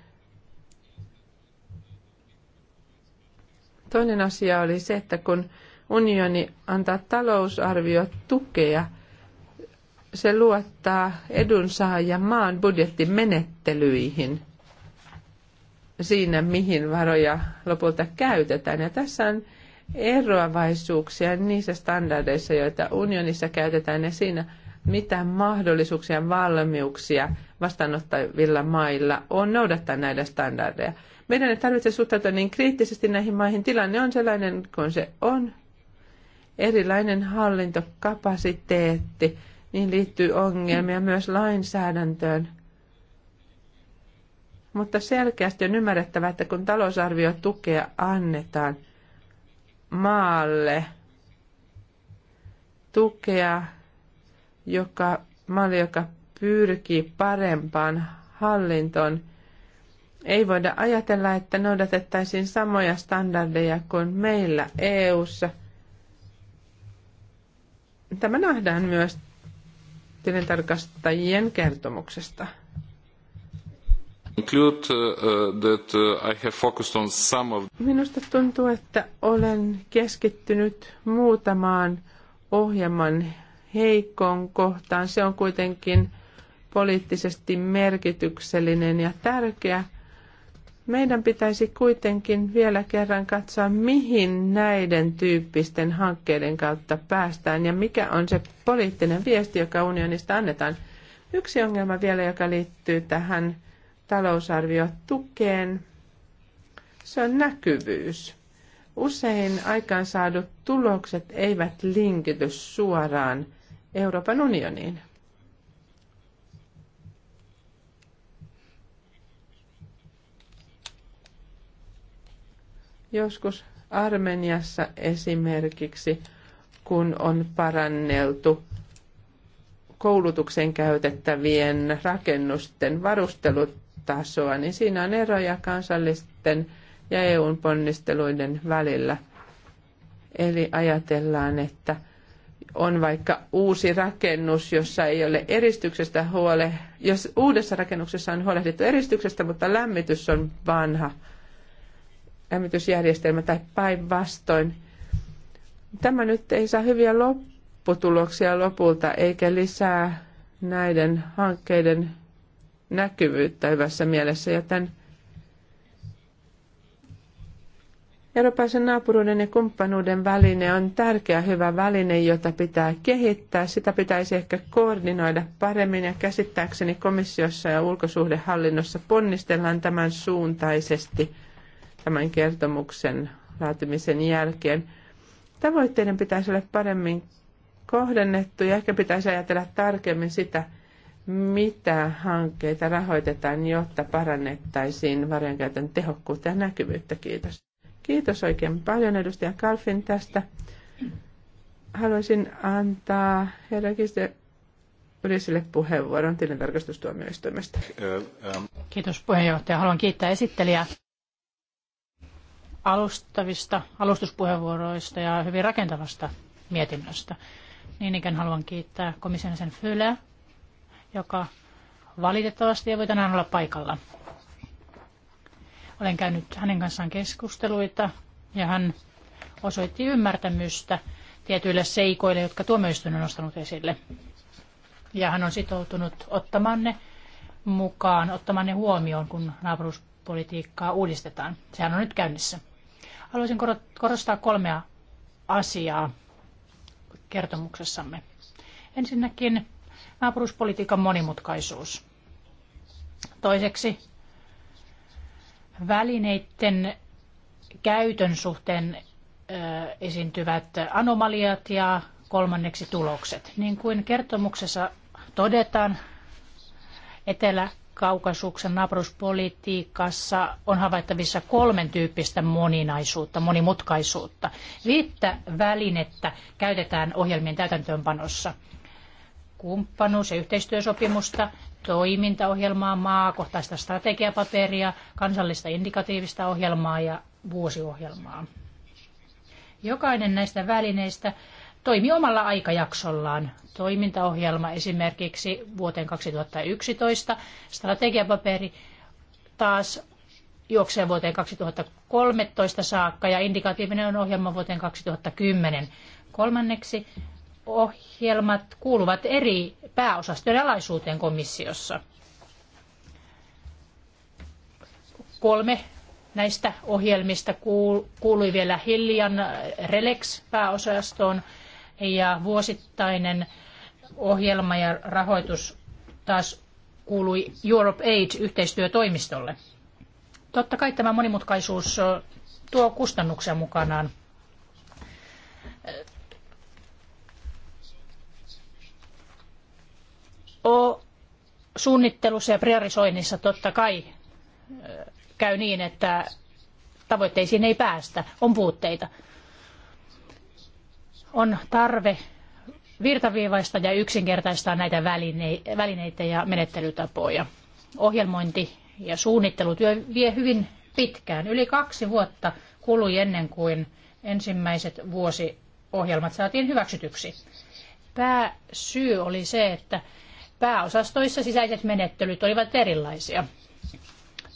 Toinen asia oli se, että kun unioni antaa talousarvio tukea, se luottaa edunsaajan maan budjettimenettelyihin – siinä, mihin varoja lopulta käytetään. Ja tässä on eroavaisuuksia niissä standardeissa, joita unionissa käytetään ja siinä, mitä mahdollisuuksia ja valmiuksia vastaanottavilla mailla on noudattaa näitä standardeja. Meidän ei tarvitse suhtautua niin kriittisesti näihin maihin. Tilanne on sellainen kuin se on. Erilainen hallintokapasiteetti, niin liittyy ongelmia myös lainsäädäntöön – mutta selkeästi on ymmärrettävä, että kun tukea annetaan maalle, tukea, joka, maalle, joka pyrkii parempaan hallintoon, ei voida ajatella, että noudatettaisiin samoja standardeja kuin meillä EU:ssa. Tämä nähdään myös tilintarkastajien kertomuksesta. Minusta tuntuu, että olen keskittynyt muutamaan ohjelman heikkoon kohtaan. Se on kuitenkin poliittisesti merkityksellinen ja tärkeä. Meidän pitäisi kuitenkin vielä kerran katsoa, mihin näiden tyyppisten hankkeiden kautta päästään ja mikä on se poliittinen viesti, joka unionista annetaan. Yksi ongelma vielä, joka liittyy tähän talousarvio tukeen. Se on näkyvyys. Usein aikaansaadut tulokset eivät linkity suoraan Euroopan unioniin. Joskus Armeniassa esimerkiksi, kun on paranneltu koulutuksen käytettävien rakennusten varustelut tasoa, niin siinä on eroja kansallisten ja EUn ponnisteluiden välillä. Eli ajatellaan, että on vaikka uusi rakennus, jossa ei ole eristyksestä huole, jos uudessa rakennuksessa on huolehdittu eristyksestä, mutta lämmitys on vanha lämmitysjärjestelmä tai päinvastoin. Tämä nyt ei saa hyviä lopputuloksia lopulta eikä lisää näiden hankkeiden näkyvyyttä hyvässä mielessä, joten Euroopan naapuruuden ja kumppanuuden väline on tärkeä hyvä väline, jota pitää kehittää. Sitä pitäisi ehkä koordinoida paremmin ja käsittääkseni komissiossa ja ulkosuhdehallinnossa ponnistellaan tämän suuntaisesti tämän kertomuksen laatimisen jälkeen. Tavoitteiden pitäisi olla paremmin kohdennettu ja ehkä pitäisi ajatella tarkemmin sitä, mitä hankkeita rahoitetaan, jotta parannettaisiin varjonkäytön tehokkuutta ja näkyvyyttä. Kiitos. Kiitos oikein paljon edustaja Kalfin tästä. Haluaisin antaa herra Ylisille puheenvuoron tilintarkastustuomioistuimesta. Kiitos puheenjohtaja. Haluan kiittää esittelijää alustavista alustuspuheenvuoroista ja hyvin rakentavasta mietinnöstä. Niin ikään haluan kiittää komission sen Fyleä joka valitettavasti ei voi tänään olla paikalla. Olen käynyt hänen kanssaan keskusteluita ja hän osoitti ymmärtämystä tietyille seikoille, jotka tuomioistuin on nostanut esille. Ja hän on sitoutunut ottamaan ne mukaan, ottamaan ne huomioon, kun naapuruspolitiikkaa uudistetaan. Sehän on nyt käynnissä. Haluaisin korostaa kolmea asiaa kertomuksessamme. Ensinnäkin naapuruspolitiikan monimutkaisuus. Toiseksi välineiden käytön suhteen esiintyvät anomaliat ja kolmanneksi tulokset. Niin kuin kertomuksessa todetaan, Etelä-Kaukasuksen naapuruspolitiikassa on havaittavissa kolmen tyyppistä moninaisuutta, monimutkaisuutta. Viittä välinettä käytetään ohjelmien täytäntöönpanossa – kumppanuus- ja yhteistyösopimusta, toimintaohjelmaa, maakohtaista strategiapaperia, kansallista indikatiivista ohjelmaa ja vuosiohjelmaa. Jokainen näistä välineistä toimi omalla aikajaksollaan. Toimintaohjelma esimerkiksi vuoteen 2011, strategiapaperi taas juoksee vuoteen 2013 saakka ja indikatiivinen on ohjelma vuoteen 2010. Kolmanneksi ohjelmat kuuluvat eri pääosastojen alaisuuteen komissiossa. Kolme näistä ohjelmista kuului vielä Hillian äh, Relex-pääosastoon ja vuosittainen ohjelma ja rahoitus taas kuului Europe Aid-yhteistyötoimistolle. Totta kai tämä monimutkaisuus äh, tuo kustannuksia mukanaan. Äh, o suunnittelussa ja priorisoinnissa totta kai käy niin, että tavoitteisiin ei päästä, on puutteita. On tarve virtaviivaista ja yksinkertaistaa näitä välineitä ja menettelytapoja. Ohjelmointi ja suunnittelutyö vie hyvin pitkään. Yli kaksi vuotta kului ennen kuin ensimmäiset vuosiohjelmat saatiin hyväksytyksi. Pääsyy oli se, että pääosastoissa sisäiset menettelyt olivat erilaisia.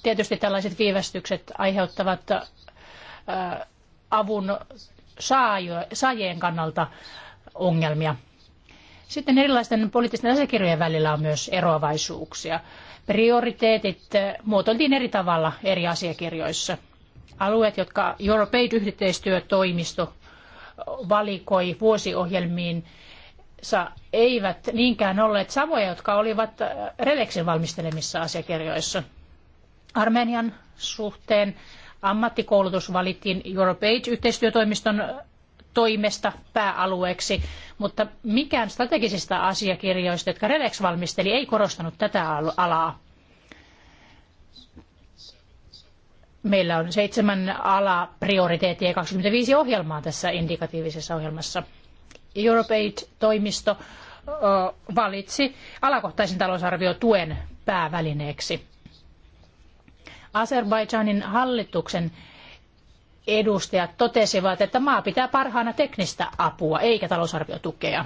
Tietysti tällaiset viivästykset aiheuttavat avun saajien kannalta ongelmia. Sitten erilaisten poliittisten asiakirjojen välillä on myös eroavaisuuksia. Prioriteetit muotoiltiin eri tavalla eri asiakirjoissa. Alueet, jotka Europaid-yhteistyötoimisto valikoi vuosiohjelmiin, eivät niinkään olleet samoja, jotka olivat äh, relexin valmistelemissa asiakirjoissa. Armenian suhteen ammattikoulutus valittiin Europe yhteistyötoimiston äh, toimesta pääalueeksi, mutta mikään strategisista asiakirjoista, jotka Relex valmisteli, ei korostanut tätä alaa. Meillä on seitsemän ala prioriteettia 25 ohjelmaa tässä indikatiivisessa ohjelmassa. EuropeAid-toimisto valitsi alakohtaisen talousarviotuen päävälineeksi. Azerbaidžanin hallituksen edustajat totesivat, että maa pitää parhaana teknistä apua eikä talousarviotukea.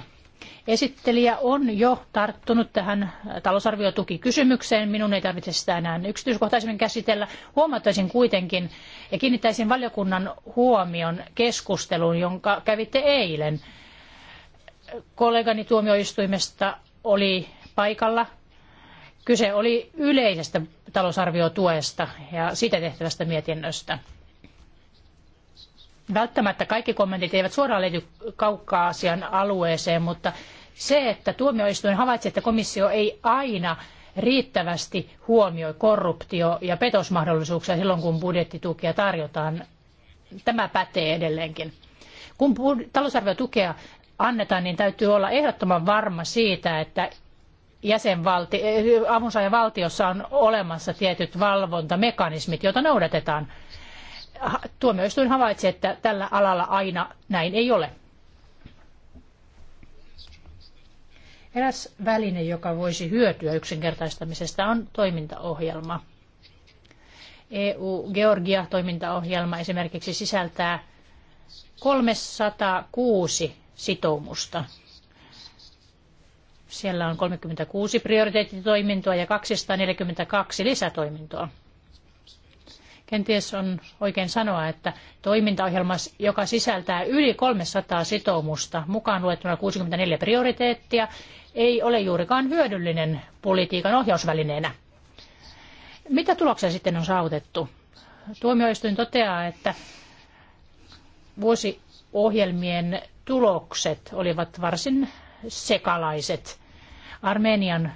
Esittelijä on jo tarttunut tähän talousarviotukikysymykseen. Minun ei tarvitse sitä enää yksityiskohtaisemmin käsitellä. Huomauttaisin kuitenkin ja kiinnittäisin valiokunnan huomion keskusteluun, jonka kävitte eilen kollegani tuomioistuimesta oli paikalla. Kyse oli yleisestä talousarviotuesta ja siitä tehtävästä mietinnöstä. Välttämättä kaikki kommentit eivät suoraan liity kaukkaasian alueeseen, mutta se, että tuomioistuin havaitsi, että komissio ei aina riittävästi huomioi korruptio- ja petosmahdollisuuksia silloin, kun budjettitukia tarjotaan, tämä pätee edelleenkin. Kun talousarviotukea annetaan, niin täytyy olla ehdottoman varma siitä, että jäsenvalti, eh, avunsaajavaltiossa on olemassa tietyt valvontamekanismit, joita noudatetaan. Tuomioistuin havaitsi, että tällä alalla aina näin ei ole. Eräs väline, joka voisi hyötyä yksinkertaistamisesta, on toimintaohjelma. EU-Georgia-toimintaohjelma esimerkiksi sisältää 306 sitoumusta. Siellä on 36 prioriteettitoimintoa ja 242 lisätoimintoa. Kenties on oikein sanoa, että toimintaohjelma, joka sisältää yli 300 sitoumusta, mukaan luettuna 64 prioriteettia, ei ole juurikaan hyödyllinen politiikan ohjausvälineenä. Mitä tuloksia sitten on saavutettu? Tuomioistuin toteaa, että vuosiohjelmien tulokset olivat varsin sekalaiset. Armenian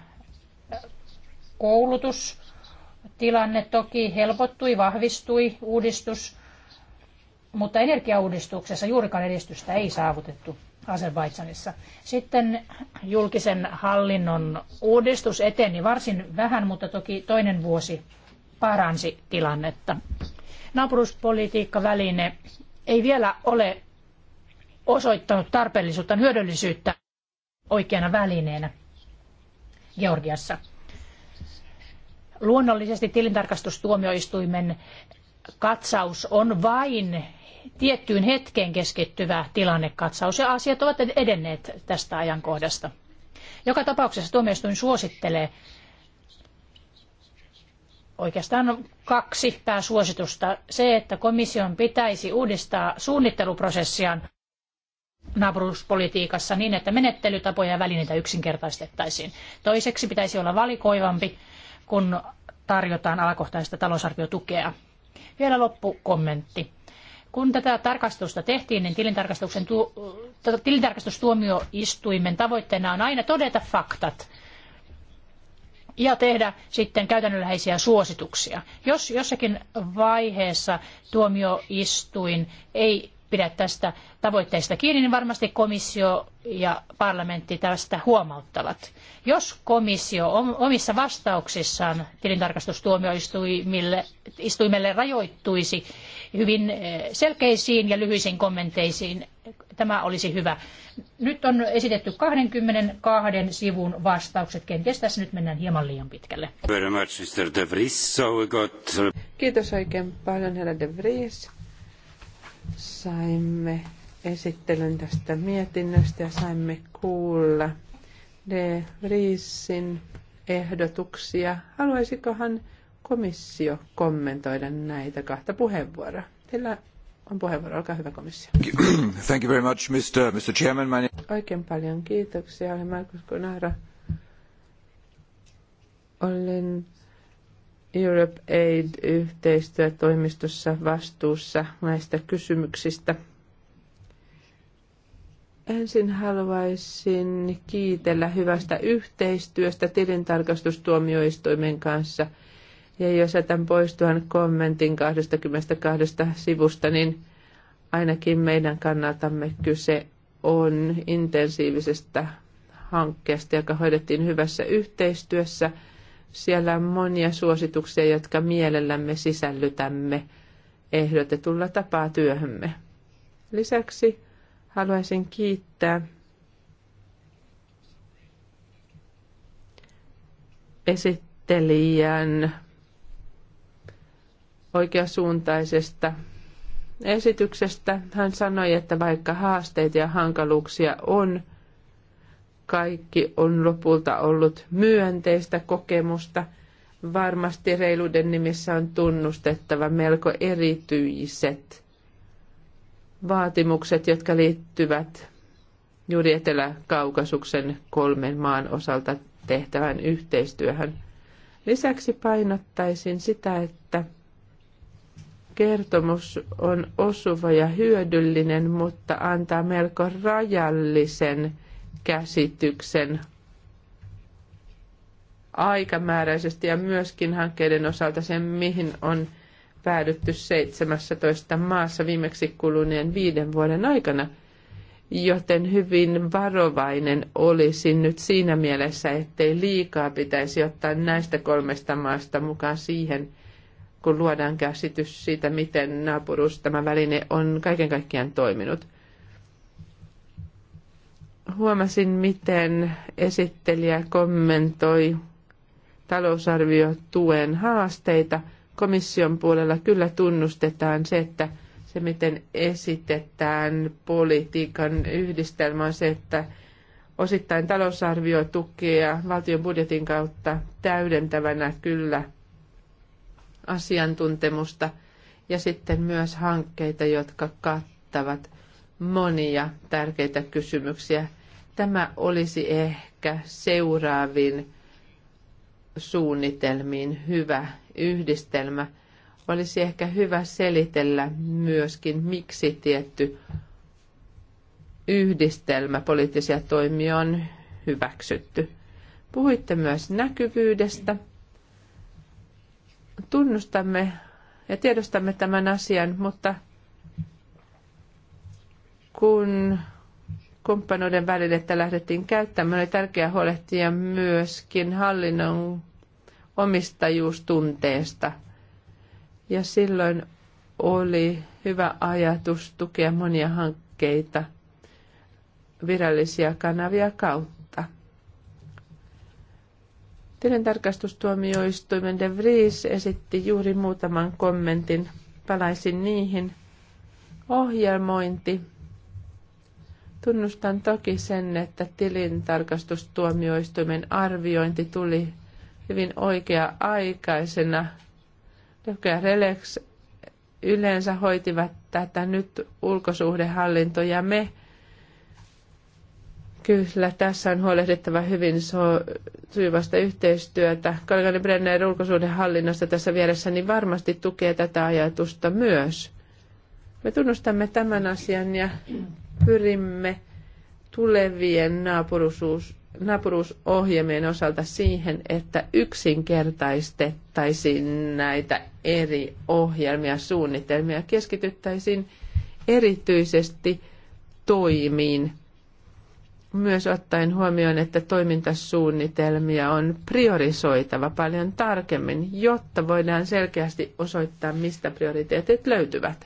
koulutustilanne toki helpottui, vahvistui, uudistus, mutta energiauudistuksessa juurikaan edistystä ei saavutettu Azerbaidsanissa. Sitten julkisen hallinnon uudistus eteni varsin vähän, mutta toki toinen vuosi paransi tilannetta. väline ei vielä ole osoittanut tarpeellisuutta ja hyödyllisyyttä oikeana välineenä Georgiassa. Luonnollisesti tilintarkastustuomioistuimen katsaus on vain tiettyyn hetkeen keskittyvä tilannekatsaus ja asiat ovat edenneet tästä ajankohdasta. Joka tapauksessa tuomioistuin suosittelee oikeastaan kaksi pääsuositusta. Se, että komission pitäisi uudistaa suunnitteluprosessiaan naapuruuspolitiikassa niin, että menettelytapoja ja välineitä yksinkertaistettaisiin. Toiseksi pitäisi olla valikoivampi, kun tarjotaan alakohtaista talousarviotukea. Vielä loppukommentti. Kun tätä tarkastusta tehtiin, niin tilintarkastuksen tu- tilintarkastustuomioistuimen tavoitteena on aina todeta faktat ja tehdä sitten käytännönläheisiä suosituksia. Jos jossakin vaiheessa tuomioistuin ei pidä tästä tavoitteesta kiinni, niin varmasti komissio ja parlamentti tästä huomauttavat. Jos komissio omissa vastauksissaan tilintarkastustuomioistuimelle rajoittuisi hyvin eh, selkeisiin ja lyhyisiin kommenteisiin, tämä olisi hyvä. Nyt on esitetty 22 sivun vastaukset. Kenties tässä nyt mennään hieman liian pitkälle. Kiitos oikein paljon, herra De Vries. Saimme esittelyn tästä mietinnöstä ja saimme kuulla De Vriesin ehdotuksia. Haluaisikohan komissio kommentoida näitä kahta puheenvuoroa? Teillä on puheenvuoro. Olkaa hyvä komissio. Thank you very much, Mr. Mr. Chairman. My... Oikein paljon kiitoksia. Olen Markus Konara. Olen Europe Aid-yhteistyötoimistossa vastuussa näistä kysymyksistä. Ensin haluaisin kiitellä hyvästä yhteistyöstä tilintarkastustuomioistuimen kanssa. Ja jos jätän pois tuon kommentin 22 sivusta, niin ainakin meidän kannaltamme kyse on intensiivisestä hankkeesta, joka hoidettiin hyvässä yhteistyössä – siellä on monia suosituksia, jotka mielellämme sisällytämme ehdotetulla tapaa työhömme. Lisäksi haluaisin kiittää esittelijän oikeasuuntaisesta esityksestä. Hän sanoi, että vaikka haasteita ja hankaluuksia on, kaikki on lopulta ollut myönteistä kokemusta. Varmasti reiluuden nimissä on tunnustettava melko erityiset vaatimukset, jotka liittyvät juuri Etelä-Kaukasuksen kolmen maan osalta tehtävän yhteistyöhön. Lisäksi painottaisin sitä, että kertomus on osuva ja hyödyllinen, mutta antaa melko rajallisen käsityksen aikamääräisesti ja myöskin hankkeiden osalta sen, mihin on päädytty 17 maassa viimeksi kuluneen viiden vuoden aikana. Joten hyvin varovainen olisin nyt siinä mielessä, ettei liikaa pitäisi ottaa näistä kolmesta maasta mukaan siihen, kun luodaan käsitys siitä, miten naapuruus tämä väline on kaiken kaikkiaan toiminut. Huomasin, miten esittelijä kommentoi talousarviotuen haasteita. Komission puolella kyllä tunnustetaan se, että se miten esitetään politiikan yhdistelmä on se, että osittain talousarviotukea valtion budjetin kautta täydentävänä kyllä asiantuntemusta ja sitten myös hankkeita, jotka kattavat monia tärkeitä kysymyksiä. Tämä olisi ehkä seuraavin suunnitelmiin hyvä yhdistelmä. Olisi ehkä hyvä selitellä myöskin, miksi tietty yhdistelmä poliittisia toimia on hyväksytty. Puhuitte myös näkyvyydestä. Tunnustamme ja tiedostamme tämän asian, mutta kun kumppanuuden välinettä lähdettiin käyttämään, oli tärkeää huolehtia myöskin hallinnon omistajuustunteesta. Ja silloin oli hyvä ajatus tukea monia hankkeita virallisia kanavia kautta. Tilintarkastustuomioistuimen De Vries esitti juuri muutaman kommentin. Palaisin niihin. Ohjelmointi Tunnustan toki sen, että tilintarkastustuomioistuimen arviointi tuli hyvin oikea-aikaisena. Lukea Relex yleensä hoitivat tätä nyt ulkosuhdehallinto ja me. Kyllä, tässä on huolehdittava hyvin so- sujuvasta yhteistyötä. Kollegani Brenner ulkosuhdehallinnosta tässä vieressä niin varmasti tukee tätä ajatusta myös. Me tunnustamme tämän asian ja pyrimme tulevien naapuruus, naapuruusohjelmien osalta siihen, että yksinkertaistettaisiin näitä eri ohjelmia, suunnitelmia, keskityttäisiin erityisesti toimiin, myös ottaen huomioon, että toimintasuunnitelmia on priorisoitava paljon tarkemmin, jotta voidaan selkeästi osoittaa, mistä prioriteetit löytyvät.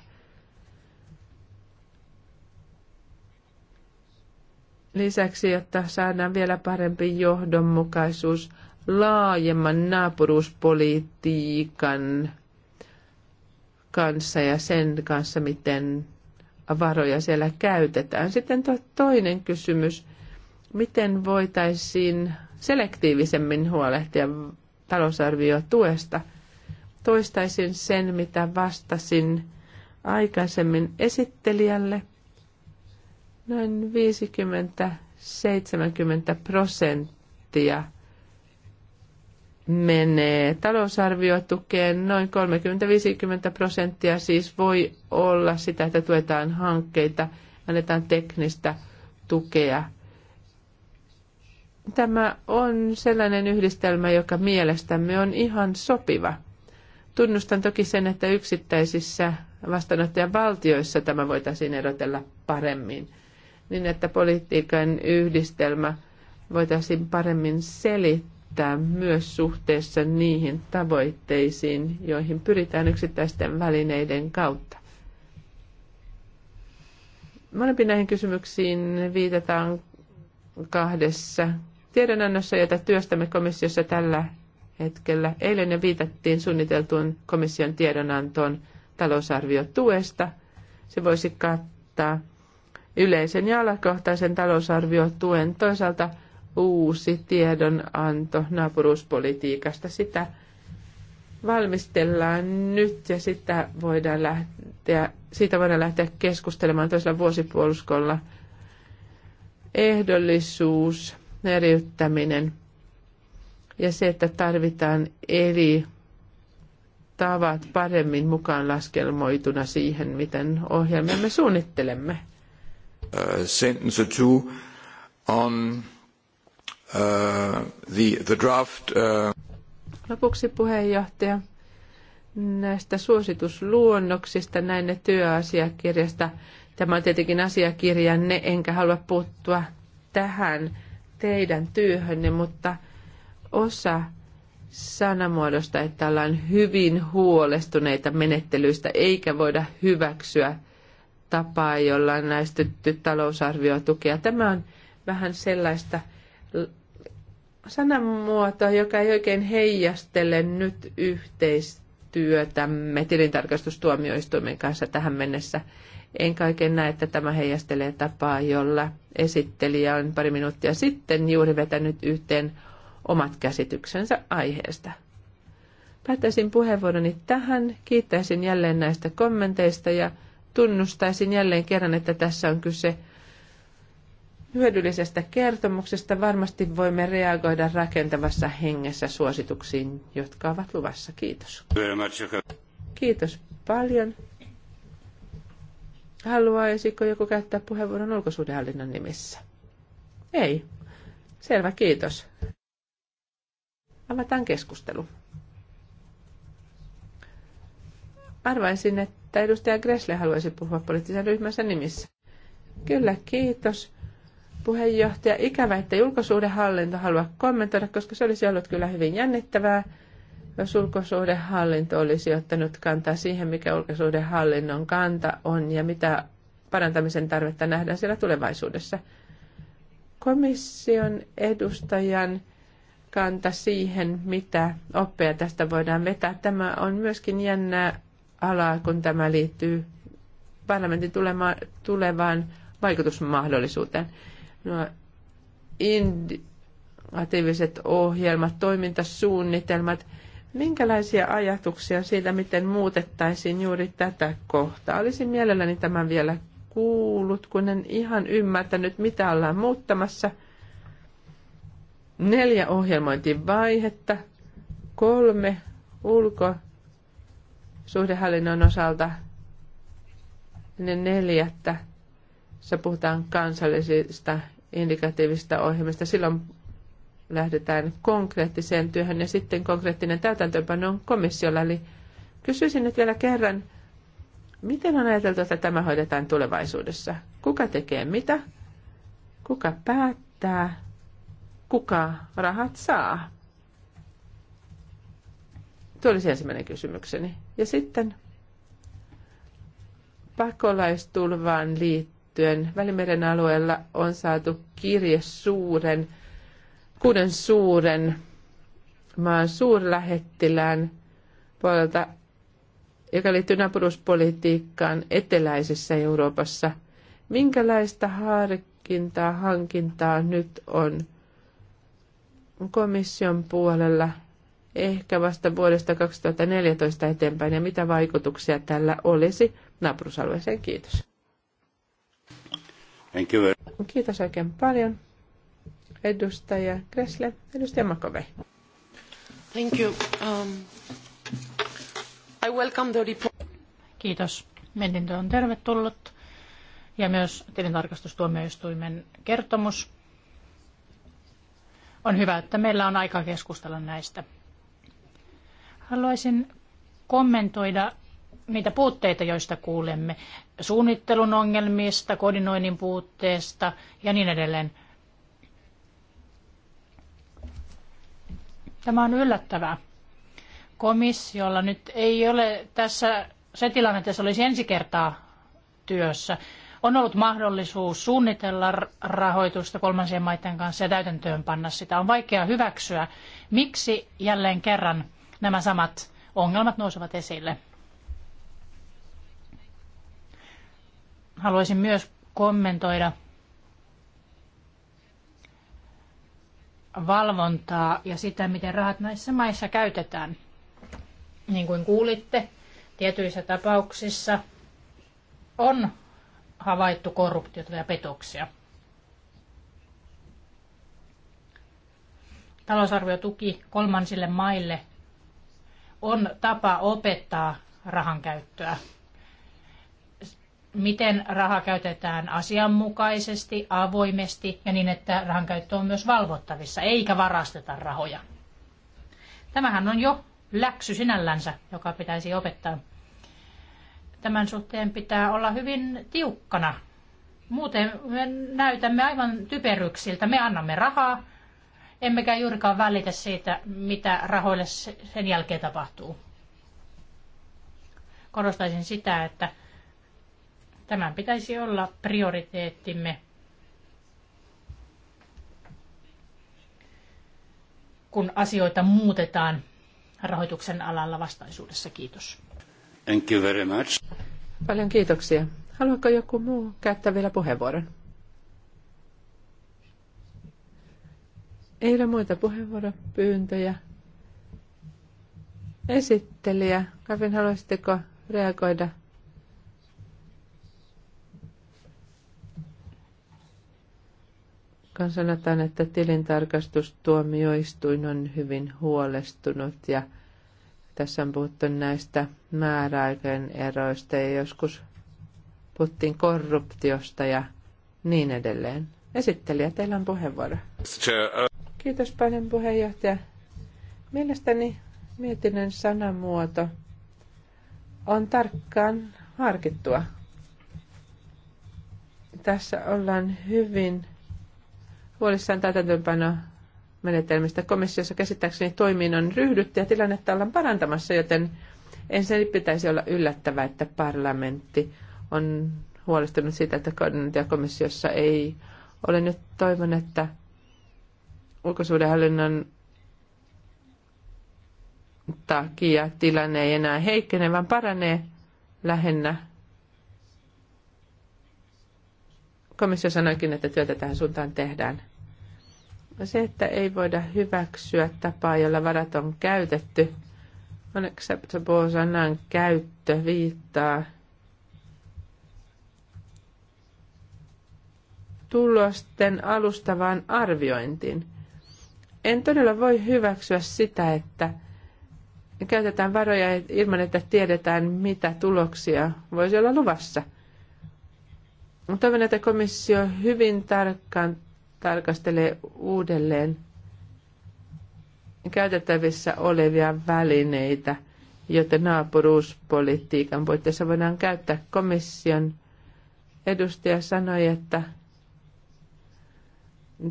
lisäksi, jotta saadaan vielä parempi johdonmukaisuus laajemman naapuruuspolitiikan kanssa ja sen kanssa, miten varoja siellä käytetään. Sitten tuo toinen kysymys, miten voitaisiin selektiivisemmin huolehtia talousarviotuesta. Toistaisin sen, mitä vastasin aikaisemmin esittelijälle. Noin 50-70 prosenttia menee talousarviotukeen. Noin 30-50 prosenttia siis voi olla sitä, että tuetaan hankkeita, annetaan teknistä tukea. Tämä on sellainen yhdistelmä, joka mielestämme on ihan sopiva. Tunnustan toki sen, että yksittäisissä vastaanottajan valtioissa tämä voitaisiin erotella paremmin niin että politiikan yhdistelmä voitaisiin paremmin selittää myös suhteessa niihin tavoitteisiin, joihin pyritään yksittäisten välineiden kautta. Molempiin näihin kysymyksiin viitataan kahdessa tiedonannossa, jota työstämme komissiossa tällä hetkellä. Eilen jo viitattiin suunniteltuun komission tiedonantoon talousarviotuesta. Se voisi kattaa yleisen ja alakohtaisen talousarviotuen, toisaalta uusi tiedonanto naapuruuspolitiikasta. Sitä valmistellaan nyt ja sitä voidaan lähteä, siitä voidaan lähteä keskustelemaan toisella vuosipuoluskolla. Ehdollisuus, eriyttäminen ja se, että tarvitaan eri tavat paremmin mukaan laskelmoituna siihen, miten ohjelmia me suunnittelemme. Uh, sentence or two on uh, the, the draft. Uh... Lopuksi puheenjohtaja näistä suositusluonnoksista, näin ne työasiakirjasta. Tämä on tietenkin asiakirjanne, enkä halua puuttua tähän teidän työhönne, mutta osa sanamuodosta, että ollaan hyvin huolestuneita menettelyistä, eikä voida hyväksyä – tapaa, jolla on näistetty talousarviotukea. Tämä on vähän sellaista sanamuotoa, joka ei oikein heijastele nyt yhteistyötämme tilintarkastustuomioistuimen kanssa tähän mennessä. En kaiken näe, että tämä heijastelee tapaa, jolla esittelijä on pari minuuttia sitten juuri vetänyt yhteen omat käsityksensä aiheesta. Päättäisin puheenvuoroni tähän, kiittäisin jälleen näistä kommenteista ja tunnustaisin jälleen kerran, että tässä on kyse hyödyllisestä kertomuksesta. Varmasti voimme reagoida rakentavassa hengessä suosituksiin, jotka ovat luvassa. Kiitos. Kiitos paljon. Haluaisiko joku käyttää puheenvuoron ulkosuhdehallinnon nimissä? Ei. Selvä, kiitos. Avataan keskustelu. Arvaisin, että että edustaja Gressle haluaisi puhua poliittisen ryhmänsä nimissä. Kyllä, kiitos. Puheenjohtaja, ikävä, että julkosuhdehallinto haluaa kommentoida, koska se olisi ollut kyllä hyvin jännittävää, jos ulkosuhdehallinto olisi ottanut kantaa siihen, mikä ulkosuhdehallinnon kanta on ja mitä parantamisen tarvetta nähdään siellä tulevaisuudessa. Komission edustajan kanta siihen, mitä oppeja tästä voidaan vetää. Tämä on myöskin jännää alaa, kun tämä liittyy parlamentin tulema, tulevaan vaikutusmahdollisuuteen. No, indikatiiviset ohjelmat, toimintasuunnitelmat, minkälaisia ajatuksia siitä, miten muutettaisiin juuri tätä kohtaa? Olisin mielelläni tämän vielä kuullut, kun en ihan ymmärtänyt, mitä ollaan muuttamassa. Neljä ohjelmointivaihetta, kolme ulko- suhdehallinnon osalta ennen niin neljättä. Se puhutaan kansallisista indikatiivista ohjelmista. Silloin lähdetään konkreettiseen työhön ja sitten konkreettinen täytäntöönpano on komissiolla. Eli kysyisin nyt vielä kerran, miten on ajateltu, että tämä hoidetaan tulevaisuudessa? Kuka tekee mitä? Kuka päättää? Kuka rahat saa? Tuo olisi ensimmäinen kysymykseni. Ja sitten pakolaistulvaan liittyen Välimeren alueella on saatu kirje suuren, kuuden suuren maan suurlähettilään puolelta, joka liittyy naapuruspolitiikkaan eteläisessä Euroopassa. Minkälaista harkintaa, hankintaa nyt on komission puolella – ehkä vasta vuodesta 2014 eteenpäin ja mitä vaikutuksia tällä olisi naapurusalueeseen. Kiitos. Thank you. Kiitos oikein paljon. Edustaja Gressle, edustaja Makovei. Thank you. Um, I welcome the report. Kiitos. Mietintö on tervetullut ja myös tilintarkastustuomioistuimen kertomus. On hyvä, että meillä on aikaa keskustella näistä Haluaisin kommentoida niitä puutteita, joista kuulemme. Suunnittelun ongelmista, koordinoinnin puutteesta ja niin edelleen. Tämä on yllättävää. Komissiolla nyt ei ole tässä se tilanne, että se olisi ensi kertaa työssä. On ollut mahdollisuus suunnitella rahoitusta kolmansien maiden kanssa ja panna sitä. On vaikea hyväksyä. Miksi jälleen kerran nämä samat ongelmat nousevat esille. Haluaisin myös kommentoida valvontaa ja sitä, miten rahat näissä maissa käytetään. Niin kuin kuulitte, tietyissä tapauksissa on havaittu korruptiota ja petoksia. tuki kolmansille maille on tapa opettaa rahan käyttöä. Miten raha käytetään asianmukaisesti, avoimesti ja niin, että rahan käyttö on myös valvottavissa, eikä varasteta rahoja. Tämähän on jo läksy sinällänsä, joka pitäisi opettaa. Tämän suhteen pitää olla hyvin tiukkana. Muuten me näytämme aivan typeryksiltä. Me annamme rahaa emmekä juurikaan välitä siitä, mitä rahoille sen jälkeen tapahtuu. Korostaisin sitä, että tämän pitäisi olla prioriteettimme, kun asioita muutetaan rahoituksen alalla vastaisuudessa. Kiitos. Thank you very much. Paljon kiitoksia. Haluatko joku muu käyttää vielä puheenvuoron? Ei ole muita puheenvuoropyyntöjä. Esittelijä, Kavin, haluaisitteko reagoida? Kun sanotaan, että tilintarkastustuomioistuin on hyvin huolestunut ja tässä on puhuttu näistä määräaikojen eroista ja joskus puhuttiin korruptiosta ja niin edelleen. Esittelijä, teillä on puheenvuoro. Kiitos paljon puheenjohtaja. Mielestäni mietinnön sanamuoto on tarkkaan harkittua. Tässä ollaan hyvin huolissaan täytäntöönpano menetelmistä. Komissiossa käsittääkseni toimiin on ryhdytty ja tilannetta ollaan parantamassa, joten ensin pitäisi olla yllättävää, että parlamentti on huolestunut siitä, että komissiossa ei ole nyt toivon, että ulkosuhdehallinnon takia tilanne ei enää heikkene, vaan paranee lähinnä. Komissio sanoikin, että työtä tähän suuntaan tehdään. Se, että ei voida hyväksyä tapaa, jolla varat on käytetty, unacceptable sanan käyttö viittaa tulosten alustavaan arviointiin – en todella voi hyväksyä sitä, että käytetään varoja ilman, että tiedetään, mitä tuloksia voisi olla luvassa. Toivon, että komissio hyvin tarkkaan tarkastelee uudelleen käytettävissä olevia välineitä, joita naapuruuspolitiikan puitteissa voidaan käyttää. Komission edustaja sanoi, että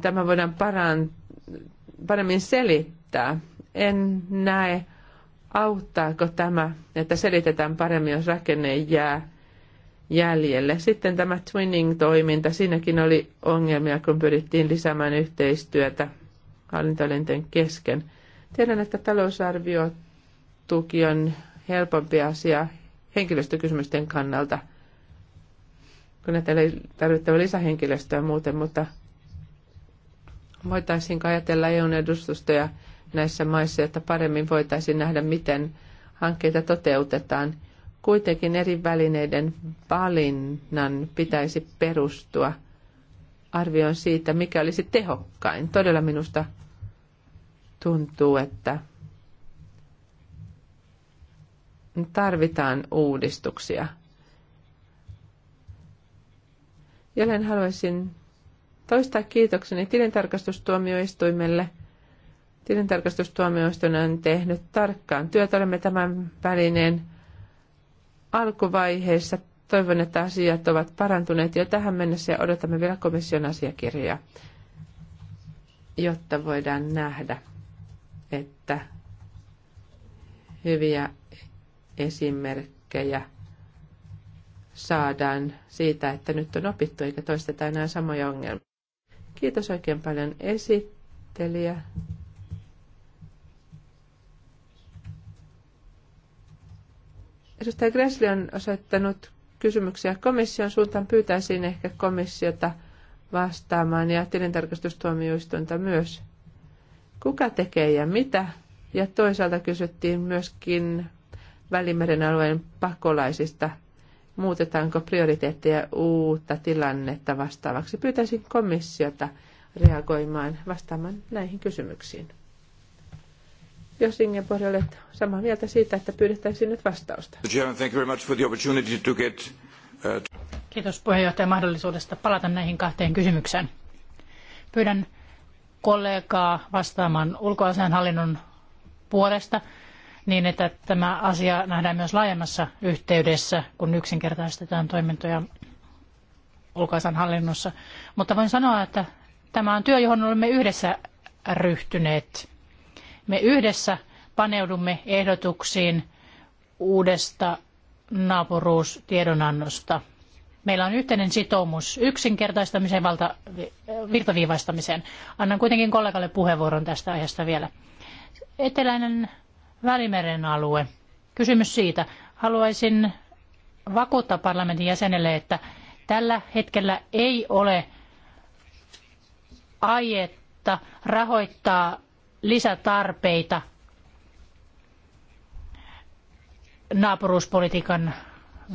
tämä voidaan parantaa paremmin selittää. En näe, auttaako tämä, että selitetään paremmin, jos rakenne jää jäljelle. Sitten tämä twinning-toiminta, siinäkin oli ongelmia, kun pyrittiin lisäämään yhteistyötä hallintoelinten kesken. Tiedän, että talousarviotuki on helpompi asia henkilöstökysymysten kannalta, kun näitä ei tarvittava lisähenkilöstöä muuten, mutta – voitaisiinko ajatella EUn edustustoja näissä maissa, että paremmin voitaisiin nähdä, miten hankkeita toteutetaan. Kuitenkin eri välineiden valinnan pitäisi perustua arvioon siitä, mikä olisi tehokkain. Todella minusta tuntuu, että tarvitaan uudistuksia. Jälleen haluaisin toistaa kiitokseni tilintarkastustuomioistuimelle. Tilintarkastustuomioistuin on tehnyt tarkkaan työtä. Olemme tämän välineen alkuvaiheessa. Toivon, että asiat ovat parantuneet jo tähän mennessä ja odotamme vielä komission asiakirjaa, jotta voidaan nähdä, että hyviä esimerkkejä saadaan siitä, että nyt on opittu eikä toisteta enää samoja ongelmia. Kiitos oikein paljon esittelijä. Edustaja Gressli on osoittanut kysymyksiä komission suuntaan. Pyytäisin ehkä komissiota vastaamaan ja tilintarkastustuomioistuinta myös. Kuka tekee ja mitä? Ja toisaalta kysyttiin myöskin Välimeren alueen pakolaisista – muutetaanko prioriteetteja uutta tilannetta vastaavaksi. Pyytäisin komissiota reagoimaan vastaamaan näihin kysymyksiin. Jos Ingeborg olet samaa mieltä siitä, että pyydettäisiin nyt vastausta. Kiitos puheenjohtaja mahdollisuudesta palata näihin kahteen kysymykseen. Pyydän kollegaa vastaamaan ulkoasianhallinnon puolesta niin, että tämä asia nähdään myös laajemmassa yhteydessä, kun yksinkertaistetaan toimintoja ulkoisen hallinnossa. Mutta voin sanoa, että tämä on työ, johon olemme yhdessä ryhtyneet. Me yhdessä paneudumme ehdotuksiin uudesta naapuruustiedonannosta. Meillä on yhteinen sitoumus yksinkertaistamiseen, valta, virtaviivaistamiseen. Annan kuitenkin kollegalle puheenvuoron tästä aiheesta vielä. Eteläinen Välimeren alue. Kysymys siitä. Haluaisin vakuuttaa parlamentin jäsenelle, että tällä hetkellä ei ole aietta rahoittaa lisätarpeita naapuruuspolitiikan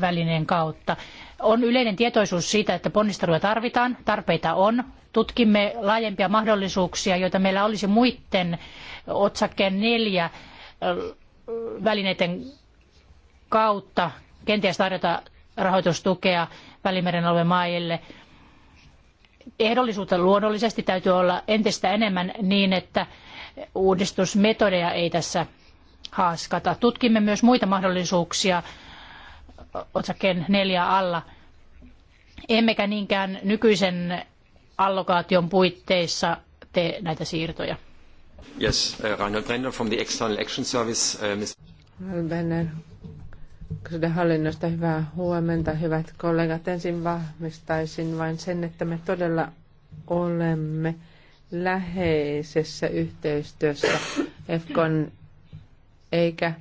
välineen kautta. On yleinen tietoisuus siitä, että ponnisteluja tarvitaan, tarpeita on. Tutkimme laajempia mahdollisuuksia, joita meillä olisi muiden otsakkeen neljä välineiden kautta kenties tarjota rahoitustukea Välimeren alueen maille. Ehdollisuutta luonnollisesti täytyy olla entistä enemmän niin, että uudistusmetodeja ei tässä haaskata. Tutkimme myös muita mahdollisuuksia otsakkeen neljä alla, emmekä niinkään nykyisen allokaation puitteissa tee näitä siirtoja. Yes, uh, Reinhold Brenner from the External Action Service. Uh, Mr. Brenner, hallinnosta hyvää huomenta, hyvät kollegat. Ensin vahvistaisin vain sen, että me todella olemme läheisessä yhteistyössä EFKon eikä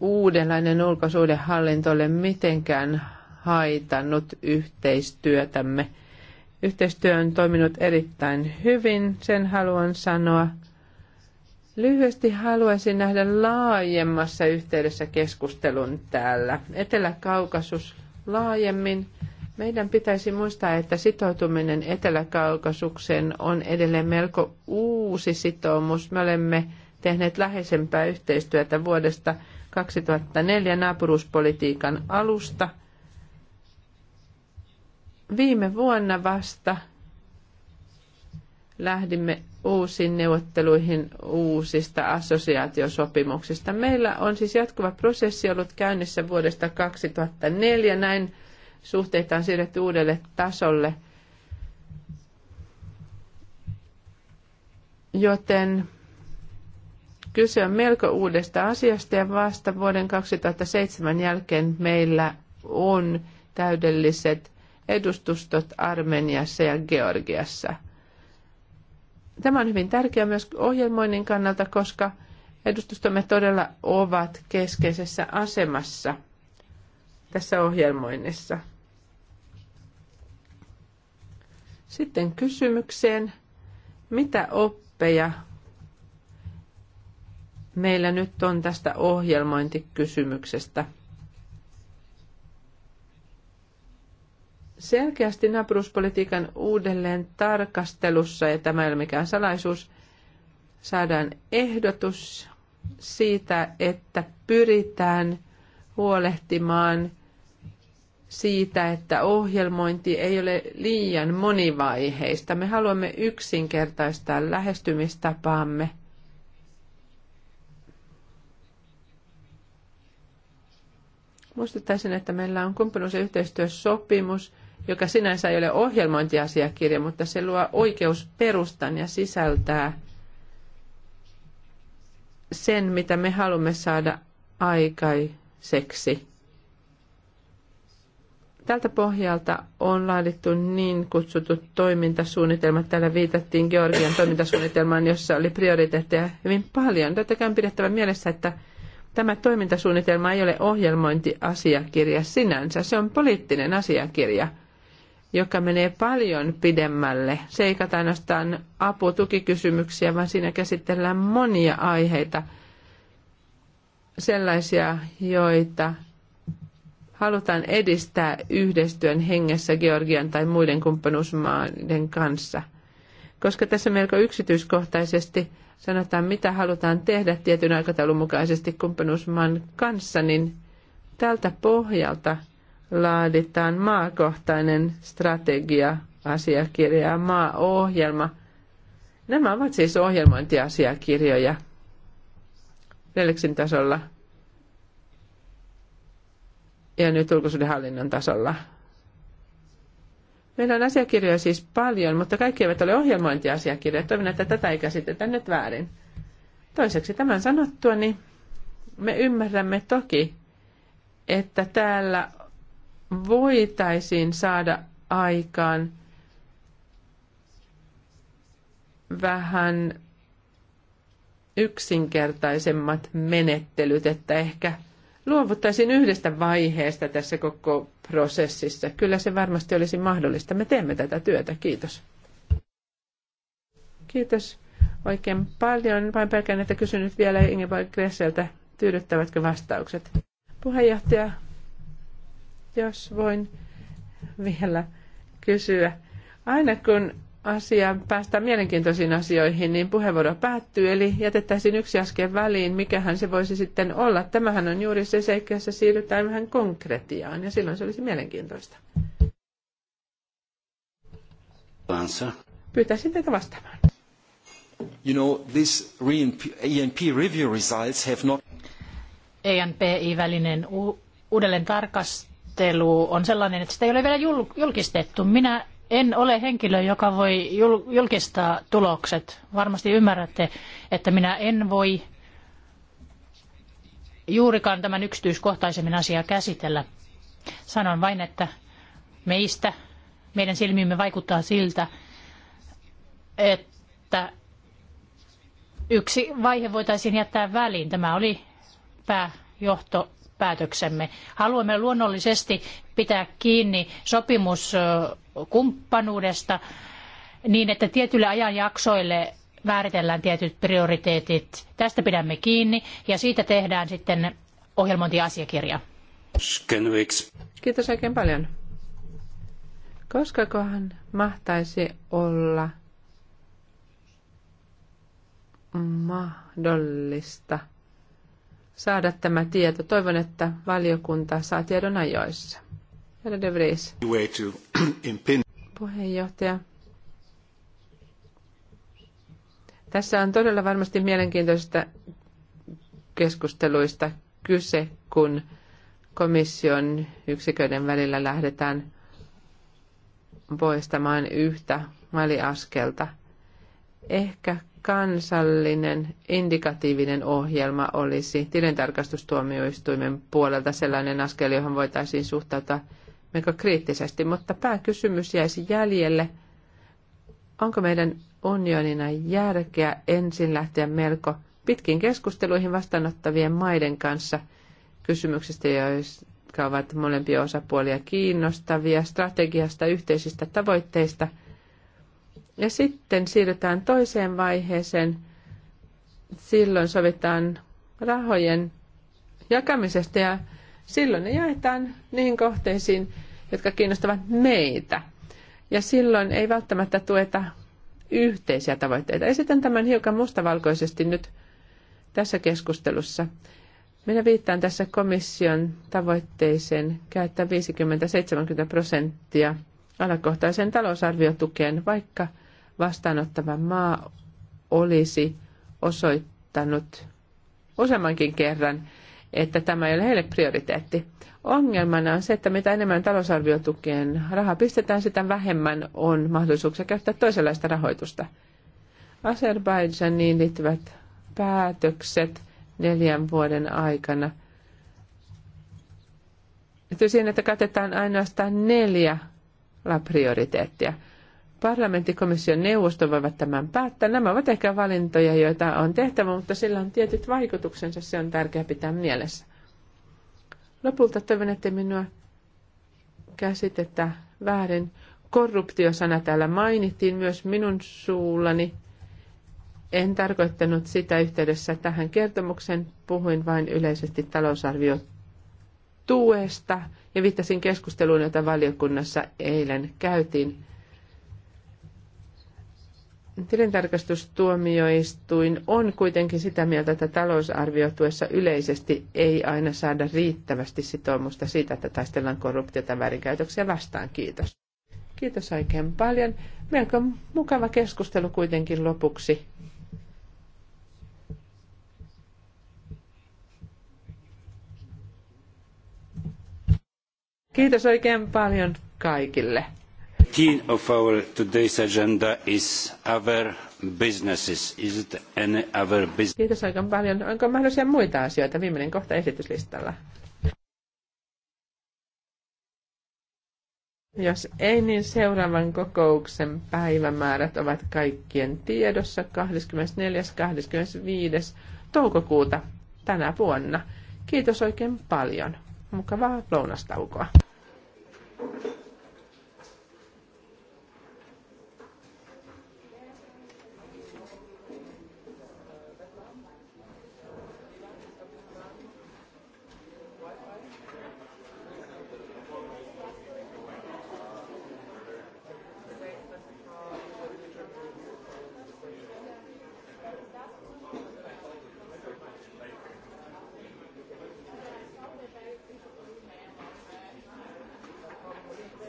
uudenlainen ulkosuhdehallinto ole mitenkään haitannut yhteistyötämme – Yhteistyö on toiminut erittäin hyvin, sen haluan sanoa. Lyhyesti haluaisin nähdä laajemmassa yhteydessä keskustelun täällä. Etelä-Kaukasus laajemmin. Meidän pitäisi muistaa, että sitoutuminen Etelä-Kaukasukseen on edelleen melko uusi sitoumus. Me olemme tehneet läheisempää yhteistyötä vuodesta 2004 naapuruuspolitiikan alusta – Viime vuonna vasta lähdimme uusiin neuvotteluihin uusista assosiaatiosopimuksista. Meillä on siis jatkuva prosessi ollut käynnissä vuodesta 2004. Näin suhteita on siirretty uudelle tasolle. Joten kyse on melko uudesta asiasta ja vasta vuoden 2007 jälkeen meillä on täydelliset edustustot Armeniassa ja Georgiassa. Tämä on hyvin tärkeää myös ohjelmoinnin kannalta, koska edustustomme todella ovat keskeisessä asemassa tässä ohjelmoinnissa. Sitten kysymykseen, mitä oppeja meillä nyt on tästä ohjelmointikysymyksestä – Selkeästi naapuruuspolitiikan uudelleen tarkastelussa, ja tämä ei ole mikään salaisuus, saadaan ehdotus siitä, että pyritään huolehtimaan siitä, että ohjelmointi ei ole liian monivaiheista. Me haluamme yksinkertaistaa lähestymistapaamme. Muistuttaisin, että meillä on kumppanuus- ja yhteistyösopimus – joka sinänsä ei ole ohjelmointiasiakirja, mutta se luo oikeusperustan ja sisältää sen, mitä me haluamme saada aikaiseksi. Tältä pohjalta on laadittu niin kutsutut toimintasuunnitelmat. Täällä viitattiin Georgian toimintasuunnitelmaan, jossa oli prioriteetteja hyvin paljon. Totta on pidettävä mielessä, että tämä toimintasuunnitelma ei ole ohjelmointiasiakirja sinänsä. Se on poliittinen asiakirja – joka menee paljon pidemmälle. Se ei kata ainoastaan apu-tukikysymyksiä, vaan siinä käsitellään monia aiheita, sellaisia, joita halutaan edistää yhdestyön hengessä Georgian tai muiden kumppanuusmaiden kanssa. Koska tässä melko yksityiskohtaisesti sanotaan, mitä halutaan tehdä tietyn aikataulun mukaisesti kumppanuusmaan kanssa, niin tältä pohjalta – laaditaan maakohtainen strategia, asiakirja ja maaohjelma. Nämä ovat siis ohjelmointiasiakirjoja Releksin tasolla ja nyt ulkosuudenhallinnon tasolla. Meillä on asiakirjoja siis paljon, mutta kaikki eivät ole ohjelmointiasiakirjoja. Toivon, että tätä ei käsitetä nyt väärin. Toiseksi tämän sanottua, niin me ymmärrämme toki, että täällä voitaisiin saada aikaan vähän yksinkertaisemmat menettelyt, että ehkä luovuttaisiin yhdestä vaiheesta tässä koko prosessissa. Kyllä se varmasti olisi mahdollista. Me teemme tätä työtä. Kiitos. Kiitos oikein paljon. Vain pelkään, että kysyn nyt vielä Ingeborg Gresseltä, tyydyttävätkö vastaukset. Puheenjohtaja, jos voin vielä kysyä. Aina kun asia päästään mielenkiintoisiin asioihin, niin puheenvuoro päättyy, eli jätettäisiin yksi askel väliin, mikähän se voisi sitten olla. Tämähän on juuri se seikka, jossa siirrytään vähän konkretiaan, ja silloin se olisi mielenkiintoista. Lansa. Pyytäisin teitä vastaamaan. You know, this ENP e review results have not... ENPI-välinen uudelleen tarkastus luettelu on sellainen, että sitä ei ole vielä julkistettu. Minä en ole henkilö, joka voi julkistaa tulokset. Varmasti ymmärrätte, että minä en voi juurikaan tämän yksityiskohtaisemmin asiaa käsitellä. Sanon vain, että meistä, meidän silmiimme vaikuttaa siltä, että yksi vaihe voitaisiin jättää väliin. Tämä oli pääjohto päätöksemme. Haluamme luonnollisesti pitää kiinni sopimuskumppanuudesta niin, että tietyille ajanjaksoille määritellään tietyt prioriteetit. Tästä pidämme kiinni ja siitä tehdään sitten ohjelmointiasiakirja. Kiitos oikein paljon. Koskakohan mahtaisi olla mahdollista – saada tämä tieto. Toivon, että valiokunta saa tiedon ajoissa. Herra De Vries. Puheenjohtaja. Tässä on todella varmasti mielenkiintoista keskusteluista kyse, kun komission yksiköiden välillä lähdetään poistamaan yhtä maliaskelta. Ehkä kansallinen indikatiivinen ohjelma olisi tilintarkastustuomioistuimen puolelta sellainen askel, johon voitaisiin suhtautua melko kriittisesti, mutta pääkysymys jäisi jäljelle. Onko meidän unionina järkeä ensin lähteä melko pitkin keskusteluihin vastaanottavien maiden kanssa kysymyksistä, jotka ovat molempia osapuolia kiinnostavia, strategiasta, yhteisistä tavoitteista – ja sitten siirrytään toiseen vaiheeseen. Silloin sovitaan rahojen jakamisesta ja silloin ne jaetaan niihin kohteisiin, jotka kiinnostavat meitä. Ja silloin ei välttämättä tueta yhteisiä tavoitteita. Esitän tämän hiukan mustavalkoisesti nyt tässä keskustelussa. Minä viittaan tässä komission tavoitteeseen käyttää 50-70 prosenttia alakohtaisen talousarviotukeen, vaikka – vastaanottava maa olisi osoittanut useammankin kerran, että tämä ei ole heille prioriteetti. Ongelmana on se, että mitä enemmän talousarviotukien rahaa pistetään, sitä vähemmän on mahdollisuuksia käyttää toisenlaista rahoitusta. Azerbaidžaniin liittyvät päätökset neljän vuoden aikana. Siinä, että katetaan ainoastaan neljä prioriteettia. Parlamentti, komission neuvosto voivat tämän päättää. Nämä ovat ehkä valintoja, joita on tehtävä, mutta sillä on tietyt vaikutuksensa. Se on tärkeää pitää mielessä. Lopulta toivon, että minua käsitettä väärin. Korruptiosana täällä mainittiin myös minun suullani. En tarkoittanut sitä yhteydessä tähän kertomuksen, puhuin vain yleisesti talousarviotuesta ja viittasin keskusteluun, jota valiokunnassa eilen käytiin Tilintarkastustuomioistuin on kuitenkin sitä mieltä, että talousarviotuessa yleisesti ei aina saada riittävästi sitoumusta siitä, että taistellaan korruptiota väärinkäytöksiä vastaan. Kiitos. Kiitos oikein paljon. Melko mukava keskustelu kuitenkin lopuksi. Kiitos oikein paljon kaikille. 13 of our today's agenda is other businesses. Is it any other business? Kiitos aika paljon. Onko mahdollisia muita asioita? Viimeinen kohta esityslistalla. Jos ei, niin seuraavan kokouksen päivämäärät ovat kaikkien tiedossa 24. 25. toukokuuta tänä vuonna. Kiitos oikein paljon. Mukavaa lounastaukoa.